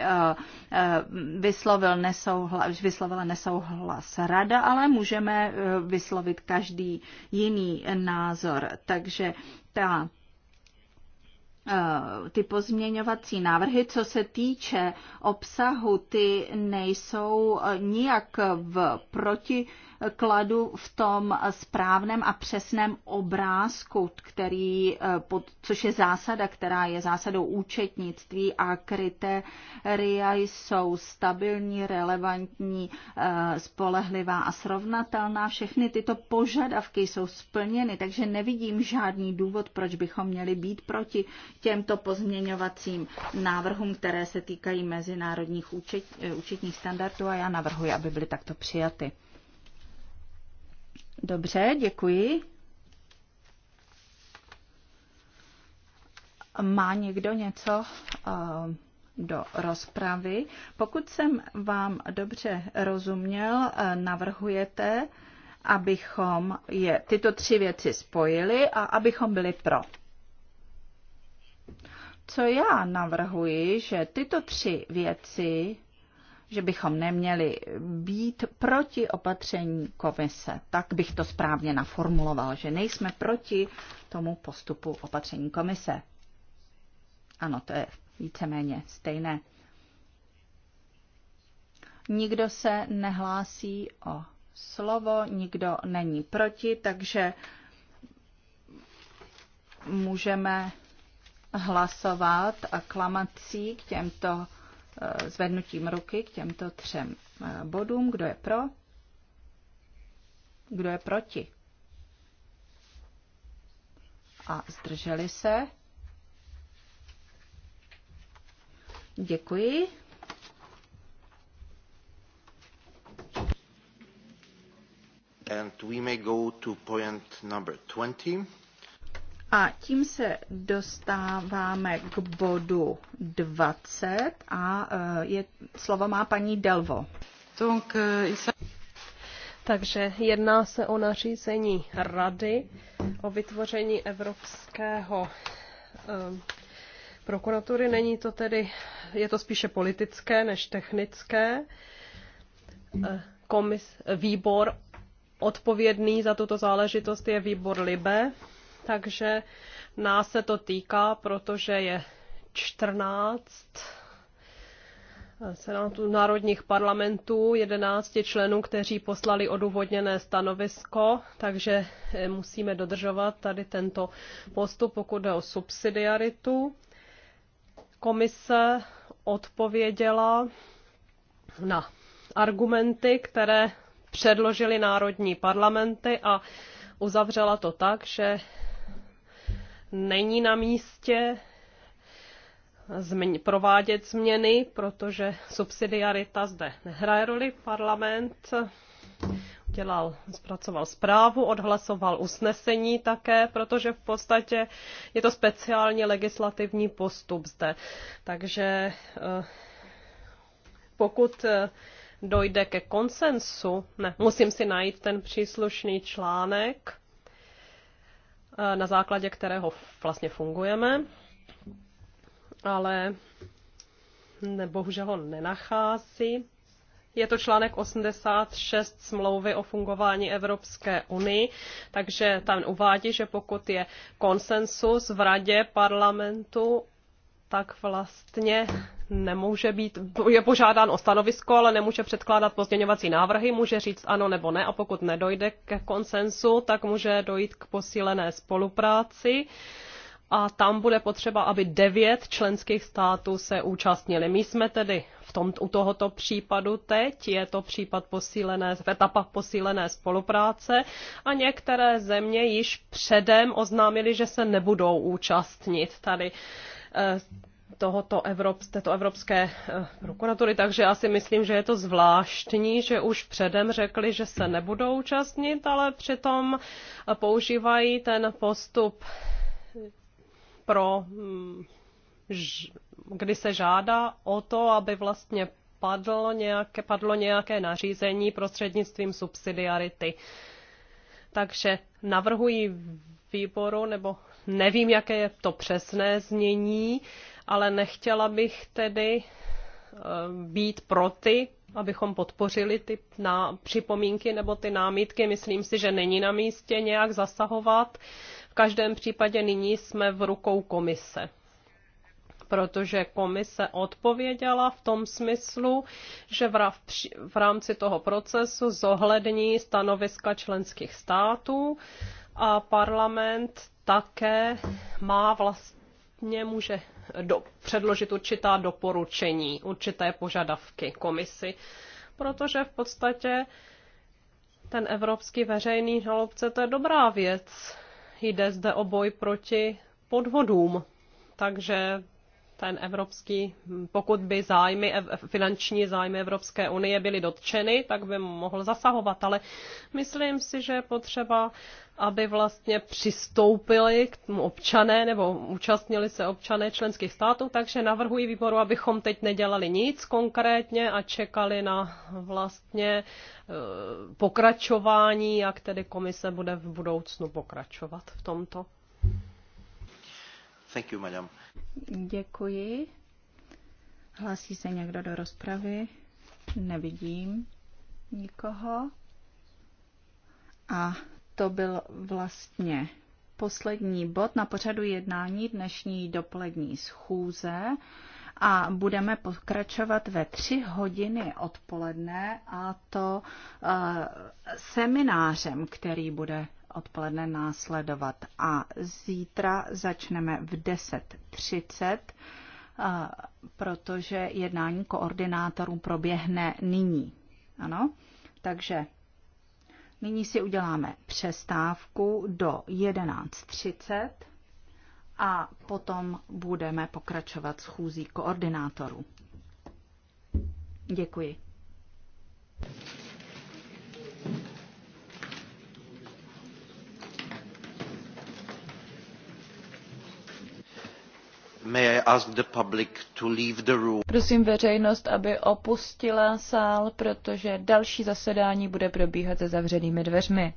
eh, vyslovil nesouhlas, vyslovila nesouhlas rada, ale můžeme eh, vyslovit každý jiný názor. Takže ta ty pozměňovací návrhy, co se týče obsahu, ty nejsou nijak v proti kladu v tom správném a přesném obrázku, který, eh, pod, což je zásada, která je zásadou účetnictví a kritéria jsou stabilní, relevantní, eh, spolehlivá a srovnatelná. Všechny tyto požadavky jsou splněny, takže nevidím žádný důvod, proč bychom měli být proti těmto pozměňovacím návrhům, které se týkají mezinárodních účet, eh, účetních standardů a já navrhuji, aby byly takto přijaty. Dobře, děkuji. Má někdo něco eh, do rozpravy? Pokud jsem vám dobře rozuměl, eh, navrhujete, abychom je tyto tři věci spojili a abychom byli pro. Co já navrhuji, že tyto tři věci že bychom neměli být proti opatření komise. Tak bych to správně naformuloval, že nejsme proti tomu postupu opatření komise. Ano, to je víceméně stejné. Nikdo se nehlásí o slovo, nikdo není proti, takže můžeme hlasovat aklamací k těmto Eh, zvednutím ruky k těmto třem eh, bodům. Kdo je pro? Kdo je proti? A zdrželi se? Děkuji. And we may go to point number 20. A tím se dostáváme k bodu 20 a eh, je, slovo má paní Delvo. Eh, Takže jedná se o nařízení Rady o vytvoření Evropského eh, prokuratury. Není to tedy, je to spíše politické než technické. Komis, výbor odpovědný za tuto záležitost je výbor Libe takže nás se to týká, protože je 14 eh, senátů národních parlamentů, 11 členů, kteří poslali odůvodněné stanovisko, takže eh, musíme dodržovat tady tento postup, pokud jde o subsidiaritu. Komise odpověděla na argumenty, které předložili národní parlamenty a uzavřela to tak, že není na místě změn, provádět změny, protože subsidiarita zde nehraje roli. Parlament dělal, zpracoval zprávu, odhlasoval usnesení také, protože v podstatě je to speciální legislativní postup zde. Takže eh, pokud eh, dojde ke konsensu, ne, musím si najít ten příslušný článek, Eh, na základě kterého vlastně fungujeme, ale ne, bohužel ho nenachází. Je to článek 86 smlouvy o fungování Evropské unii, takže tam uvádí, že pokud je konsensus v radě parlamentu tak vlastně nemůže být, je požádán o stanovisko, ale nemůže předkládat pozměňovací návrhy, může říct ano nebo ne a pokud nedojde k konsensu, tak může dojít k posílené spolupráci a tam bude potřeba, aby devět členských států se účastnili. My jsme tedy v tom, u tohoto případu teď, je to případ posílené, v etapa posílené spolupráce a některé země již předem oznámili, že se nebudou účastnit tady Eh, tohoto Evrop, této evropské eh, prokuratury, takže já si myslím, že je to zvláštní, že už předem řekli, že se nebudou účastnit, ale přitom eh, používají ten postup pro, mm, kdy se žádá o to, aby vlastně padlo nějaké, padlo nějaké nařízení prostřednictvím subsidiarity. Takže navrhují výboru nebo Nevím, jaké je to přesné znění, ale nechtěla bych tedy eh, být pro ty, abychom podpořili ty na připomínky nebo ty námitky. Myslím si, že není na místě nějak zasahovat. V každém případě nyní jsme v rukou komise protože komise odpověděla v tom smyslu, že v rámci toho procesu zohlední stanoviska členských států a parlament také má vlastně může do, předložit určitá doporučení, určité požadavky komisi, protože v podstatě ten evropský veřejný žalobce to je dobrá věc. Jde zde o boj proti podvodům, takže ten evropský, pokud by zájmy, finanční zájmy Evropské unie byly dotčeny, tak by mohl zasahovat. Ale myslím si, že je potřeba aby vlastně přistoupili k tomu občané nebo účastnili se občané členských států, takže navrhuji výboru, abychom teď nedělali nic konkrétně a čekali na vlastně e, pokračování, jak tedy komise bude v budoucnu pokračovat v tomto. Thank you, madam. Děkuji. Hlásí se někdo do rozpravy? Nevidím nikoho. A to byl vlastně poslední bod na pořadu jednání dnešní dopolední schůze a budeme pokračovat ve tři hodiny odpoledne a to uh, seminářem, který bude odpoledne následovat. A zítra začneme v 10.30 eh, protože jednání koordinátorů proběhne nyní. Ano? Takže Nyní si uděláme přestávku do 11.30 a potom budeme pokračovat schůzí koordinátorů. Děkuji. May I ask the public to leave the room? Prosím veřejnost, aby opustila sál, protože další zasedání bude probíhat se zavřenými dveřmi.